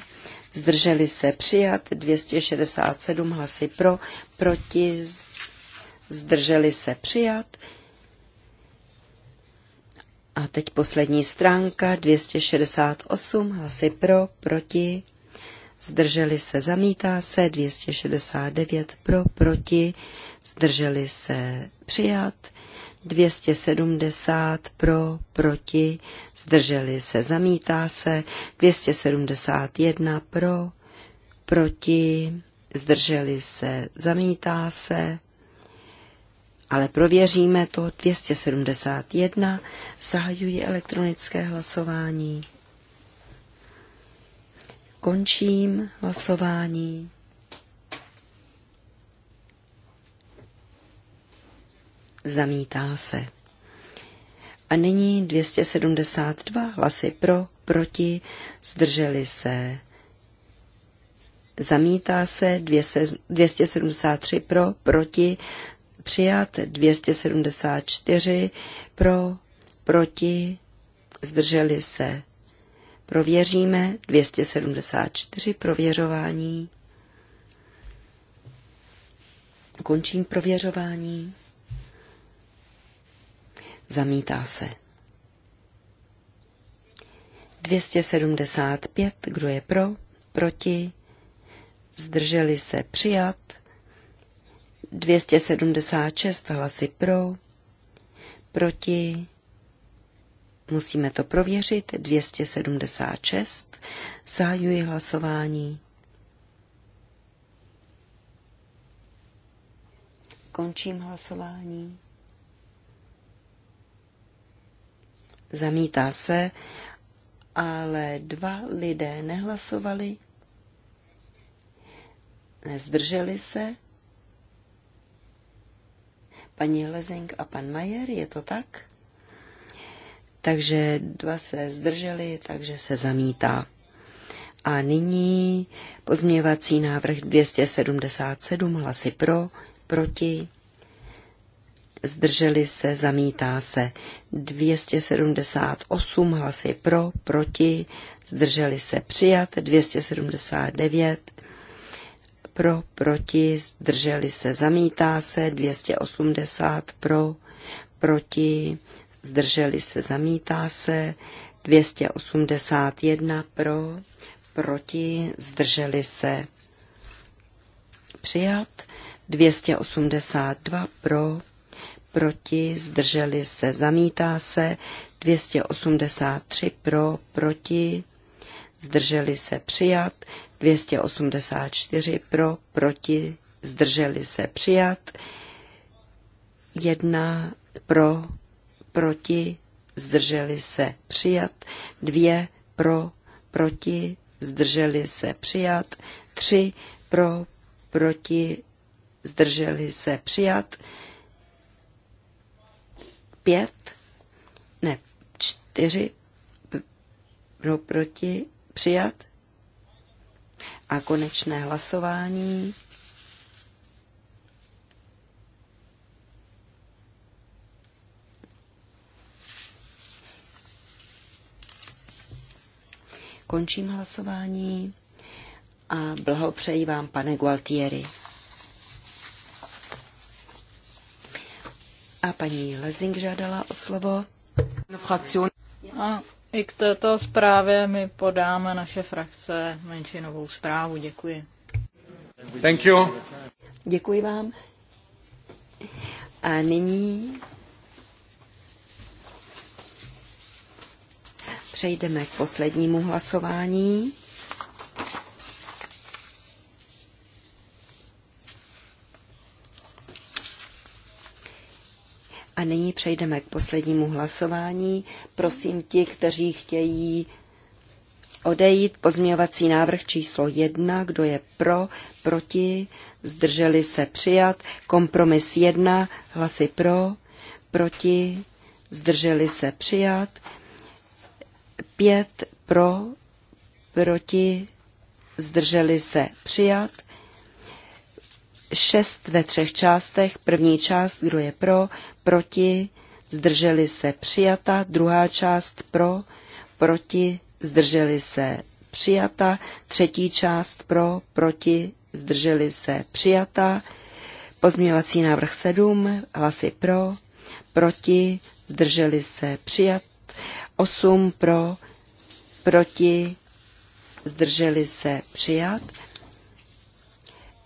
zdrželi se přijat, 267 hlasy pro, proti, zdrželi se přijat. A teď poslední stránka, 268 hlasy pro, proti, zdrželi se, zamítá se, 269 pro, proti, zdrželi se, přijat, 270 pro, proti, zdrželi se, zamítá se, 271 pro, proti, zdrželi se, zamítá se, ale prověříme to, 271, zahajuji elektronické hlasování. Končím hlasování. zamítá se. A nyní 272 hlasy pro, proti, zdrželi se. Zamítá se 273 pro, proti, přijat 274 pro, proti, zdrželi se. Prověříme 274 prověřování. Končím prověřování zamítá se. 275, kdo je pro, proti, zdrželi se přijat, 276 hlasy pro, proti, musíme to prověřit, 276, zahajuji hlasování. Končím hlasování. zamítá se, ale dva lidé nehlasovali, nezdrželi se. Paní Lezing a pan Majer, je to tak? Takže dva se zdrželi, takže se zamítá. A nyní pozměvací návrh 277 hlasy pro, proti, zdrželi se, zamítá se. 278 hlasy pro, proti, zdrželi se, přijat. 279 pro, proti, zdrželi se, zamítá se. 280 pro, proti, zdrželi se, zamítá se. 281 pro, proti, zdrželi se, přijat. 282 pro, proti, zdrželi se, zamítá se, 283 pro, proti, zdrželi se, přijat, 284 pro, proti, zdrželi se, přijat, 1 pro, proti, zdrželi se, přijat, 2 pro, proti, zdrželi se, přijat, 3 pro, proti, zdrželi se, přijat, pět, ne, čtyři pro, proti přijat a konečné hlasování. Končím hlasování a blahopřeji vám, pane Gualtieri. A paní Lezing žádala o slovo. A i k této zprávě my podáme naše frakce menšinovou zprávu. Děkuji. Thank you. Děkuji vám. A nyní přejdeme k poslednímu hlasování. nyní přejdeme k poslednímu hlasování. Prosím ti, kteří chtějí odejít. Pozměňovací návrh číslo jedna. Kdo je pro, proti, zdrželi se přijat. Kompromis jedna. Hlasy pro, proti, zdrželi se přijat. pět Pro, proti, zdrželi se přijat šest ve třech částech. První část, kdo je pro, proti, zdrželi se přijata. Druhá část pro, proti, zdrželi se přijata. Třetí část pro, proti, zdrželi se přijata. Pozměňovací návrh 7, hlasy pro, proti, zdrželi se přijat. 8 pro, proti, zdrželi se přijat.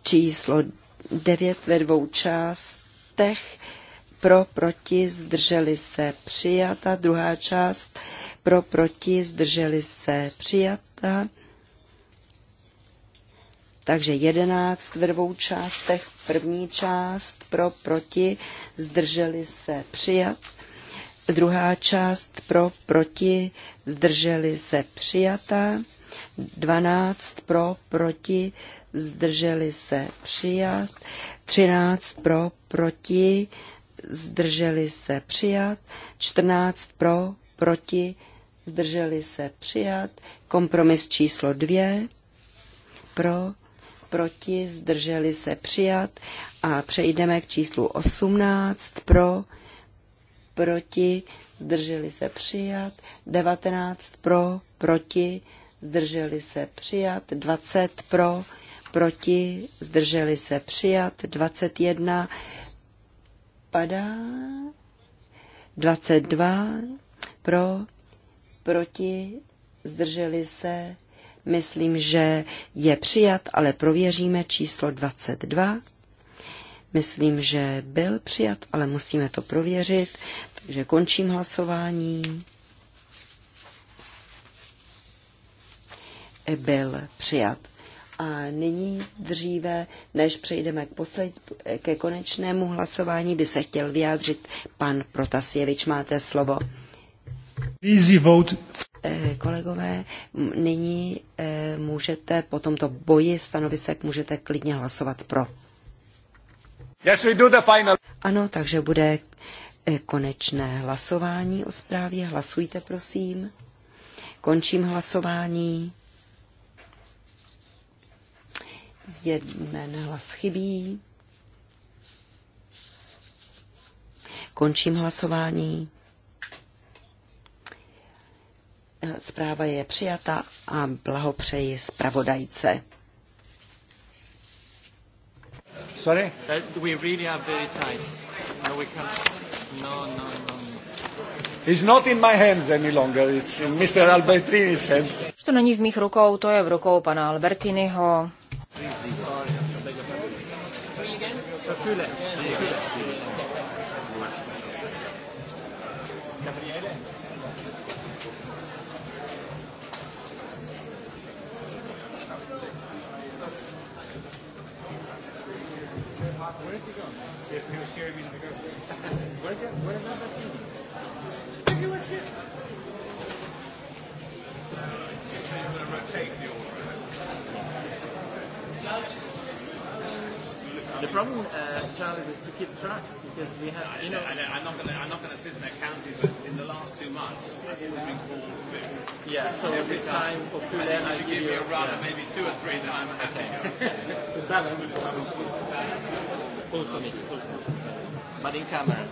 Číslo 9 ve dvou částech pro, proti, zdrželi se, přijata. Druhá část pro, proti, zdrželi se, přijata. Takže jedenáct ve dvou částech. První část pro, proti, zdrželi se, přijat. Druhá část pro, proti, zdrželi se, přijata. Dvanáct pro, proti, zdrželi se přijat, 13 pro, proti, zdrželi se přijat, 14 pro, proti, zdrželi se přijat, kompromis číslo 2 pro, proti, zdrželi se přijat a přejdeme k číslu 18 pro, proti, zdrželi se přijat, 19 pro, proti, zdrželi se přijat, 20 pro, proti, zdrželi se přijat, 21 padá, 22 pro, proti, zdrželi se, myslím, že je přijat, ale prověříme číslo 22. Myslím, že byl přijat, ale musíme to prověřit, takže končím hlasování. Byl přijat. A nyní dříve, než přejdeme k posled, ke konečnému hlasování, by se chtěl vyjádřit pan Protasjevič. Máte slovo. Easy vote. Eh, kolegové, nyní eh, můžete po tomto boji stanovisek můžete klidně hlasovat pro. Yes, we do the final. Ano, takže bude eh, konečné hlasování o zprávě. Hlasujte, prosím. Končím hlasování. Jeden hlas chybí. Končím hlasování. Zpráva je přijata a blahopřeji zpravodajce. Sorry? Uh, we really are very tight. No, we can't. No, no, no. no. It's not in my hands any longer. It's in Mr. Albertini's hands. To není v mých rukou, to je v rukou pana Albertiniho. Gabriele? Where is he going? Yeah, He was scaring me to go. where, is where is that? The problem, uh, Charles, is to keep track because we have. you know, I, I, I'm not going to. I'm not going to sit in their counties, but in the last two months, I've always been called fix. Yeah. So every this time, time for Fulan, I give you. a run, yeah. and maybe two or three, then I'm happy. Okay. balance. Full committee, full committee, but in camera.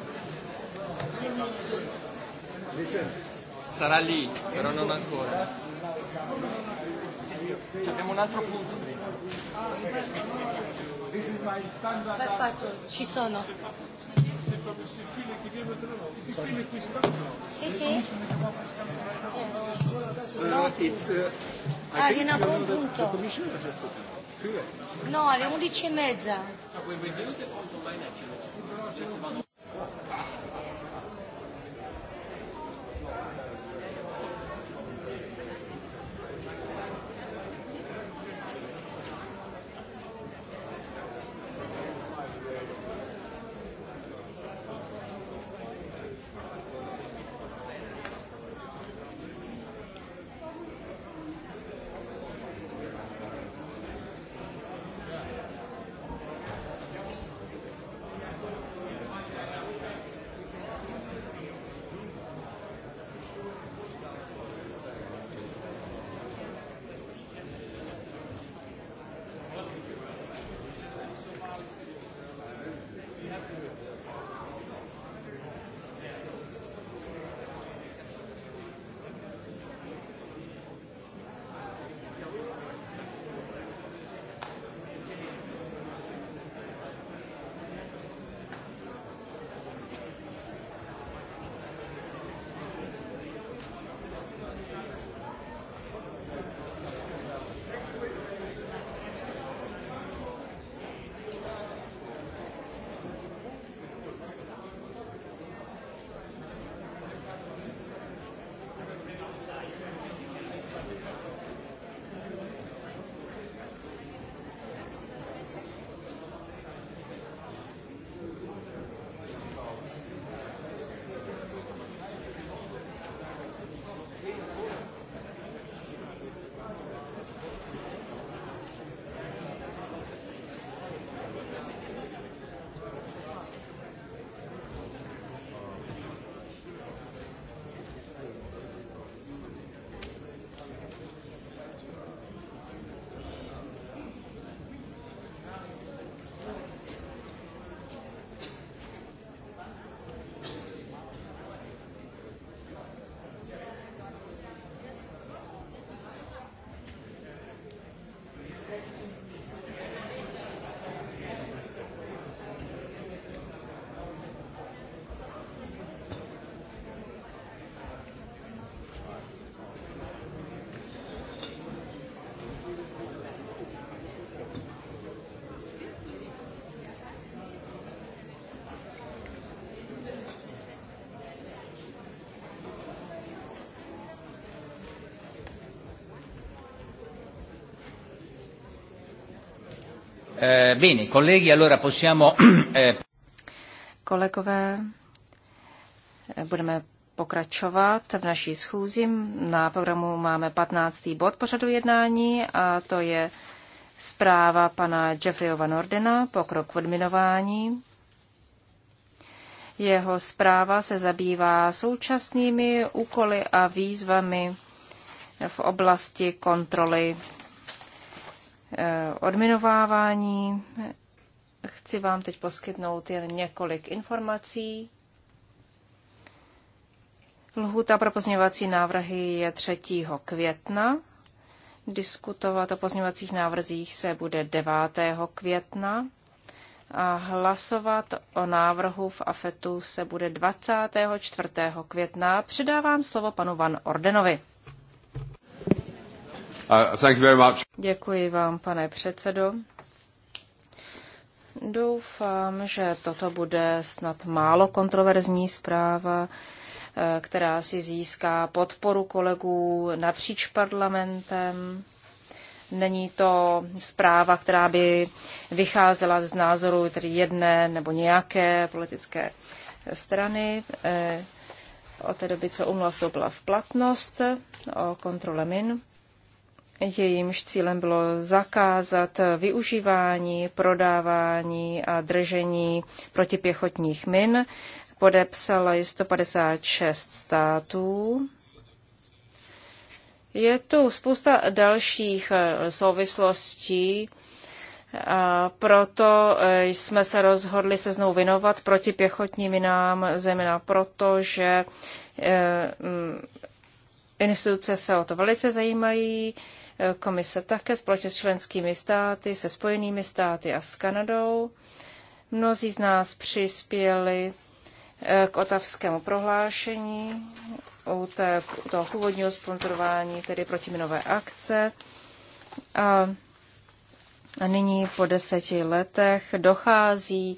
Sarà lì, però non ancora. Abbiamo un altro punto prima. This ci sono. E sì, sì. No, it's, uh, a buon punto. No, alle 11 e mezza. Ah, Eh, bene, colleghi, allora possiamo... Eh, Kolegové, eh, budeme pokračovat v naší schůzi. Na programu máme 15. bod pořadu jednání a to je zpráva pana Jeffreyho Van Ordena, pokrok v odminování. Jeho zpráva se zabývá současnými úkoly a výzvami v oblasti kontroly odminovávání. Chci vám teď poskytnout jen několik informací. Lhuta pro pozměňovací návrhy je 3. května. Diskutovat o pozměňovacích návrzích se bude 9. května a hlasovat o návrhu v AFETu se bude 24. května. Předávám slovo panu Van Ordenovi. Uh, Děkuji vám, pane předsedo. Doufám, že toto bude snad málo kontroverzní zpráva, eh, která si získá podporu kolegů napříč parlamentem. Není to zpráva, která by vycházela z názoru tedy jedné nebo nějaké politické strany. Eh, od té doby, co umla byla v platnost o kontrole min, jejímž cílem bylo zakázat využívání, prodávání a držení protipěchotních min. Podepsala ji 156 států. Je tu spousta dalších eh, souvislostí, a proto eh, jsme se rozhodli se znovu vinovat proti pěchotním minám, zejména proto, že eh, mm, instituce se o to velice zajímají komise také společně s členskými státy, se spojenými státy a s Kanadou. Mnozí z nás přispěli eh, k otavskému prohlášení u, toho původního sponzorování, tedy protiminové akce. A a nyní po deseti letech dochází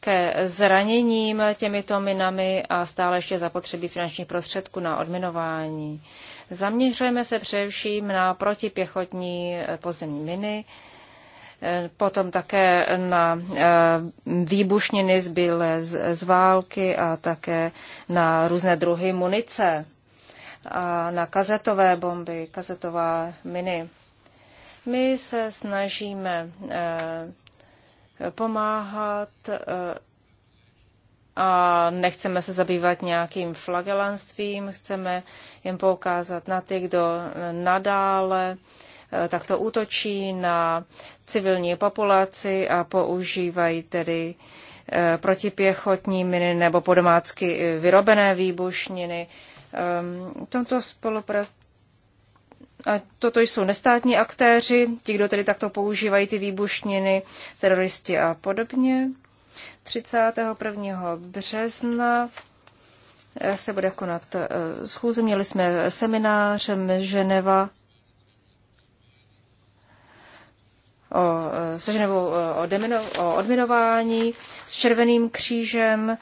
ke zraněním těmito minami a stále ještě zapotřebí finančních prostředků na odminování. Zaměřujeme se především na protipěchotní eh, pozemní miny, eh, potom také na eh, výbušniny zbylé z války a také na různé druhy munice a na kazetové bomby, kazetová miny. My se snažíme pomáhat a nechceme se zabývat nějakým flagelanstvím, chceme jen poukázat na ty, kdo nadále e, takto útočí na civilní populaci a používají tedy e, protipěchotní miny nebo podomácky vyrobené výbušniny. Ehm, tomto spolupra... a toto jsou nestátní aktéři, ti, kdo tedy takto používají ty výbušniny, teroristi a podobně. 31. března eh, se bude konat eh, schůze. Měli jsme seminář Ženeva o, eh, se Ženevou o, demino, o odminování s Červeným křížem,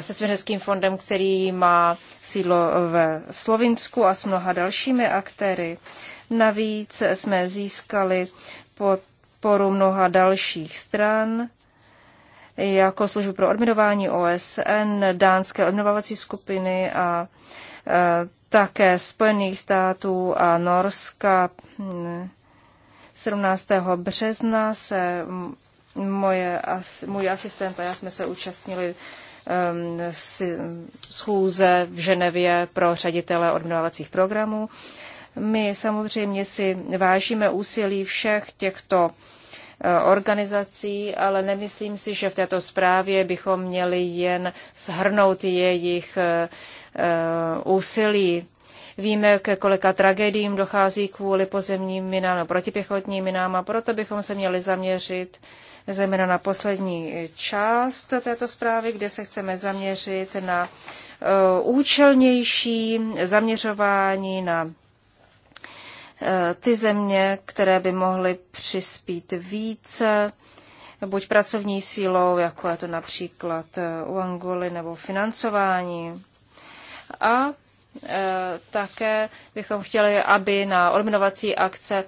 se Svěřenským fondem, který má sídlo ve Slovinsku a s mnoha dalšími aktéry. Navíc jsme získali pod podporu mnoha dalších stran, jako služby pro odminování OSN, dánské odminovací skupiny a e, také Spojených států a Norska. 17. března se moje, můj asistent a já jsme se účastnili schůze v Ženevě pro ředitele odměňovacích programů. My samozřejmě si vážíme úsilí všech těchto Eh, organizací, ale nemyslím si, že v této zprávě bychom měli jen shrnout jejich eh, eh, úsilí. Víme, ke kolika tragédiím dochází kvůli pozemním minám a protipěchotním minám a proto bychom se měli zaměřit zejména na poslední část této zprávy, kde se chceme zaměřit na účelnější zaměřování na Eh, ty země, které by mohly přispít více, buď pracovní sílou, jako je to například eh, u Angoly, nebo financování. A eh, také bychom chtěli, aby na odminovací akce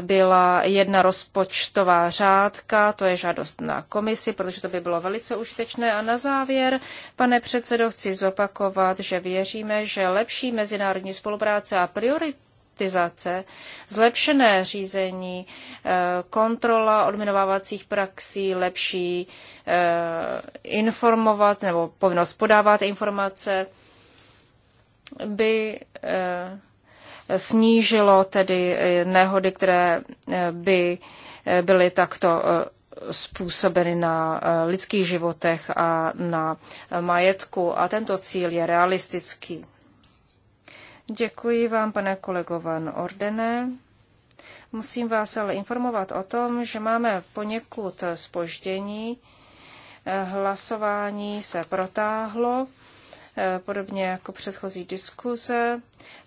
byla jedna rozpočtová řádka, to je žádost na komisi, protože to by bylo velice užitečné. A na závěr, pane předsedo, chci zopakovat, že věříme, že lepší mezinárodní spolupráce a priority automatizace, zlepšené řízení, eh, kontrola odminovávacích praxí, lepší eh, informovat nebo povinnost podávat informace by eh, snížilo tedy nehody, které by byly takto způsobeny na lidských životech a na majetku. A tento cíl je realistický. Děkuji vám, pane kolego Van Ordene. Musím vás ale informovat o tom, že máme poněkud spoždění. Hlasování se protáhlo, podobně jako předchozí diskuze.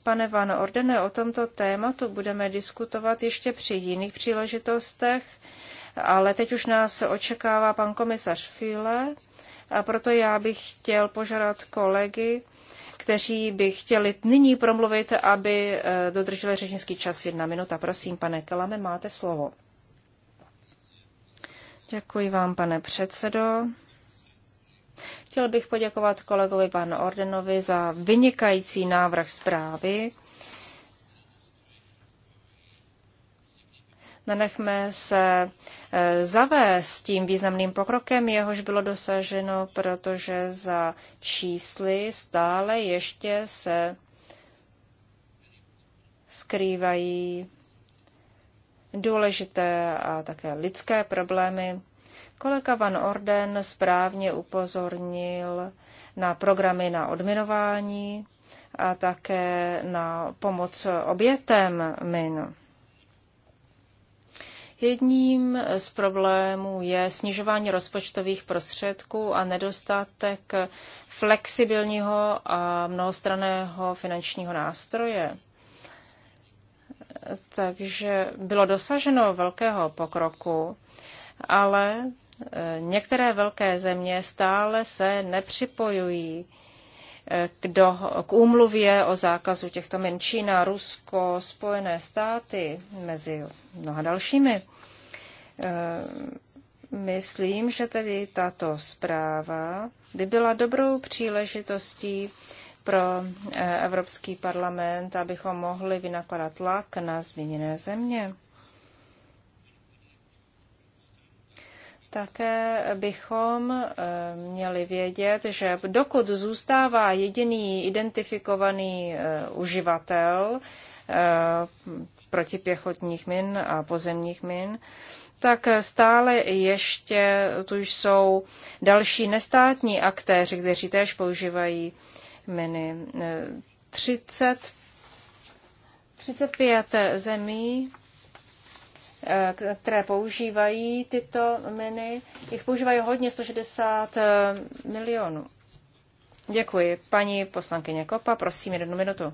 Pane Van Ordene, o tomto tématu budeme diskutovat ještě při jiných příležitostech, ale teď už nás očekává pan komisař File, a proto já bych chtěl požádat kolegy, kteří by chtěli nyní promluvit, aby eh, dodrželi řečnický čas jedna minuta. Prosím, pane Kelame, máte slovo. Děkuji vám, pane předsedo. Chtěl bych poděkovat kolegovi panu Ordenovi za vynikající návrh zprávy Nenechme se eh, zavést tím významným pokrokem, jehož bylo dosaženo, protože za čísly stále ještě se skrývají důležité a také lidské problémy. Kolega Van Orden správně upozornil na programy na odminování a také na pomoc obětem min. Jedním z problémů je snižování rozpočtových prostředků a nedostatek flexibilního a mnohostraného finančního nástroje. Takže bylo dosaženo velkého pokroku, ale eh, některé velké země stále se nepřipojují eh, k, do, k úmluvě o zákazu těchto menší na Rusko, Spojené státy mezi mnoha dalšími. Eh, myslím, že tedy tato zpráva by byla dobrou příležitostí pro eh, Evropský parlament, abychom mohli vynakladat tlak na zmíněné země. Také bychom eh, měli vědět, že dokud zůstává jediný identifikovaný uživatel protipěchotních min a pozemních min, tak stále ještě tu jsou další nestátní aktéři, kteří též používají miny. 30, 35 zemí, které používají tyto miny. Jich používají hodně, 160 eh, milionů. Děkuji. Paní poslankyně Kopa, prosím jednu minutu.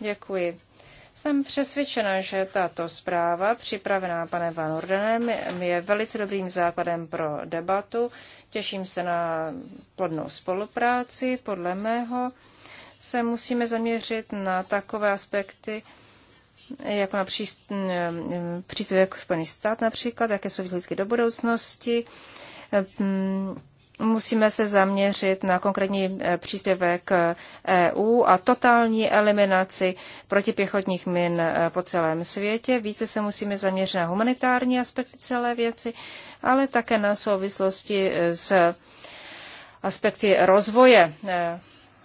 Děkuji. Jsem přesvědčena, že tato zpráva, připravená panem Van Ordenem, je velice dobrým základem pro debatu. Těším se na plodnou spolupráci. Podle mého se musíme zaměřit na takové aspekty, jako na příspěvek Spojených stát například, jaké jsou vyhlídky do budoucnosti, hm, musíme se zaměřit na konkrétní eh, příspěvek EU eh, e a totální eliminaci protipěchotních min eh, po celém světě. Více se musíme zaměřit na humanitární aspekty celé věci, ale také na souvislosti s aspekty rozvoje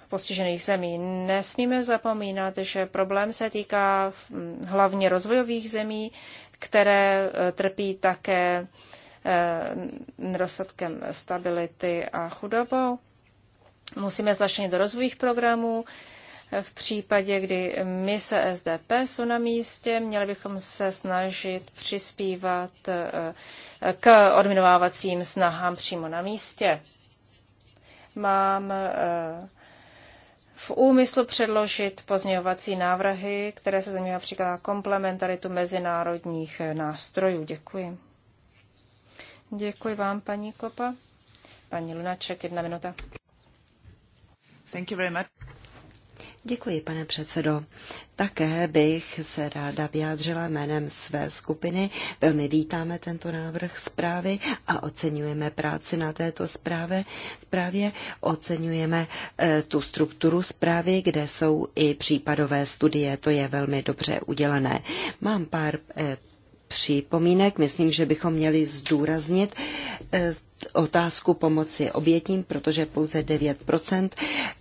postižených zemí. Nesmíme zapomínat, že problém se týká hm, hlavně rozvojových zemí, které trpí také Eh, nedostatkem stability a chudobou. Musíme začlenit do rozvojích programů. Eh, v případě, kdy se SDP jsou na místě, měli bychom se snažit přispívat eh, k odminovávacím snahám přímo na místě. Mám v úmyslu předložit pozměňovací návrhy, které se zaměřují například na komplementaritu mezinárodních nástrojů. Děkuji. Děkuji vám, paní Kopa. Paní Lunaček, jedna minuta. Thank you very much. Děkuji, pane předsedo. Také bych se ráda vyjádřila jménem své skupiny. Velmi vítáme tento návrh zprávy a oceňujeme práci na této zprávě. zprávě. Oceňujeme e, tu strukturu zprávy, kde jsou i případové studie. To je velmi dobře udělané. Mám pár e, připomínek. Myslím, že bychom měli zdůraznit eh, otázku pomoci obětím, protože pouze 9%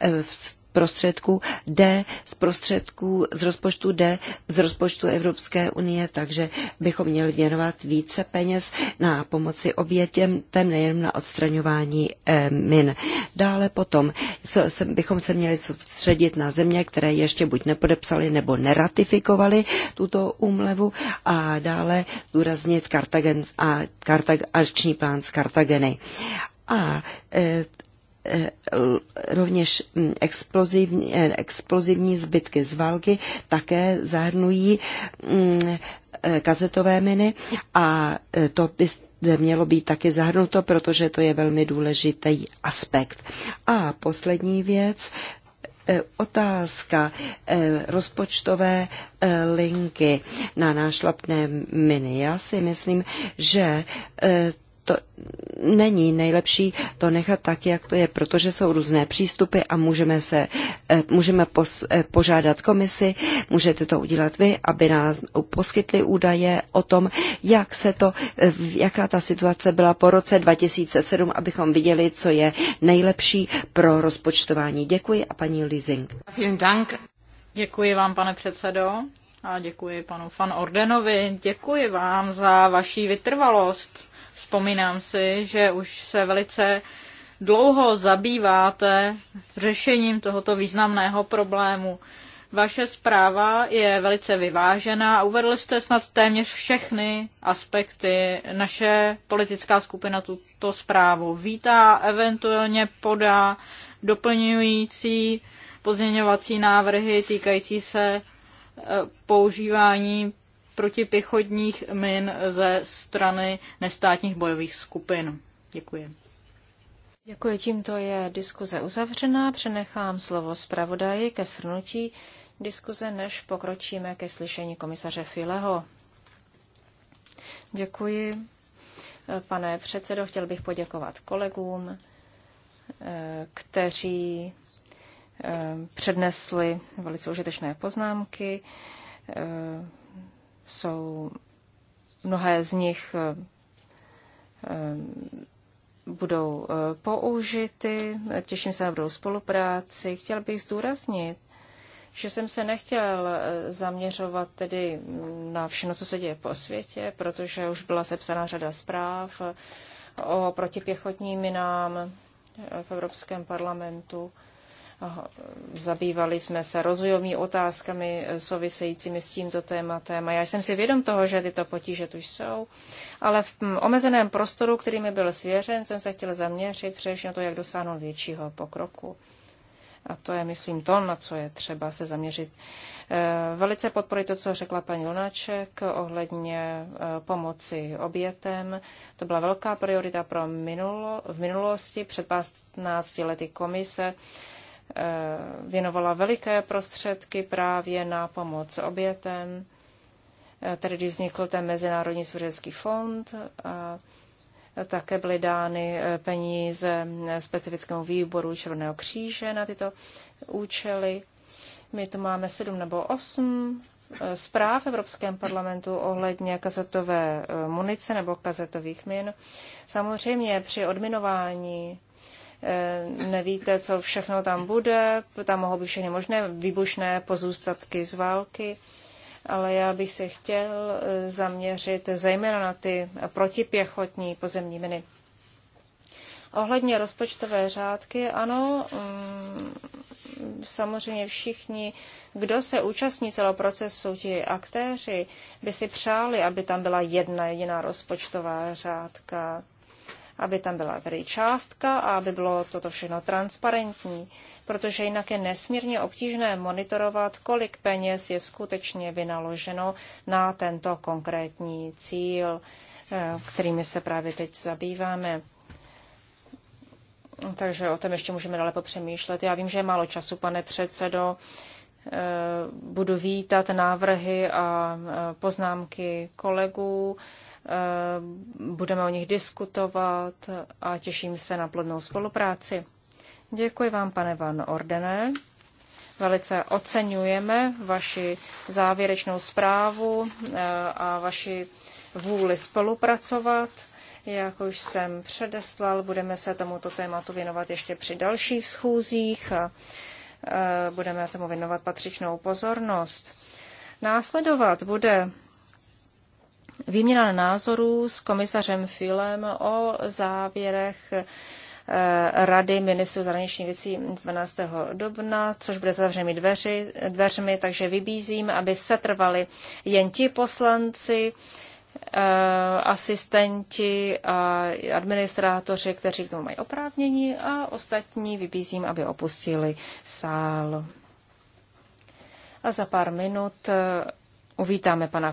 eh, v prostředků jde z prostředků z rozpočtu jde z rozpočtu Evropské unie, takže bychom měli věnovat více peněz na pomoci obětěm, tem nejen na odstraňování eh, min. Dále potom se, se, bychom se měli soustředit na země, které ještě buď nepodepsali nebo neratifikovali tuto úmlevu a dále zdůraznit Kartagen a Kartag, akční plán z Kartageny. A e, Eh, rovněž mm, explozivní, eh, explozivní zbytky z války také zahrnují mm, eh, kazetové miny a to by mělo být taky zahrnuto, protože to je velmi důležitý aspekt. A poslední věc, otázka rozpočtové linky na nášlapné miny. Já si myslím, že to není nejlepší to nechat tak, jak to je, protože jsou různé přístupy a můžeme, se, eh, můžeme pos, eh, požádat komisi, můžete to udělat vy, aby nás poskytli údaje o tom, jak se to, eh, jaká ta situace byla po roce 2007, abychom viděli, co je nejlepší pro rozpočtování. Děkuji a paní Lizing. Děkuji vám, pane předsedo. A děkuji panu Fan Ordenovi. Děkuji vám za vaši vytrvalost Vzpomínám si, že už se velice dlouho zabýváte řešením tohoto významného problému. Vaše zpráva je velice vyvážená a uvedl jste snad téměř všechny aspekty. Naše politická skupina tuto zprávu vítá, eventuálně podá doplňující pozměňovací návrhy týkající se eh, používání protipěchodních min ze strany nestátních bojových skupin. Děkuji. Děkuji, tímto je diskuze uzavřená. Přenechám slovo zpravodaji ke shrnutí diskuze, než pokročíme ke slyšení komisaře Fileho. Děkuji. Pane předsedo, chtěl bych poděkovat kolegům, eh, kteří eh, přednesli velice užitečné poznámky. Eh, jsou mnohé z nich eh, eh, budou eh, použity, těším se na budou spolupráci. Chtěl bych zdůraznit, že jsem se nechtěl zaměřovat tedy na všechno, co se děje po světě, protože už byla sepsána řada zpráv o protipěchotním minám v Evropském parlamentu. Zabývali jsme se rozvojovými otázkami souvisejícími s tímto tématem a já jsem si vědom toho, že tyto potíže tu jsou, ale v omezeném prostoru, který mi byl svěřen, jsem se chtěl zaměřit především na to, jak dosáhnout většího pokroku. A to je, myslím, to, na co je třeba se zaměřit. E, velice podporuji to, co řekla paní Lunaček ohledně e, pomoci obětem. To byla velká priorita pro minulo, v minulosti. Před 15 lety komise Eh, věnovala veliké prostředky právě na pomoc obětem. Eh, Tady když vznikl ten Mezinárodní svěřecký fond, a také byly dány eh, peníze specifickému výboru Červeného kříže na tyto účely. My tu máme sedm nebo osm zpráv v Evropském parlamentu ohledně kazetové munice nebo kazetových min. Samozřejmě při odminování Eh, nevíte, co všechno tam bude, tam mohou být všechny možné výbušné pozůstatky z války, ale já bych se chtěl eh, zaměřit zejména na ty protipěchotní pozemní miny. Ohledně rozpočtové řádky, ano, mm, samozřejmě všichni, kdo se účastní celého procesu, ti aktéři, by si přáli, aby tam byla jedna jediná rozpočtová řádka aby tam byla tedy částka a aby bylo toto všechno transparentní, protože jinak je nesmírně obtížné monitorovat, kolik peněz je skutečně vynaloženo na tento konkrétní cíl, eh, kterými se právě teď zabýváme. Takže o tom ještě můžeme dále popřemýšlet. Já vím, že je málo času, pane předsedo. Eh, budu vítat návrhy a eh, poznámky kolegů. Eh, budeme o nich diskutovat a těším se na plodnou spolupráci. Děkuji vám, pane Van Ordené. Velice oceňujeme vaši závěrečnou zprávu eh, a vaši vůli spolupracovat. Jak už jsem předeslal, budeme se tomuto tématu věnovat ještě při dalších schůzích a eh, budeme tomu věnovat patřičnou pozornost. Následovat bude výměna názorů s komisařem Filem o závěrech eh, Rady ministrů zahraničních věcí 12. dubna, což bude zavřenými dveři, dveřmi, takže vybízím, aby se trvali jen ti poslanci, eh, asistenti a administrátoři, kteří k tomu mají oprávnění a ostatní vybízím, aby opustili sál. A za pár minut eh, uvítáme pana